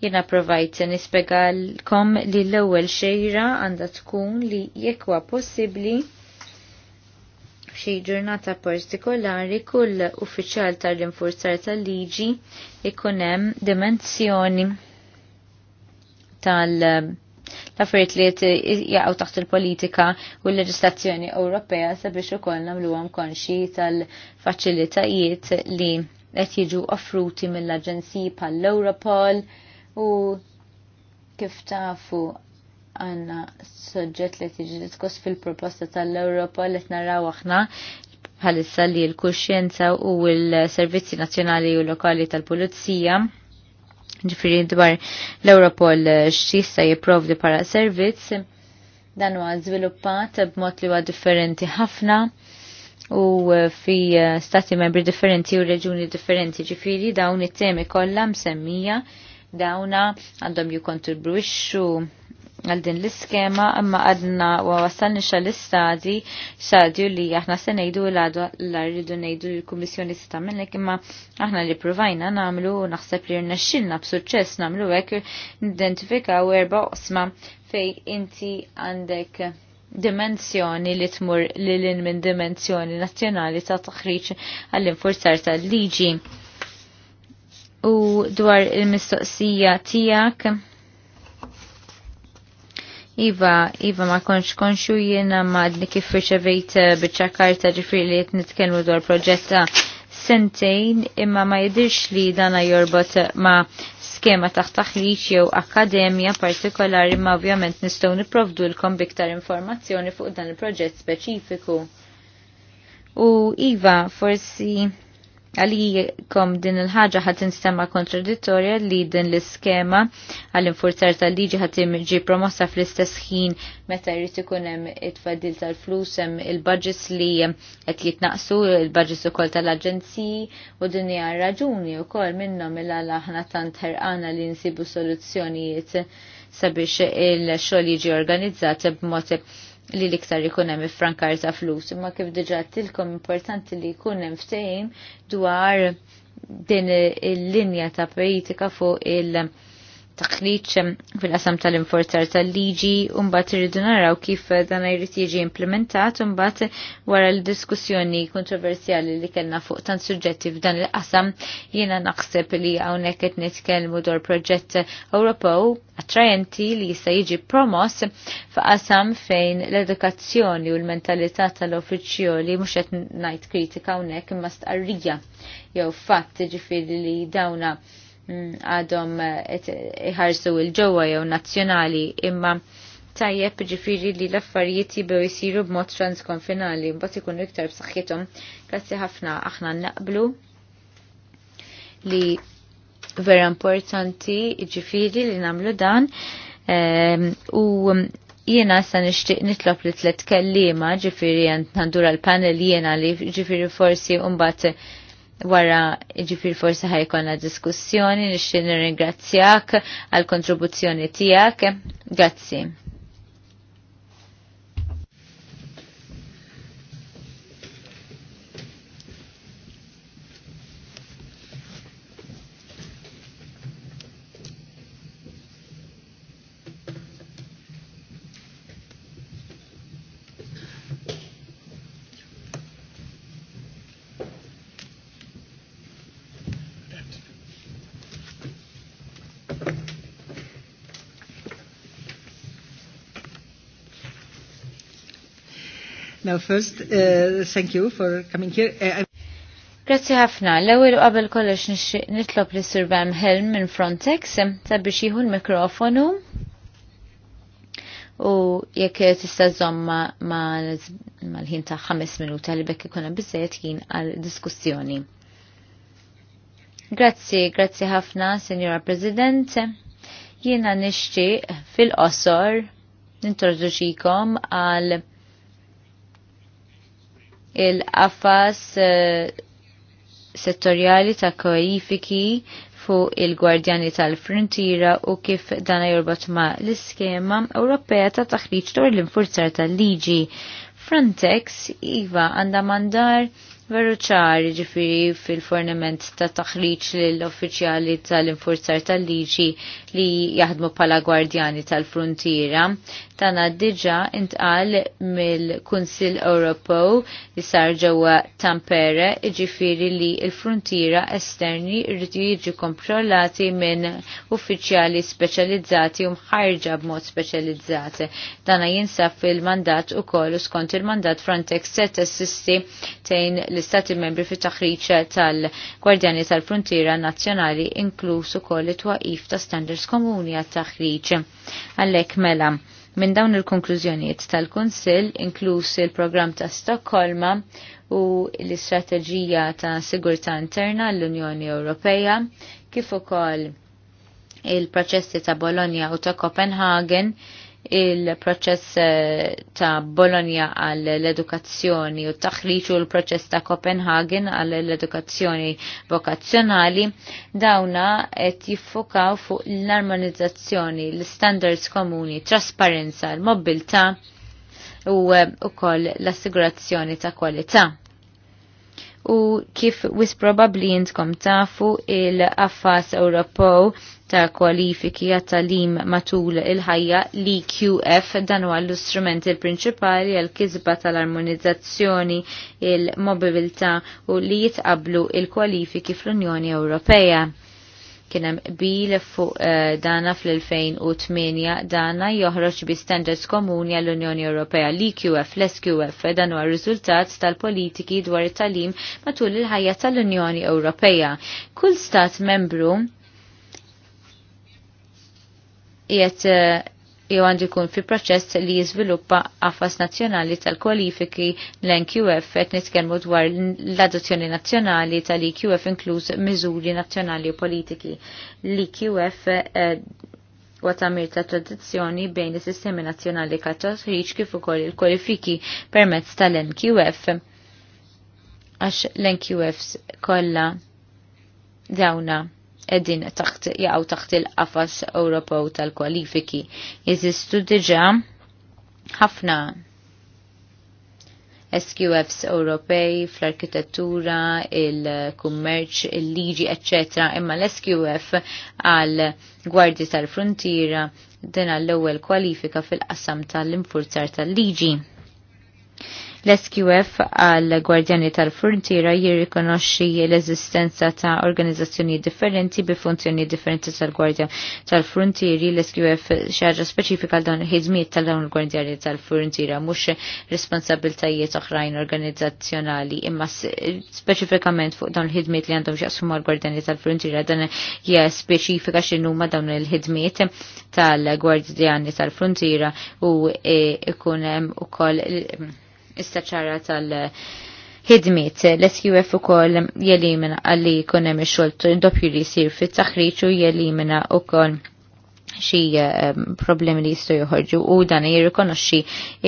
jena provajt nispegalkom li l-ewwel xejra għandha tkun li jekwa possibbli f'xi ġurnata partikolari kull uffiċjal tal rinforzar tal-liġi ikun hemm dimensjoni tal-, -liġi, tal l li jaqgħu taħt il-politika u l-leġislazzjoni Ewropea sabiex namlu għam konxi tal-faċilitajiet li qed jiġu offruti mill-aġenziji pal europol u kif tafu għanna soġġet li tiġi diskuss fil-proposta tal-Europa li t-naraw aħna bħalissa li l-kuxjenza u l-servizzi nazjonali u lokali tal-pulizija ġifiri dwar l-Europol eh, xtista jiprovdi para servizz, dan huwa żviluppat b'mod li huwa differenti ħafna u eh, fi eh, stati membri differenti u reġuni differenti ġifiri dawn it-temi kollha msemmija dawna għandhom jikontribwixxu għal din l-iskema imma għadna u għasalni xa l-istadi xadju li aħna se nejdu l-għadu l-għarridu nejdu l-Kommissjoni sta minnek imma aħna li provajna namlu naħseb li rnexxilna b'suċċess namlu hekk u erba' osma fej inti għandek dimensjoni li tmur li l-in minn dimensjoni nazzjonali ta' taħriġ għall-infurzar tal-liġi. U dwar il-mistoqsija tijak, Iva, Iva ma konx konxu jiena ma għadni kif riċevejt eh, bieċa karta ġifri li jett nitkelmu dwar proġetta sentejn imma ma jidirx li dana jorbot ma skema taħt taħriċ jew akademja partikolari ma ovvjament nistgħu niprovdu lkom biktar informazzjoni fuq dan il-proġett speċifiku. U Iva, forsi għalikom din il-ħaġa ħat instema kontradittorja li din l-iskema għall-infurzar tal-liġi ħat ġi promossa fl-istess ħin meta jrid ikun hemm it-tfaddil tal-flus hemm il-budgets li qed jitnaqsu il-budgets ukoll tal-aġenziji u din hija raġuni wkoll minnhom il aħna tant ħerqana li nsibu soluzzjonijiet sabiex il-xogħol jiġi organizzat b'mod li liktar ikun hemm ifrankar ta' flus, imma kif diġà tilkom importanti li jkun hemm dwar din il-linja ta' politika fuq il- taħriċ fil-qasam tal inforzar tal-liġi umbat irridu naraw kif dan jrid jiġi implementat umbat wara l-diskussjoni kontroversjali li kellna fuq tan suġġetti f'dan il-qasam jiena naħseb li hawnhekk qed nitkellmu dwar proġett Ewropew attrajenti li jista' jiġi promos f'qasam fejn l-edukazzjoni u l-mentalità tal li mhux qed ngħid kritika hawnhekk imma stqarrija jew fatt ġifieri li dawna għadhom eh, iħarsu il-ġewwa jew nazzjonali imma tajjeb ġifiri li l-affarijiet jibgħu jisiru b'mod transkonfinali mbagħad ikunu iktar b'saħħithom. Grazzi ħafna aħna naqblu li vera importanti ġifiri li namlu dan ehm, u jiena sa nixtieq nitlob li tliet kellima ġifiri għandur l panel jiena li ġifiri forsi mbagħad wara ġifir forsi ħajkonna diskussjoni, nixtieq nirringrazzjak għal kontribuzzjoni tiegħek. Grazzi. Now first, uh, thank you for coming here. Uh, Grazzi ħafna. L-ewwel qabel kollox nixtieq nitlob li Sir Bam Helm minn Frontex sabiex jieħu l-mikrofonu u jekk tista' żomma mal-ħin ta' ħames minuta li bekk ikun biżejjed jien għal diskussjoni. Grazzi, grazzi ħafna, Sinjora President. Jiena nixtieq fil-qosor nintroduċikom għal il-qafas eh, settorjali ta' kodifiki fuq il-Gwardjani tal-Frontiera u kif dana jorbat ma' l-iskema Ewropea ta' taħriċ dwar l-infurzar tal-liġi. Frontex iva għandha mandar veru ċari ġifiri fil-fornament ta' taħriċ l-uffiċjali tal-infurzar tal-liġi li jaħdmu pala gwardjani tal-frontiera. Tana diġa intqal mill-Kunsil Ewropew li sar ġewwa Tampere ġifiri li l-frontiera esterni rridu jiġu kontrollati minn uffiċjali speċjalizzati u mħarġa b'mod speċjalizzati. Tana jinsab fil-mandat ukoll u skont il-mandat Frontex set assisti tejn l-Istati membri fi taħriċ tal-Gwardjani tal-Frontiera Nazzjonali inkluż ukoll it-twaqif ta' standards komuni għat taħriċ Għalhekk mela, minn dawn il-konklużjonijiet tal-Kunsill inkluż il-programm ta' Stokkolma u l-istrateġija ta' sigurtà interna l-Unjoni Ewropea kif ukoll il-proċessi ta' Bologna u ta' Copenhagen il-proċess eh, ta' Bologna għall l-edukazzjoni u taħriġu l-proċess ta' Copenhagen għall l-edukazzjoni vokazzjonali dawna qed jiffokaw fuq l-armonizzazzjoni, l-standards komuni, trasparenza, l-mobilta u eh, koll l-assigurazzjoni ta' kwalità u kif wis probabli jintkom tafu il-affas Ewropew ta' kwalifiki għat-talim matul il-ħajja li QF dan huwa l-istrument il-prinċipali għal kizba tal-armonizzazzjoni il-mobilità u li jitqablu il-kwalifiki fl-Unjoni Ewropea kienem bil fuq eh, dana fl-2008 dana joħroġ bi standards komuni għall-Unjoni Ewropea li QF, l-SQF, dan huwa riżultat tal-politiki dwar it-talim matul il-ħajja tal-Unjoni Ewropea. Kull stat membru jiet jew għandu jkun fi proċess li jiżviluppa għafas nazzjonali tal-kwalifiki l-NQF qed nitkellmu dwar l-adozzjoni nazzjonali tal-IQF inkluż miżuri nazzjonali u politiki. L-IQF e eh, u għatamir ta' tradizzjoni bejn is-sistemi nazzjonali kat-taħriġ kif ukoll il-kwalifiki permezz tal-NQF għax l-NQFs kollha dawna edin taħt jaqaw taħt il-qafas Ewropew tal-kwalifiki. Jeżistu diġa ħafna SQFs Ewropej fl-arkitettura, il-kummerċ, il-liġi, etc. Imma l-SQF għal gwardi tal frontira din l ewwel kwalifika fil-qassam qasam tal tal infurzar tal liġi L-SQF għal Gwardjani tal-Frontiera jirrikonoxxi l-eżistenza ta' organizzazzjoni differenti bi funzjoni differenti tal gwardja tal-Frontieri. L-SQF xaġa speċifika dan il-ħidmiet tal-dawn il-Gwardjani tal-Frontiera mhux responsabiltajiet oħrajn organizzazzjonali imma speċifikament fuq dawn il-ħidmiet li għandhom x'jaqsmu mal-Gwardjani tal-Frontiera dan hija speċifika x'inhuma dawn il-ħidmiet tal-Gwardjani tal-Frontiera u e, ikun hemm ukoll istaċara tal- Hidmit, l-SQF u koll jelimina għalli kunem xolt doppju li sir fit taħriċu u jelimina u koll xie ehm, problemi li jistu joħorġu u dan jirrikonoxxi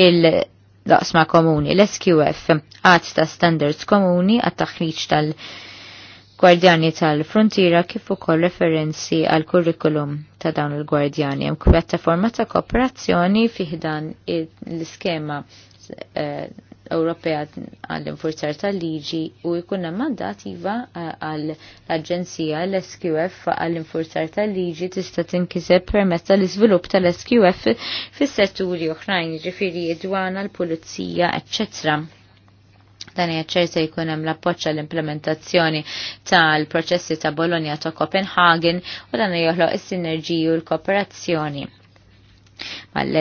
il- daqsma komuni. L-SQF għad ta' standards komuni għat taħriċ tal- Gwardjani tal-Frontiera kif ukoll referenzi għal kurrikulum ta' dawn il-Gwardjani hemm pjattaforma ta' kooperazzjoni fih dan l-iskema Eh, Ewropea għall-infurzar tal-liġi u jkunna mandat iva eh, għall-Aġenzija l-SQF għall-infurzar tal-liġi tista' tinkiseb permezz tal-iżvilupp tal-SQF fis-setturi oħrajn, ġifieri dwana l-pulizija, eċċetra. Dan hija ċerta jkun hemm l-appoġġ għall implementazzjoni tal-proċessi ta' Bologna ta' Copenhagen u dan joħloq is-sinerġiju u l-kooperazzjoni. mal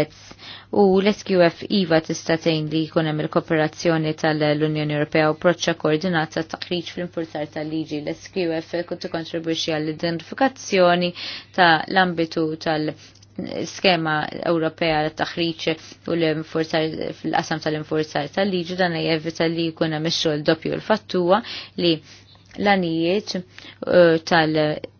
u l-SQF IVA tista' tgħin li jkun hemm il-kooperazzjoni tal-Unjoni Ewropea u proċċa koordinata taqriġ fl-infurzar tal-liġi l-SQF kuntu kontribuċi għall-identifikazzjoni ta' l-ambitu tal- skema Ewropea l taħriċ u l-infurzar fil-qasam tal-infurzar tal-liġi dan jevita li jkun hemm ix-xogħol doppju l-fattuwa li l-anijiet uh, tal-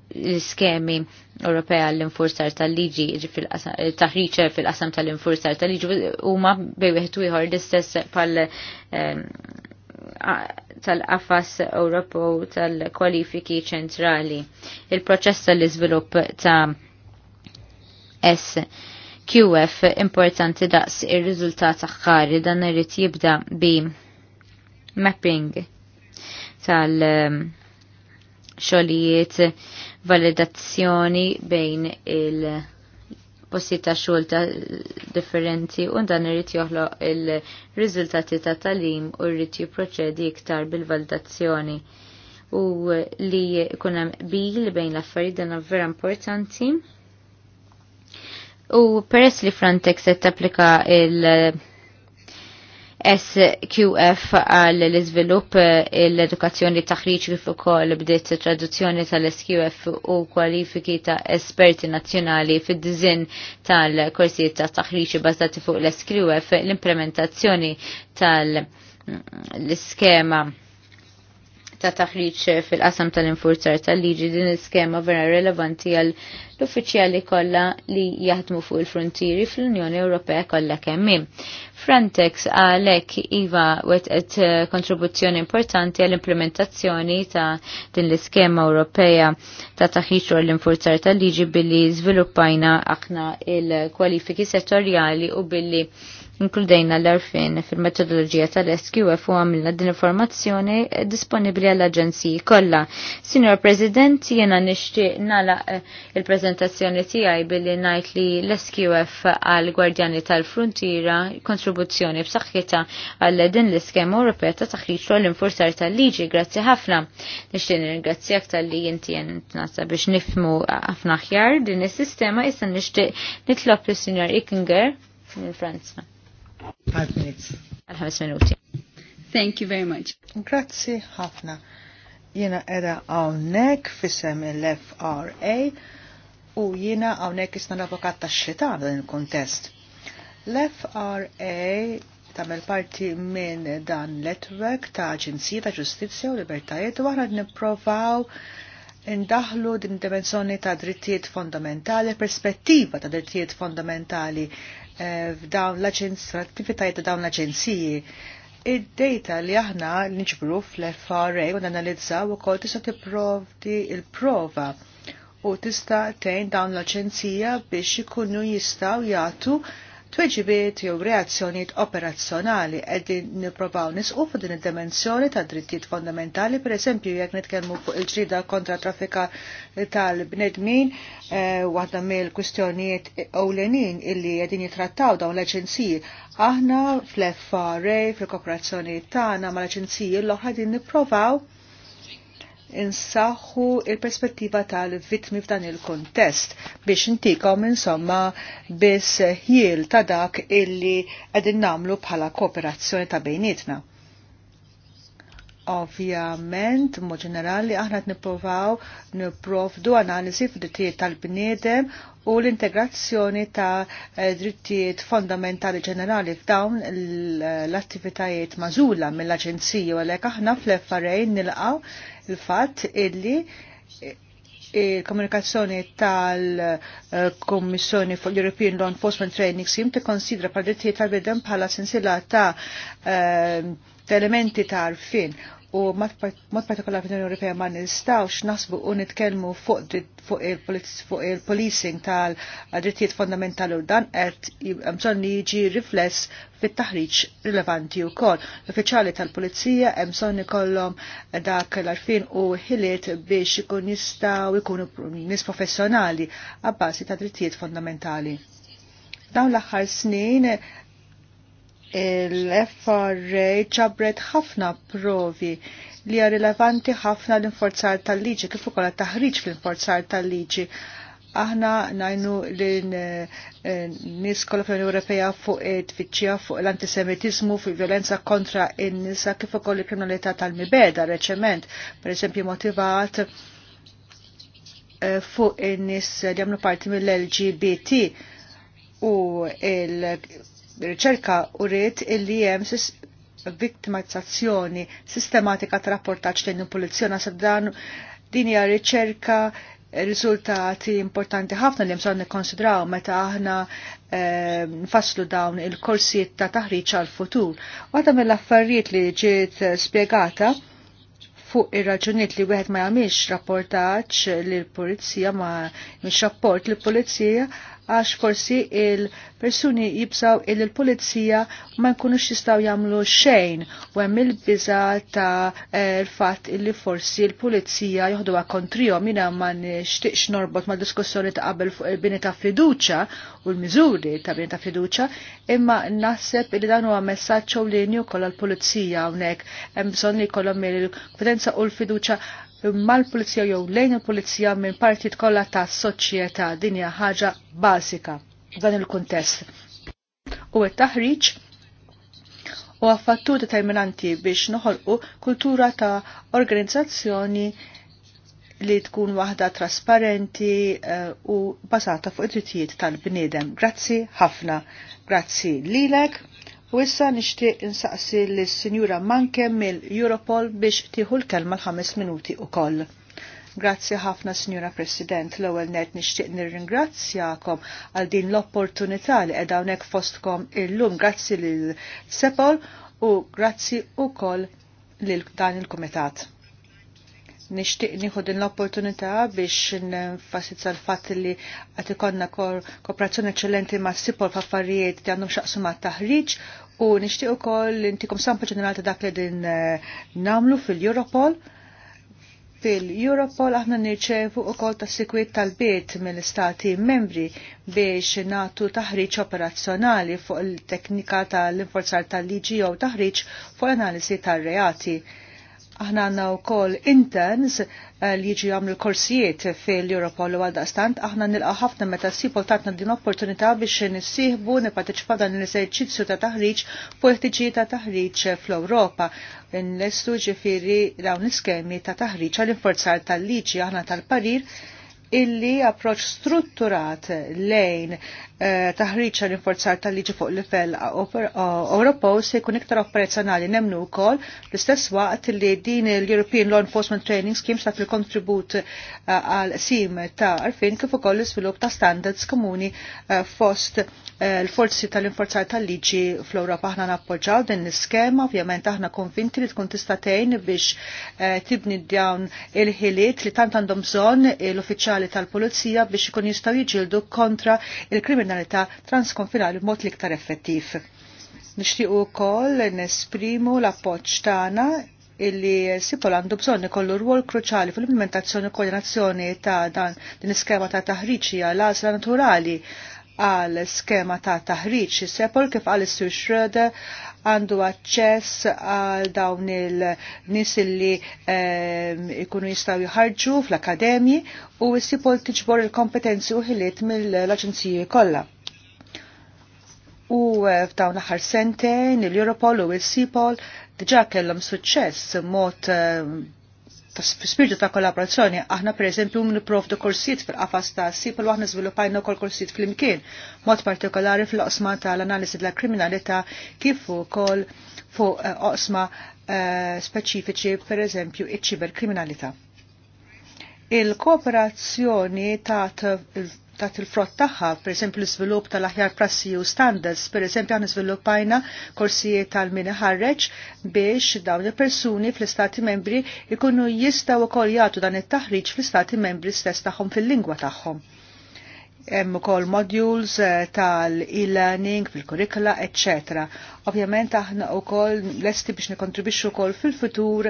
l-skemi Ewropea l-infurzar tal-liġi eh, taħriċ fil-qasam tal-infurzar tal-liġi huma bej wieħed ieħor l-istess pal ehm, tal-qafas Ewropo tal-kwalifiki ċentrali. Il-proċess tal-iżvilupp ta' SQF importanti daqs ir-riżultat aħħari dan irid jibda bi mapping tal- um, xolijiet validazzjoni bejn il- posti ta' xogħol ta' differenti u dan irid joħloq il-riżultati ta' talim u rrid jipproċedi iktar bil-validazzjoni u li jkun hemm bil bejn l-affarijiet dan vera importanti. U peress li Frontex qed tapplika il- SQF għal l izvilup l-edukazzjoni taħriġ kif ukoll bdiet traduzzjoni tal-SQF u kwalifiki ta' esperti nazzjonali fid-dizin tal-korsijiet ta' taħriċ bażati fuq l-SQF l-implementazzjoni tal-iskema ta' taħriġ fil-qasam tal-infurzar tal-liġi din iskema vera relevanti għal l-uffiċjali kollha li jaħdmu fuq il-frontieri fl-Unjoni Ewropea kollha kemm Frontex għalhekk iva wetqet eh, kontribuzzjoni importanti għall-implementazzjoni ta' din l-iskema Ewropea ta' taħriġ għall l-infurzar tal-liġi billi żviluppajna aħna il-kwalifiki settorjali u billi Inkludejna l-arfin fil-metodologija tal-SQF u għamilna din informazzjoni disponibli għall-Aġenziji kollha. Signor President, jiena nixtieq nagħlaq eh, il prezentazzjoni tiegħi billi ngħid li l-SQF għal Gwardjani tal-Frontiera kontribuzzjoni b'saħħitha għal din l-iskema Ewropea ta' taħriġ l-infurzar tal-liġi. Grazzi ħafna. Nixtieq nirringrazzjak tal-li inti jenata biex nifmu ħafna aħjar din is-sistema issa nixtieq nitlob l sinjor Ikinger minn Franza minutes. Għal minuti. Thank you very much. Grazzi ħafna. Jena edha għawnek fissem l-FRA u jena għawnek isna l-avokat ta' xita dan il-kontest. L-FRA tamel parti minn dan network ta' Aġenzija ta' Ġustizzja u Libertajiet u għana nipprovaw indaħlu din dimensjoni ta' drittijiet fondamentali, perspettiva ta' drittijiet fondamentali Eh, f'dawn l-attivitajiet ta' dawn l-aġenziji id-data li aħna niġbru fl-FRA u nanalizzaw ukoll tista' tipprovdi il-prova u tista' tgħin dawn l-aġenzija biex ikunu jistgħu jagħtu tweġibiet jew reazzjonijiet operazzjonali qegħdin nipprovaw nisqu fuq din id-dimensjoni ta' drittijiet fondamentali, pereżempju jekk nitkellmu fuq il-ġrida kontra traffika tal-bnedmin, eh, waħda mill-kwistjonijiet ewlenin illi qegħdin jitrattaw dawn l-aġenziji. Aħna fl-FRA, fil-kooperazzjoni tagħna mal-aġenziji l-oħra qegħdin nipprovaw insaħħu il-perspettiva tal-vittmi f'dan il-kontest biex intikom insomma biss ħiel ta' dak illi qegħdin namlu bħala kooperazzjoni ta' bejnietna. Ovvjament, mo ġenerali, aħna t-niprofaw niprofdu analizi f'drittijiet tal-bniedem u l-integrazzjoni ta' drittijiet fondamentali ġenerali f'dawn l-attivitajiet mażula mill-Aġenzija u għalhekk aħna fl-effarejn nilqgħu il-fatt illi il-komunikazzjoni tal-Kommissjoni fuq l-European Law Enforcement Training te tikkonsidra pal-drittijiet tal-bidem bħala sensila ta' eh, elementi ta' arfin u mod partikolari fil unjoni Ewropea ma nistawx nasbu u nitkellmu fuq il-policing tal-drittijiet fondamentali u dan qed bżonn li jiġi rifless fit-taħriġ rilevanti wkoll. L-uffiċjali tal-Pulizija hemm bżonn ikollhom dak l-arfin u ħiliet biex ikun jistgħu jkunu nies professjonali għabbażi ta' drittijiet fondamentali. Dawn l-aħħar snin il-FRA ġabret ħafna provi li hija rilevanti ħafna l-inforzar tal-liġi kif ukoll taħriġ fl-inforzar tal-liġi aħna najnu l-nis kollha fl-Unjoni Ewropea fuq tfittxija fuq l-antisemitizmu, fuq violenza kontra in-nisa kif ukoll il-kriminalità tal-mibeda reċement, pereżempju motivat eh, fuq in-nies li għamlu parti mill-LGBT u il riċerka u rrit illi hemm vittimizzazzjoni sistematika ta' rapportaċ lejn il-pulizjoni sa' dan din hija riċerka riżultati importanti ħafna li msonni nikkonsidraw meta aħna eh, nfasslu dawn il-korsijiet ta' taħriġ għal futur. Waħda mill-affarijiet li ġiet spjegata fuq ir raġuniet li wieħed ma jagħmilx rapportaġġ lill-pulizija ma jagħmilx rapport lill-pulizija għax forsi il-persuni jibżaw il polizija pulizija ma jkunux jistaw jamlu xejn u hemm il-biża ta' l-fatt illi forsi l-pulizija joħduha kontrihom jiena ma nixtieqx norbot ma' diskussjoni ta' qabel fuq il-bini ta' fiduċa u l-miżuri ta' bini ta' fiduċa imma naħseb li dan huwa messaġġ u linju kollha l-pulizija hawnhekk hemm bżonn li jkollhom il kvidenza u l-fiduċa mal-pulizija jew lejn il-pulizija minn partit kollha ta' soċjetà din hija ħaġa bażika f'dan il-kuntest. U t-taħriġ u għaffattu determinanti biex noħolqu kultura ta' organizzazzjoni li tkun waħda trasparenti eh, u basata fuq id-drittijiet tal-bniedem. Grazzi ħafna. Grazzi lilek U issa nixtieq insaqsi lis-Sinjura Manke mill-Europol biex tieħu l-kelma l-ħames minuti wkoll. Grazzi ħafna Sinjura President, l-ewwel net nixtieq nirringrazzjakom għal din l-opportunità li qiegħda hawnhekk fostkom illum. Grazzi lil Sepol u grazzi wkoll lil dan il-Kumitat nishtiq nieħu din l-opportunità biex nfasizza l-fatt li għati konna kooperazzjoni eċċellenti ma' sipol f'affarijiet li għandhom x'aqsu ma' taħriġ u nixtieq ukoll intikom sampa ġenerali ta' dak li din eh, namlu fil-Europol. Fil-Europol aħna nirċevu ukoll ta' sikwiet tal-bit mill-istati membri biex natu taħriġ operazzjonali fuq il-teknika tal-inforzar tal-liġi jew taħriġ fuq analiżi tar-reati. Aħna għanna u koll interns eh, li jieġi għamlu korsijiet fil-Europol u għaldaqstant, aħna nilqa ħafna meta s-sipol tatna din opportunità biex nissiħbu nipateċipa dan l-eserċizzju ta' taħriġ politiċi ta' taħriġ fl-Europa. Nlestu ġifiri dawn l iskemi ta' taħriġ għal-inforzar tal-liġi aħna tal-parir illi approċ strutturat lejn Eh, taħriġ għal rinforzar tal-liġi fuq l-livell Europol se jkun iktar operazzjonali nemnu wkoll l-istess waqt li din l-European Law Enforcement Training Scheme tat kontribut eh, għal sim ta' arfin kif ukoll l-iżvilupp ta' standards komuni eh, fost l-forzi tal inforzar tal-liġi fl-Ewropa aħna nappoġġaw din l-iskema, ovvjament aħna konvinti li tkun tista' tgħin biex tibni dawn il-ħiliet li tant għandhom bżonn l-uffiċjali tal-Pulizija biex ikun jistgħu jiġildu kontra il krimin kriminalità transkonfinali b'mod liktar effettiv. Nixtieq ukoll nesprimu l-appoġġ tagħna illi Sipol għandu bżonn ikollu rwol kruċali fl implementazzjoni u koordinazzjoni ta' dan din iskema ta' taħriġi għal għażla naturali għal skema ta' taħriġ Sepol kif għal Sir Schroeder għandu aċċess għal dawn il-nis li ehm, ikunu jistaw jħarġu fl-akademji u s tiġbor il-kompetenzi u ħiliet mill-aġenziji kollha. U eh, f'dawn l-aħħar sentejn il-Europol u il-Sipol diġa' kellhom suċċess mod eh, spiritu ta' kollaborazzjoni, aħna per eżempju niprovdu korsijiet fil-qafas ta' sipol u aħna zvilupajna wkoll korsit fil imkien mod partikolari fil ta' tal-analiżi tal kriminalità kif ukoll fuq eh, osma eh, speċifiċi per eżempju iċ-ċiberkriminalità. Il-kooperazzjoni ta' ta' il-frott tagħha, esempio l svilup tal-aħjar prassi u standards, esempio għan iżviluppajna korsijiet tal-mini ħarreċ biex dawn il-persuni fl-istati membri ikunu jistgħu wkoll jagħtu dan it-taħriġ fl-istati membri stess tagħhom fil-lingwa tagħhom hemm ukoll modules eh, tal-e-learning fil-kurrikula, etc. Ovvjament aħna wkoll lesti biex nikontribixxu wkoll fil-futur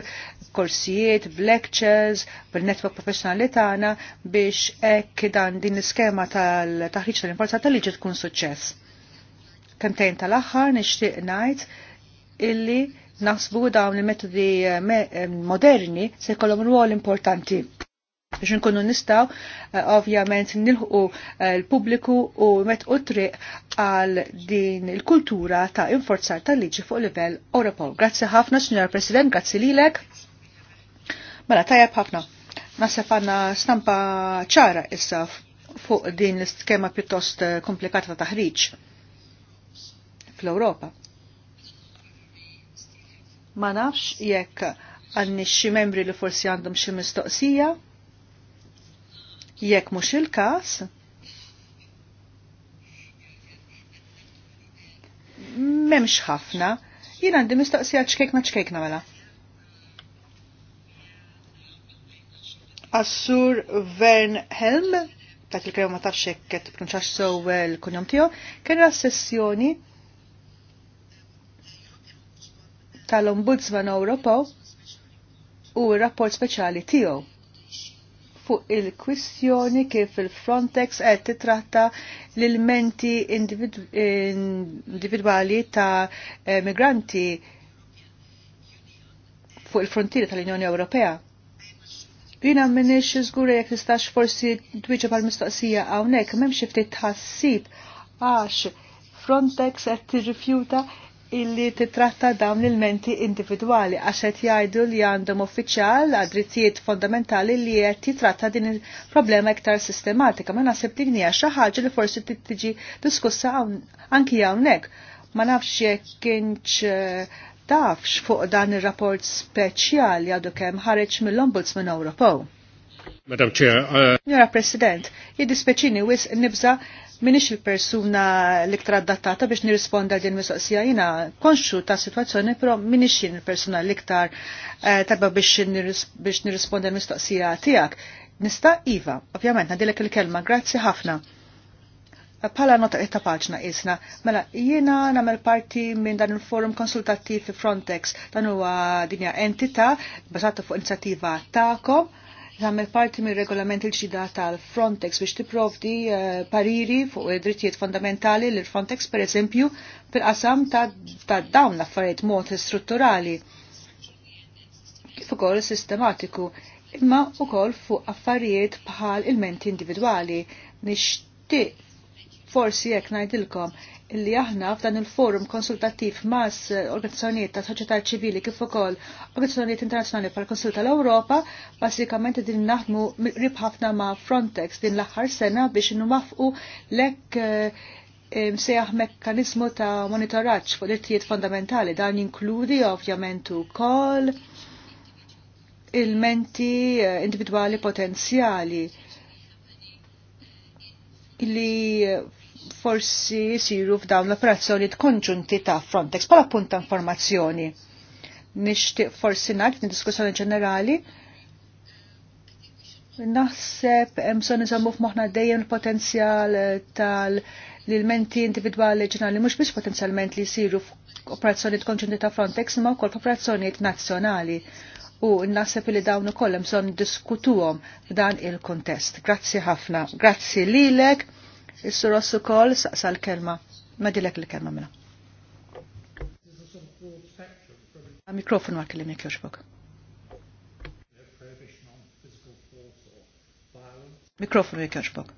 korsijiet, b'lectures, bil-network professjonali tagħna biex hekk dan din l-iskema tal-taħriġ tal importanza tal-liġi tkun suċċess. Kantejn tal-aħħar nixtieq ngħid illi naħsbu dawn il-metodi eh, eh, moderni se jkollhom rwol importanti biex nkunu nistaw eh, ovvjament nilħu eh, l-pubbliku u met triq għal din il-kultura ta' inforzar tal-liġi fuq livell Europol. Grazzi ħafna, Signor President, grazzi lilek. Mela tajab ħafna. Nasef għanna stampa ċara issa fuq din l-iskema pjuttost eh, komplikata ta' taħriġ fl-Europa. Ma nafx jekk għanni xi membri li forsi għandhom xi mistoqsija Jekk mhux il-każ, m'hemmx ħafna, jien għandi mistaqsija ċkejkna ċkejkna mela. Assur Vern Helm, ta' il-krema ma tafx hekk qed pronunċax sewwel kunjom tiegħu, kien sessjoni tal-Ombudsman Ewropew u r-rapport speċjali tiegħu fuq il-kwistjoni kif il-Frontex qed titratta l-elementi individu individwali ta' eh, migranti fuq il frontiri tal-Unjoni Ewropea. Jina minix żgur jekk nistax forsi dwiġa pal-mistoqsija hawnhekk m'hemm xi ftit tħassib għax Frontex qed tirrifjuta illi titratta dawn il menti individuali għax qed jgħidu li għandhom uffiċjal għadrizzijiet drittijiet fondamentali li qed jitratta din il-problema iktar sistematika. Ma naħseb din hija xi ħaġa li forsi tiġi diskussa anki hawnhekk. Ma nafx jekk kienx eh, tafx fuq dan ir-rapport speċjali għadu kemm ħareġ mill-Ombudsman Ewropew. Madam Chair, uh... Njora President, jiddispeċini wis nibza minix il-persuna l-iktar adattata biex nirrisponda din mistoqsija jina konxu ta' situazzjoni, pero minix jien il-persuna l-iktar eh, tabba biex nirrisponda l-mistoqsija tijak. Nista' Iva, ovvjament, nadilek il-kelma, grazzi ħafna. Pala nota ta' paġna isna, mela jiena namel parti minn dan il-forum konsultattiv fi Frontex, dan huwa dinja entita bazata fuq inizjattiva ta'kom tagħmel parti mir regolament il-ġida tal-Frontex biex tipprovdi eh, pariri fuq id-drittijiet fondamentali l Frontex pereżempju fil-qasam ta' dawn l-affarijiet mod strutturali kif ukoll sistematiku imma ukoll fuq affarijiet bħal il-menti individwali nixtieq forsi jekk ngħidilkom illi aħna f'dan il-forum konsultattiv mas eh, organizzazzjonijiet ta' soċjetà ċivili kif ukoll organizzazzjonijiet internazzjonali bħal konsulta tal-Ewropa, bażikament din naħdmu rib ħafna ma' Frontex din l-aħħar sena biex nwafqu lek eh, eh, msejjaħ mekkanizmu ta' monitoraġġ fuq drittijiet fondamentali dan jinkludi ovvjament ukoll il-menti individwali potenzjali li forsi jisiru f'dawn l-operazzjoni konġunti ta' Frontex pala punta informazzjoni. Nixtieq forsi ngħid fid-diskussjoni ġenerali Naħseb hemm bżonn iżammu f'moħħna dejjem potenzjal tal-ilmenti individwali ġenerali mhux biex potenzjalment li jsiru f'operazzjonijiet konġunti ta' Frontex imma wkoll f'operazzjonijiet nazzjonali u naħseb li dawn ukoll hemm bżonn diskutuhom f'dan il kontest Grazzi ħafna. Grazzi lilek. Is-sur Rossu kol saqsa l-kelma. Ma dilek l-kelma mela. A Mikrofonu għak l-imek joċbog. Mikrofonu jek joċbog.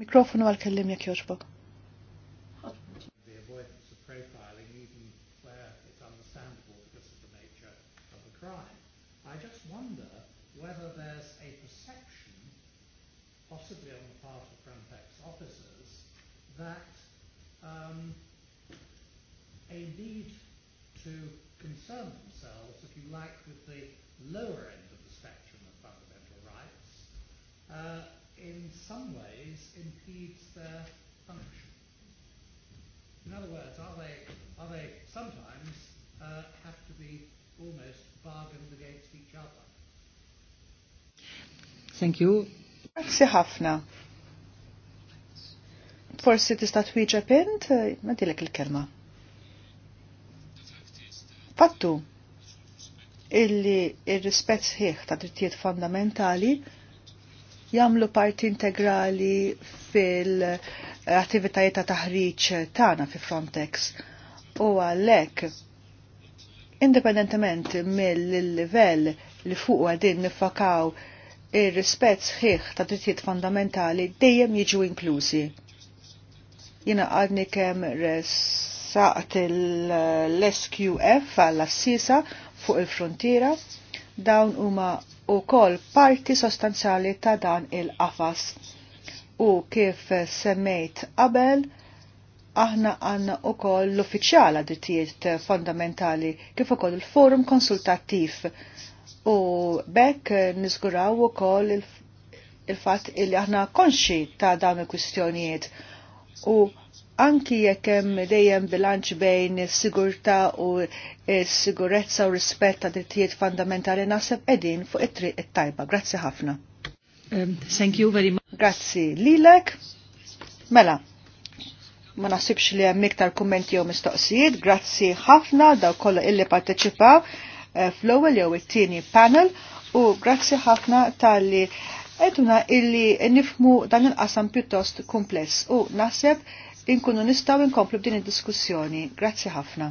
Mikrofonu għal kellim jek joċbog. whether there's a perception, possibly on the part of Frontex officers, that um, a need to concern themselves, if you like, with the lower end of the spectrum of fundamental rights, uh, in some ways impedes their function. In other words, are they, are they sometimes uh, have to be almost bargained against each other? Thank you. Grazzi ħafna. Forsi tista' twieġeb int, ma il-kelma. Fattu illi ir-rispett sħiħ ta' drittijiet fondamentali jagħmlu parti integrali fil-attivitajiet ta' taħriġ tagħna fi Frontex. U għalhekk indipendentement mill-livell li fuq għadin nifakaw ir-rispett sħiħ ta' drittijiet fondamentali dejjem jiġu inklużi. Jina għadni kem resaqt l-SQF għall-assisa fuq il-frontiera, dawn huma u kol parti sostanzjali ta' dan il-qafas. U kif semmejt qabel, aħna għanna u koll l-uffiċjala drittijiet fondamentali kif ukoll il-forum konsultattiv U bekk niżguraw ukoll il-fatt il li aħna konxi ta' dawn il-kwistjonijiet u anki jekk hemm dejjem bilanċ bejn is-sigurtà u s-sigurezza u rispett ta' drittijiet fundamentali naħseb qegħdin fuq it-triq it-tajba. Grazzi ħafna. Um, thank you very much. Grazzi lilek. Mela, ma nasibx li hemm iktar kummenti jew mistoqsijiet, grazzi ħafna daw kollha illi parteċipaw. Eh, fl-ewwel jew it-tieni panel u grazzi ħafna tal-li għeduna illi nifmu dan il-qasam pjuttost kumpless u naħseb inkunu nistaw inkomplu b'din id-diskussjoni. Grazzi ħafna.